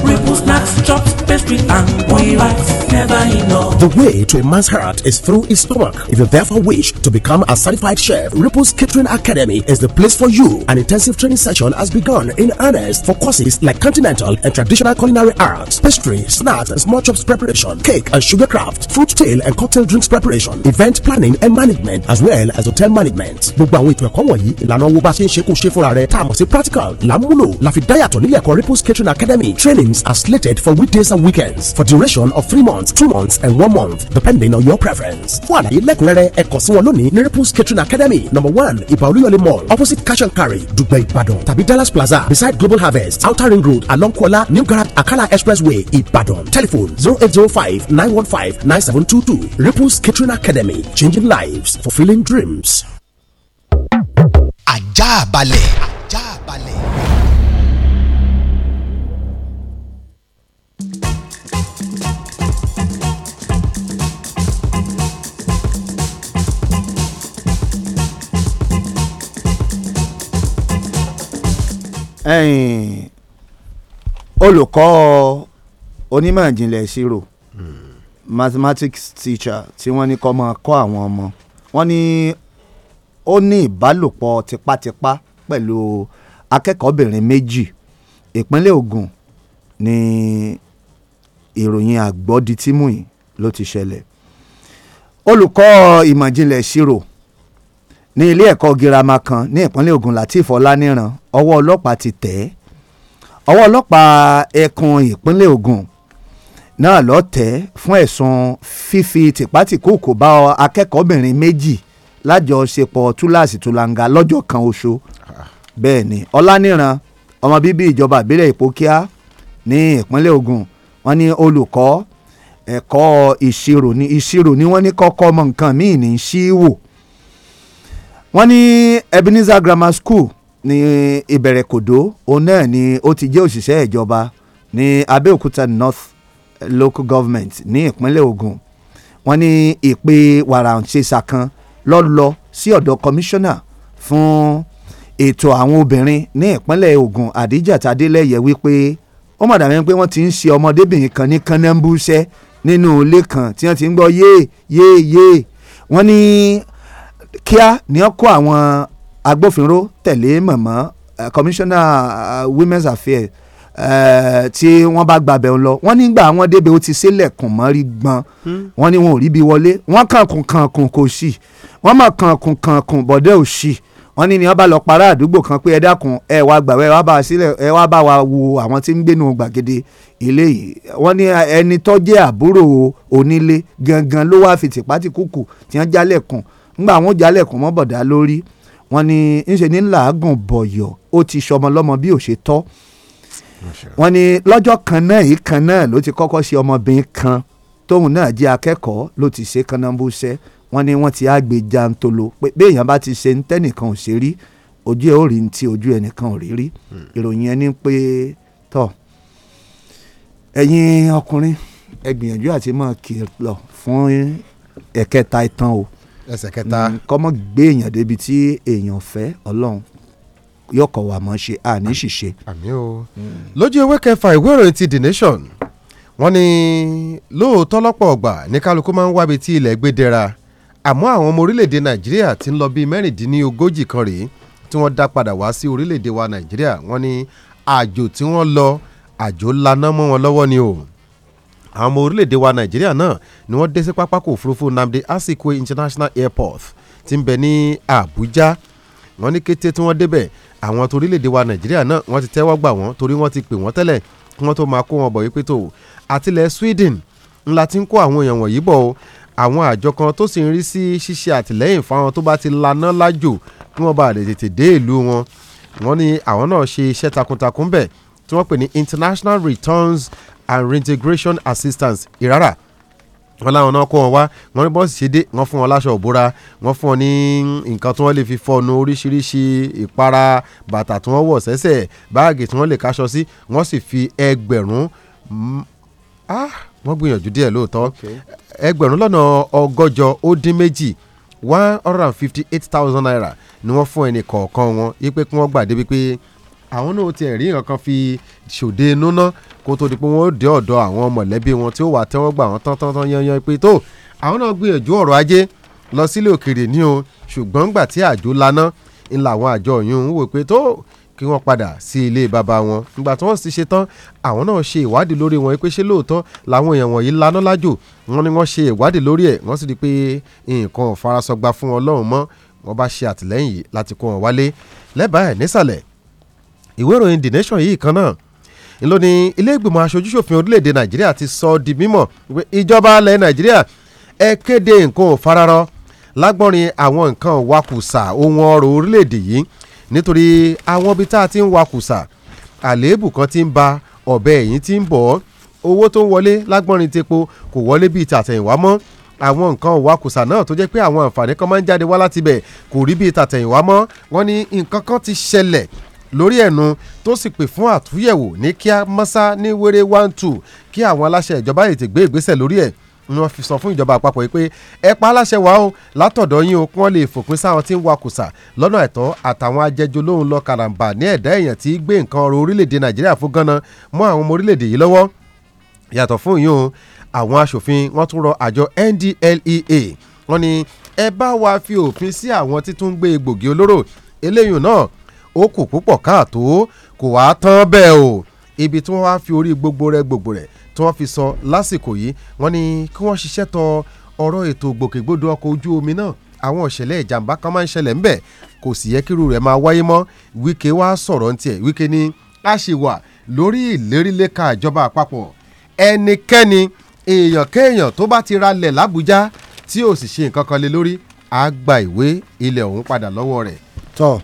Ripples snacks chops pastry and quirat never enough. The way to a man's heart is through his stomach. If you therefore wish to become a certified chef, Ripples Catering Academy is the place for you. An intensive training session has begun in earnest for courses like continental and traditional culinary arts, pastry, snacks and small chops preparation, cake and sugar craft, fruit tail and cocktail drinks preparation, event planning and management, as well as hotel management. Gbogbo àwọn ètò ẹ̀kọ́ wọ̀nyí ìlànà owó bá ṣe ń ṣe kó ṣe fúnra rẹ̀ tá a mọ̀ sí practical làmúlò la fi dáyàtọ̀ nílé ẹ̀kọ́ Ripples Catering Academy trainings are slated for weekdays and weekends for duration of three months two months and one month depending on your preference. fún àlàyé lẹ́kùnrẹ́rẹ́ ẹ kàn sí wọn lónìí ní Ripples Catering Academy number one ìbà mall opposite cash and carry dùgbẹ̀ Ìbàdàn tàbí Dallas Plaza beside Global Harvest outer ring road along Kuala New Garage Akala Expressway Ìbàdàn telephone zero eight zero five nine one five nine seven two two Ripples Catering Academy changing lives fulfilling dreams. ajá balẹ̀. ajá balẹ̀. olùkọ́ onímọ̀ ìjìnlẹ̀ ìṣirò mathematics teacher tí wọ́n ní kọ́ máa kọ́ àwọn ọmọ wọ́n ní ó ní ìbálòpọ̀ tipátipá pẹ̀lú akẹ́kọ̀ọ́bìnrin méjì ìpínlẹ̀ Ògùn ní ìròyìn àgbọ́dìtìmù yìí ló ti ṣẹlẹ̀ olùkọ́ ìmọ̀jìnlẹ̀ ìṣirò ní ilé ẹ̀kọ́ girama kan ní ìpínlẹ̀ Ògùn Latif Ọláníran ọwọ́ ọlọ́pàá ti tẹ̀ ẹ́ ọwọ́ ọlọ́pàá ẹkùn ìpínlẹ̀ Ògùn náà lọ tẹ̀ ẹ́ fún ẹ̀sùn fífi tìpátìkúùkù bá akẹ́kọ̀ọ́bìnrin méjì lájọṣepọ̀ túláàsì túlàǹgà lọ́jọ́ kan oṣù bẹ́ẹ̀ ni Ọláníran ọmọ bíbí ìjọba ìbílẹ̀ Ìpókíà ní ìpínlẹ̀ Ògùn wọn ní olùkọ́ ẹ̀kọ́ ìṣirò ni ìṣirò ni wọ́n ní kọ́kọ́ mọ nǹkan míì ní í wọ́n ní Ebenezer Grammar School ní Ìbẹ̀rẹ̀kòdó òun náà ni ó ti jẹ́ òṣìṣẹ́ ìjọba ní Abẹ́òkúta North Local Government ní ìpínlẹ̀ Ògùn wọ́n ní ìpè wàràǹṣeṣà kan ló lọ sí ọ̀dọ̀ kọmíṣánná fún ètò àwọn obìnrin ní ìpínlẹ̀ Ògùn Adijat Adeleye wípé ó mà dàbí pé wọ́n ti ń ṣe ọmọdébìnrin kan ní kanambúṣẹ́ nínú ilé kan tí wọ́n ti ń gbọ́ yéé yéé yéé wọ́n ní. Ye, ye, ye kíá ni wọ́n kó àwọn agbófinró tẹ̀lé mọ̀mọ́ commissioner uh, women's affairs uh, tí wọ́n bá gbàbẹ̀ ń lọ wọ́n nígbà wọ́n débẹ̀ ó ti sílẹ̀kùn mọ́rí gbọ́n hmm. wọ́n ní wọn ò ríbi wọlé wọ́n kànkùn kànkùn kò sí wọ́n mọ̀ kànkùn kànkùn bọ̀dẹ́ ò sí wọ́n ní ni wọ́n bá lọ para àdúgbò kan pé ẹ dákun ẹ wá gbà ẹ wá bá sílẹ̀ ẹ wá bá wa wo àwọn tí ń gbénu gbàgede ilé yìí wọ́n ní ẹni tó àbúrò onílé gangan ló wá fi tìpátìkùkù tí wọ́n jálẹ̀kùn ńgbà àwọn jalẹ̀kùn mọ́ bọ̀dá lórí wọ́n ní ńṣe ní làágùn bọ̀yọ̀ ó ti ṣọmọ lọ́mọ bí ò ṣe tọ́ wọ́n ní lọ́jọ́ kan náà yìí kan náà ló ti kọ́kọ́ ṣe ọmọbìnrin kan tóun náà jẹ́ akẹ́kọ̀ọ́ ló ti ṣe kanambúṣẹ́ wọ́n ní wọ́n ti á gbé jantolo pé béèyàn bá ti ṣe ntẹ́nìkan ò ṣe rí ojú ẹ̀ ò rí ntí ojú ẹnìkan ò rí rí hmm. ìròyìn ẹni pé tọ́ ẹ̀yin ọkùnrin ẹ gbìyànjú àti máa kìlọ̀ fún ẹ̀kẹta ìtàn o ẹsẹ̀ kẹta kọ́mọ gbé èèyàn débi tí èèyàn fẹ́ ọlọ́run yóò kọ̀ wà mọ́ ṣe àní ṣìṣe. àmì o hmm. lójú ewé kẹfà ìwé ìròyìn ti the nation wọ́n ní lóòótọ́ lọ́pọ̀ ọgbà ní kálukú máa ń wábi tí ilẹ̀ gbé dẹra àmọ́ àwọn ọmọ orílẹ̀-èdè nàìjíríà ti ń lọ bíi mẹ́rìndínlógójì kan rèé tí wọ́n dá padà wá sí orílẹ̀-èdè wa nàìjíríà wọ́n ní àjò tí wọ́n lọ àjò laná wọn lọ́wọ́ ni o àwọn ọmọ orílẹ̀-èdè wa nàìjíríà náà ni wọ́n dé sí pápákọ̀ òfurufú nnamdi azikiwe international airport tí ń bẹ ní àbújá wọ́n ní kété tí wọ́n débẹ̀ àwọn torílẹ̀-èdè wa nàìjíríà náà wọ́n ti tẹ́wọ́ gbà wọ́n torí wọ́n ti pè wọ́n tẹ́lẹ̀ kí wọ́n tó máa kó wọn bọ̀ yí tó àtilẹ̀ sweden ńlá ti ń kó àwọn èèyàn wọ̀nyí bọ̀ o àwọn àjọ kan tó sì ń rí sí ṣíṣe àtìlẹ́yìn fáwọn tó bá ti laná lájò kí wọ́n bá lè tètè dé ìlú wọn wọ́n ní àwọn náà ṣe iṣẹ́ takuntakun bẹ̀ tí wọ́n pè ní international returns and reintegration assistance ìrara wọn láwọn náà kó wọn wá wọn ní bọ́ọ̀sì ṣe dé wọn fún wọn láṣọ òbúra wọn fún wọn ní nǹkan tí wọn lè fi fọnu oríṣiríṣi ìpara bàtà tí wọn wọ̀ sẹ́sẹ̀ báàgì tí wọn lè kaṣọ sí wọn sì fi ẹgbẹ̀rún mm, ah, wọn gbìyànjú díẹ̀ lóòótọ́ ẹgbẹ̀rún lọ́nà ọgọ́jọ ó dín méjì one hundred and fifty eight thousand naira ni wọ́n fún ẹnì kọ̀ọ̀kan wọn yí pé kí wọ́n gbà débi pé àwọn náà ti ẹ̀rí nǹkan fi ṣòde núná kó tó di pé wọ́n ó dé ọ̀dọ̀ àwọn mọ̀lẹ́bí wọn tí ó wà tẹ́wọ́n gbà wọ́n tán tán yanyan pé tó àwọn náà gbìyànjú ọ̀rọ̀ ajé lọ sílé òkèrè ní o ṣùgbọ́n gbà tí àjò laná ńlá àwọn àjọ yìí ń wò pé tó kí wọ́n padà sí ilé bàbá wọn nígbà tí wọ́n sì ṣe tán àwọn náà ṣe ìwádìí lórí wọn pé ṣé lóòótọ́ làwọn èèyàn wọ̀nyí laná lájò wọn ni wọ́n ṣe ìwádìí lórí ẹ̀ wọ́n sì rí i pé nǹkan farasọgba fún ọlọ́run mọ́ wọ́n bá ṣe àtìlẹ́yìn láti kó wọn wálé lẹ́bàá ẹ̀ nísàlẹ̀ ìwé ìròyìn The Nation yìí kan náà ló ní ilé ìgbìmọ̀ aṣojúṣòfin orílẹ̀-èdè nàìjíríà ti sọ di mímọ̀ pé ìjọba alẹ́ nàìjíríà ẹ kéde nǹkan òfararọ lágbọ́nrin àwọn nǹkan wakùsà ohun ọrọ̀ orílẹ̀-èdè yìí nítorí àwọn ibi tá a ti ń wakùsà àléébù kan ti ń ba ọ̀bẹ ẹ̀yìn ti ń bọ̀ owó tó ń wọlé lágbọ́nrin tepo kò wọlé bíi tàtẹ̀yìnwá mọ́ àwọn nǹkan wakùsà náà tó jẹ́ pé àwọn àǹfààní kan máa ń jáde wá láti kò rí bíi tàtẹ̀yìnwá mọ́ wọ́n ní nǹkan kan ti ṣẹlẹ̀ lórí ẹ̀nu tó sì pè fún àtúnyẹ̀wò ní kíá mọ́sá ní wéré one two kí àwọn aláṣẹ ìjọba ètè gbé ìgbésẹ̀ lórí ẹ̀ ni wọ́n fi sọ fún ìjọba àpapọ̀ yìí pé ẹ pa aláṣẹ wa o látọ̀dọ̀ yín o kí wọ́n lè fòpin sáwọn tí ń wakùsà lọ́nà ẹ̀tọ́ àtàwọn ajẹjọ lóhùn lọ kàràǹbà ní ẹ̀dá èèyàn tí gbé nǹkan ọrọ̀ orílẹ̀-èdè nàìjíríà fún ganan mọ́ àwọn ọmọ orílẹ̀-èdè yìí lọ́wọ́ yàtọ̀ fún yín o àwọn aṣòfin wọ́n tún rọ àjọ NDLEA wọ́n ní ẹ bá wa fi òpin sí àwọn títún gbé egbògi olóró eléyìí náà ó kù púpọ̀ káàtó kò wá tán bẹ́ẹ̀ o ibi tí wọ́n wá fi orí gbogbo rẹ̀ gbogbo rẹ̀ tí wọ́n fi sọ lásìkò yìí wọ́n ní kí wọ́n ṣiṣẹ́ tọ ọ̀rọ̀ ètò gbòkègbodò ọkọ̀ ojú omi náà àwọn ìṣẹ̀lẹ̀ ìjàmbá kan máa ń ṣẹlẹ̀ ńbẹ̀ kò sì yẹ kíru rẹ̀ máa wáyé mọ́ Wike wá sọ̀rọ̀ ní tiẹ̀ Wike ni a ṣì wà lórí ìlérílẹ́ka ìjọba àpapọ̀ ẹnikẹ́ni èèyàn kéèyàn tó bá ti ralẹ̀ làbújá tí ò sì ṣe nǹkan kan lé lórí á gba ìwé ilẹ̀ ọ̀hún padà lọ́wọ́ rẹ̀. tọ́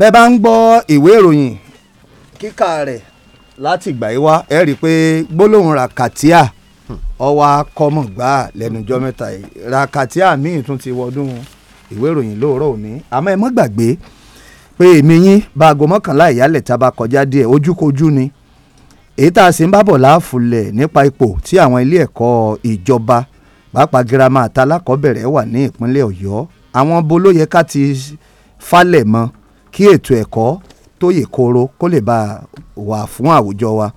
bẹ́ẹ̀ bá ń gbọ́ ìwé ìròyìn kíkà rẹ̀ láti ìgbà yìí wá ẹ rí i pé gbólóhùn rakatia ọwọ́ hmm, akọ́mọ̀ gbà lẹ́nujọ́ mẹ́ta yìí rakatia míì tún ti wọdún ìwé ìròyìn lóòrọ̀ òní àmọ́ ẹ mọ́ gbàgbé pé èmi yín baago mọ́kànlá ìyálẹ̀ tá a bá kọjá díẹ̀ ojúkojú ni èyí tá a sì ń bábọ̀ láàfulẹ̀ nípa ipò tí àwọn ilé ẹ̀kọ́ ìjọba pàápàá girama àtàlákọ̀ọ́bẹ̀rẹ̀ wà ní ìpínlẹ̀ Ọ̀yọ́ àwọn bo ká ti falẹ̀ mọ́ kí ètò ẹ̀kọ́ tó yè kooro kó lè bá wà fún àwùjọ wa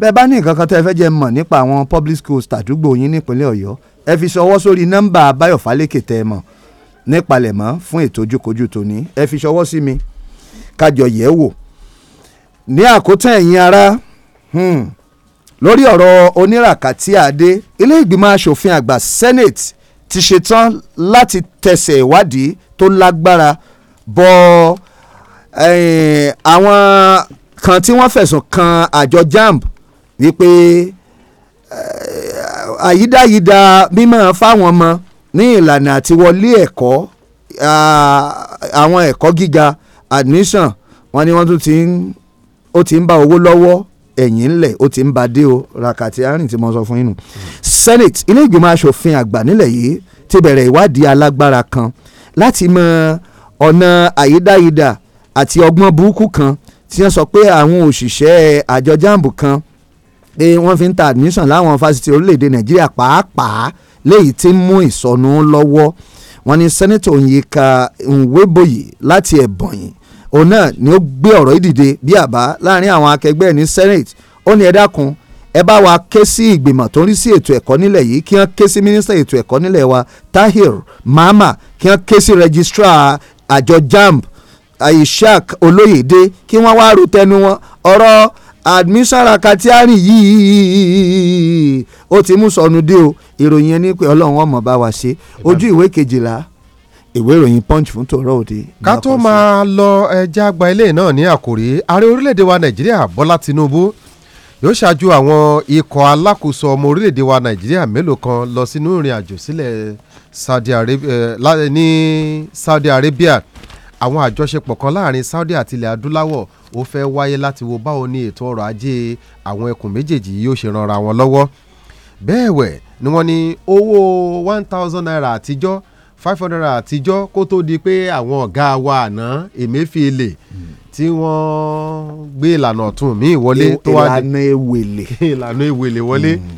bẹ́ẹ̀ bá ní nǹkan kan tẹ́ ẹ fẹ́ jẹ́ mọ̀ nípa àwọn public schools tàdúgbò yín nípínlẹ̀ ọ̀yọ́ ẹ fi ṣọwọ́ sórí nọ́mbà Báyọ̀ Fálékè tẹ́ ẹ mọ̀ nípalẹ̀mọ́ fún ètò ojúkojú tòní ẹ fi ṣọwọ́ sí mi kájọ yẹ̀ wò ní àkótán ẹ̀yin ará hmm, lórí ọ̀rọ̀ oníràkàtì adé ilé ìgbìmọ̀ asòfin àgbà senate ti ṣetán láti tẹ̀sẹ̀ ìwádìí tó lágbára bọ́ Eh, àwọn kan tí wọ́n fẹ̀sùn kan àjọ JAMB wípé eh, àyídáyídá mímọ́ fáwọn ọmọ ní ìlànà àtiwọlé ẹ̀kọ́ ah, àwọn ẹ̀kọ́ gíga admission wọ́n ní wọ́n tún ti ń ó ti ń bá owó lọ́wọ́ ẹ̀yìn ńlẹ̀ ó ti ń ba dé o rakati arin tí mo sọ fún yín senate ilé ìgbìmọ̀ asòfin àgbà nílẹ̀ yìí ti bẹ̀rẹ̀ ìwádìí alágbára kan láti mọ ọ̀nà àyídáyidà àti ọgbọ́n burúkú kan tí wọ́n sọ pé àwọn òṣìṣẹ́ àjọ jambu kan pé wọ́n fi ń ta admission láwọn fásitì orílẹ̀-èdè nàìjíríà pàápàá léyìí tí ń mú ìsọnù lọ́wọ́ wọ́n ní sẹ́nẹ́tọ̀ Onyeka Nweboyi láti Ebonyi òun náà ni ó gbé ọ̀rọ̀ ìdìde bí àbá láàrin àwọn akẹgbẹ́ ní senate ó ní ẹ ẹ bá wa ké sí ìgbìmọ̀ tó ń rí sí ètò ẹ̀kọ́ nílẹ̀ yìí kí wọ́n ké sí mínísítà ètò ẹ̀kọ́ nílẹ̀ wa Tahir Mamman kí wọ́n ké sí registrar àjọ jamb ishaq olóyèdè kí wọ́n wá ro tẹnu wọn ọ̀rọ̀ admisara katiari yìí ó ti mú sọnù dé o ìròyìn ẹni pé ọlọ́run ọmọ bá wa ṣe ojú ìwé kejìlá ìwé ìròyìn punch fún tòró òde. ká tó máa lọ ẹja àgbà ilé náà ní àkòrí ààrẹ orílẹ̀-èdè wa nàìjíríà bọ́lá tinubu yóò ṣáájú àwọn ikọ̀ alákòóso ọmọ orílẹ̀-èdè wa nàìjíríà mélòó kan lọ sínú ìrìn àjò sílẹ̀ eh, ní Saudi Arabia àwọn àjọṣepọ̀ kan láàrin Saudi àti ilẹ̀ adúláwọ̀ ó fẹ́ wáyé láti wo báwo ni ètò ọrọ̀ ajé àwọn ẹkùn méjèèjì yóò ṣe ranra wọn lọ́wọ́ bẹ́ẹ̀ wẹ̀ ni wọ́n ní owó one thousand naira àtijọ́ five hundred naira àtijọ́ kó tó di pé àwọn ọ̀gá wa àná Emefiele tí wọ́n gbé ìlànà ọ̀tún míì wọlé tó wá ní (laughs) ìlànà ewèlè wọlé hmm.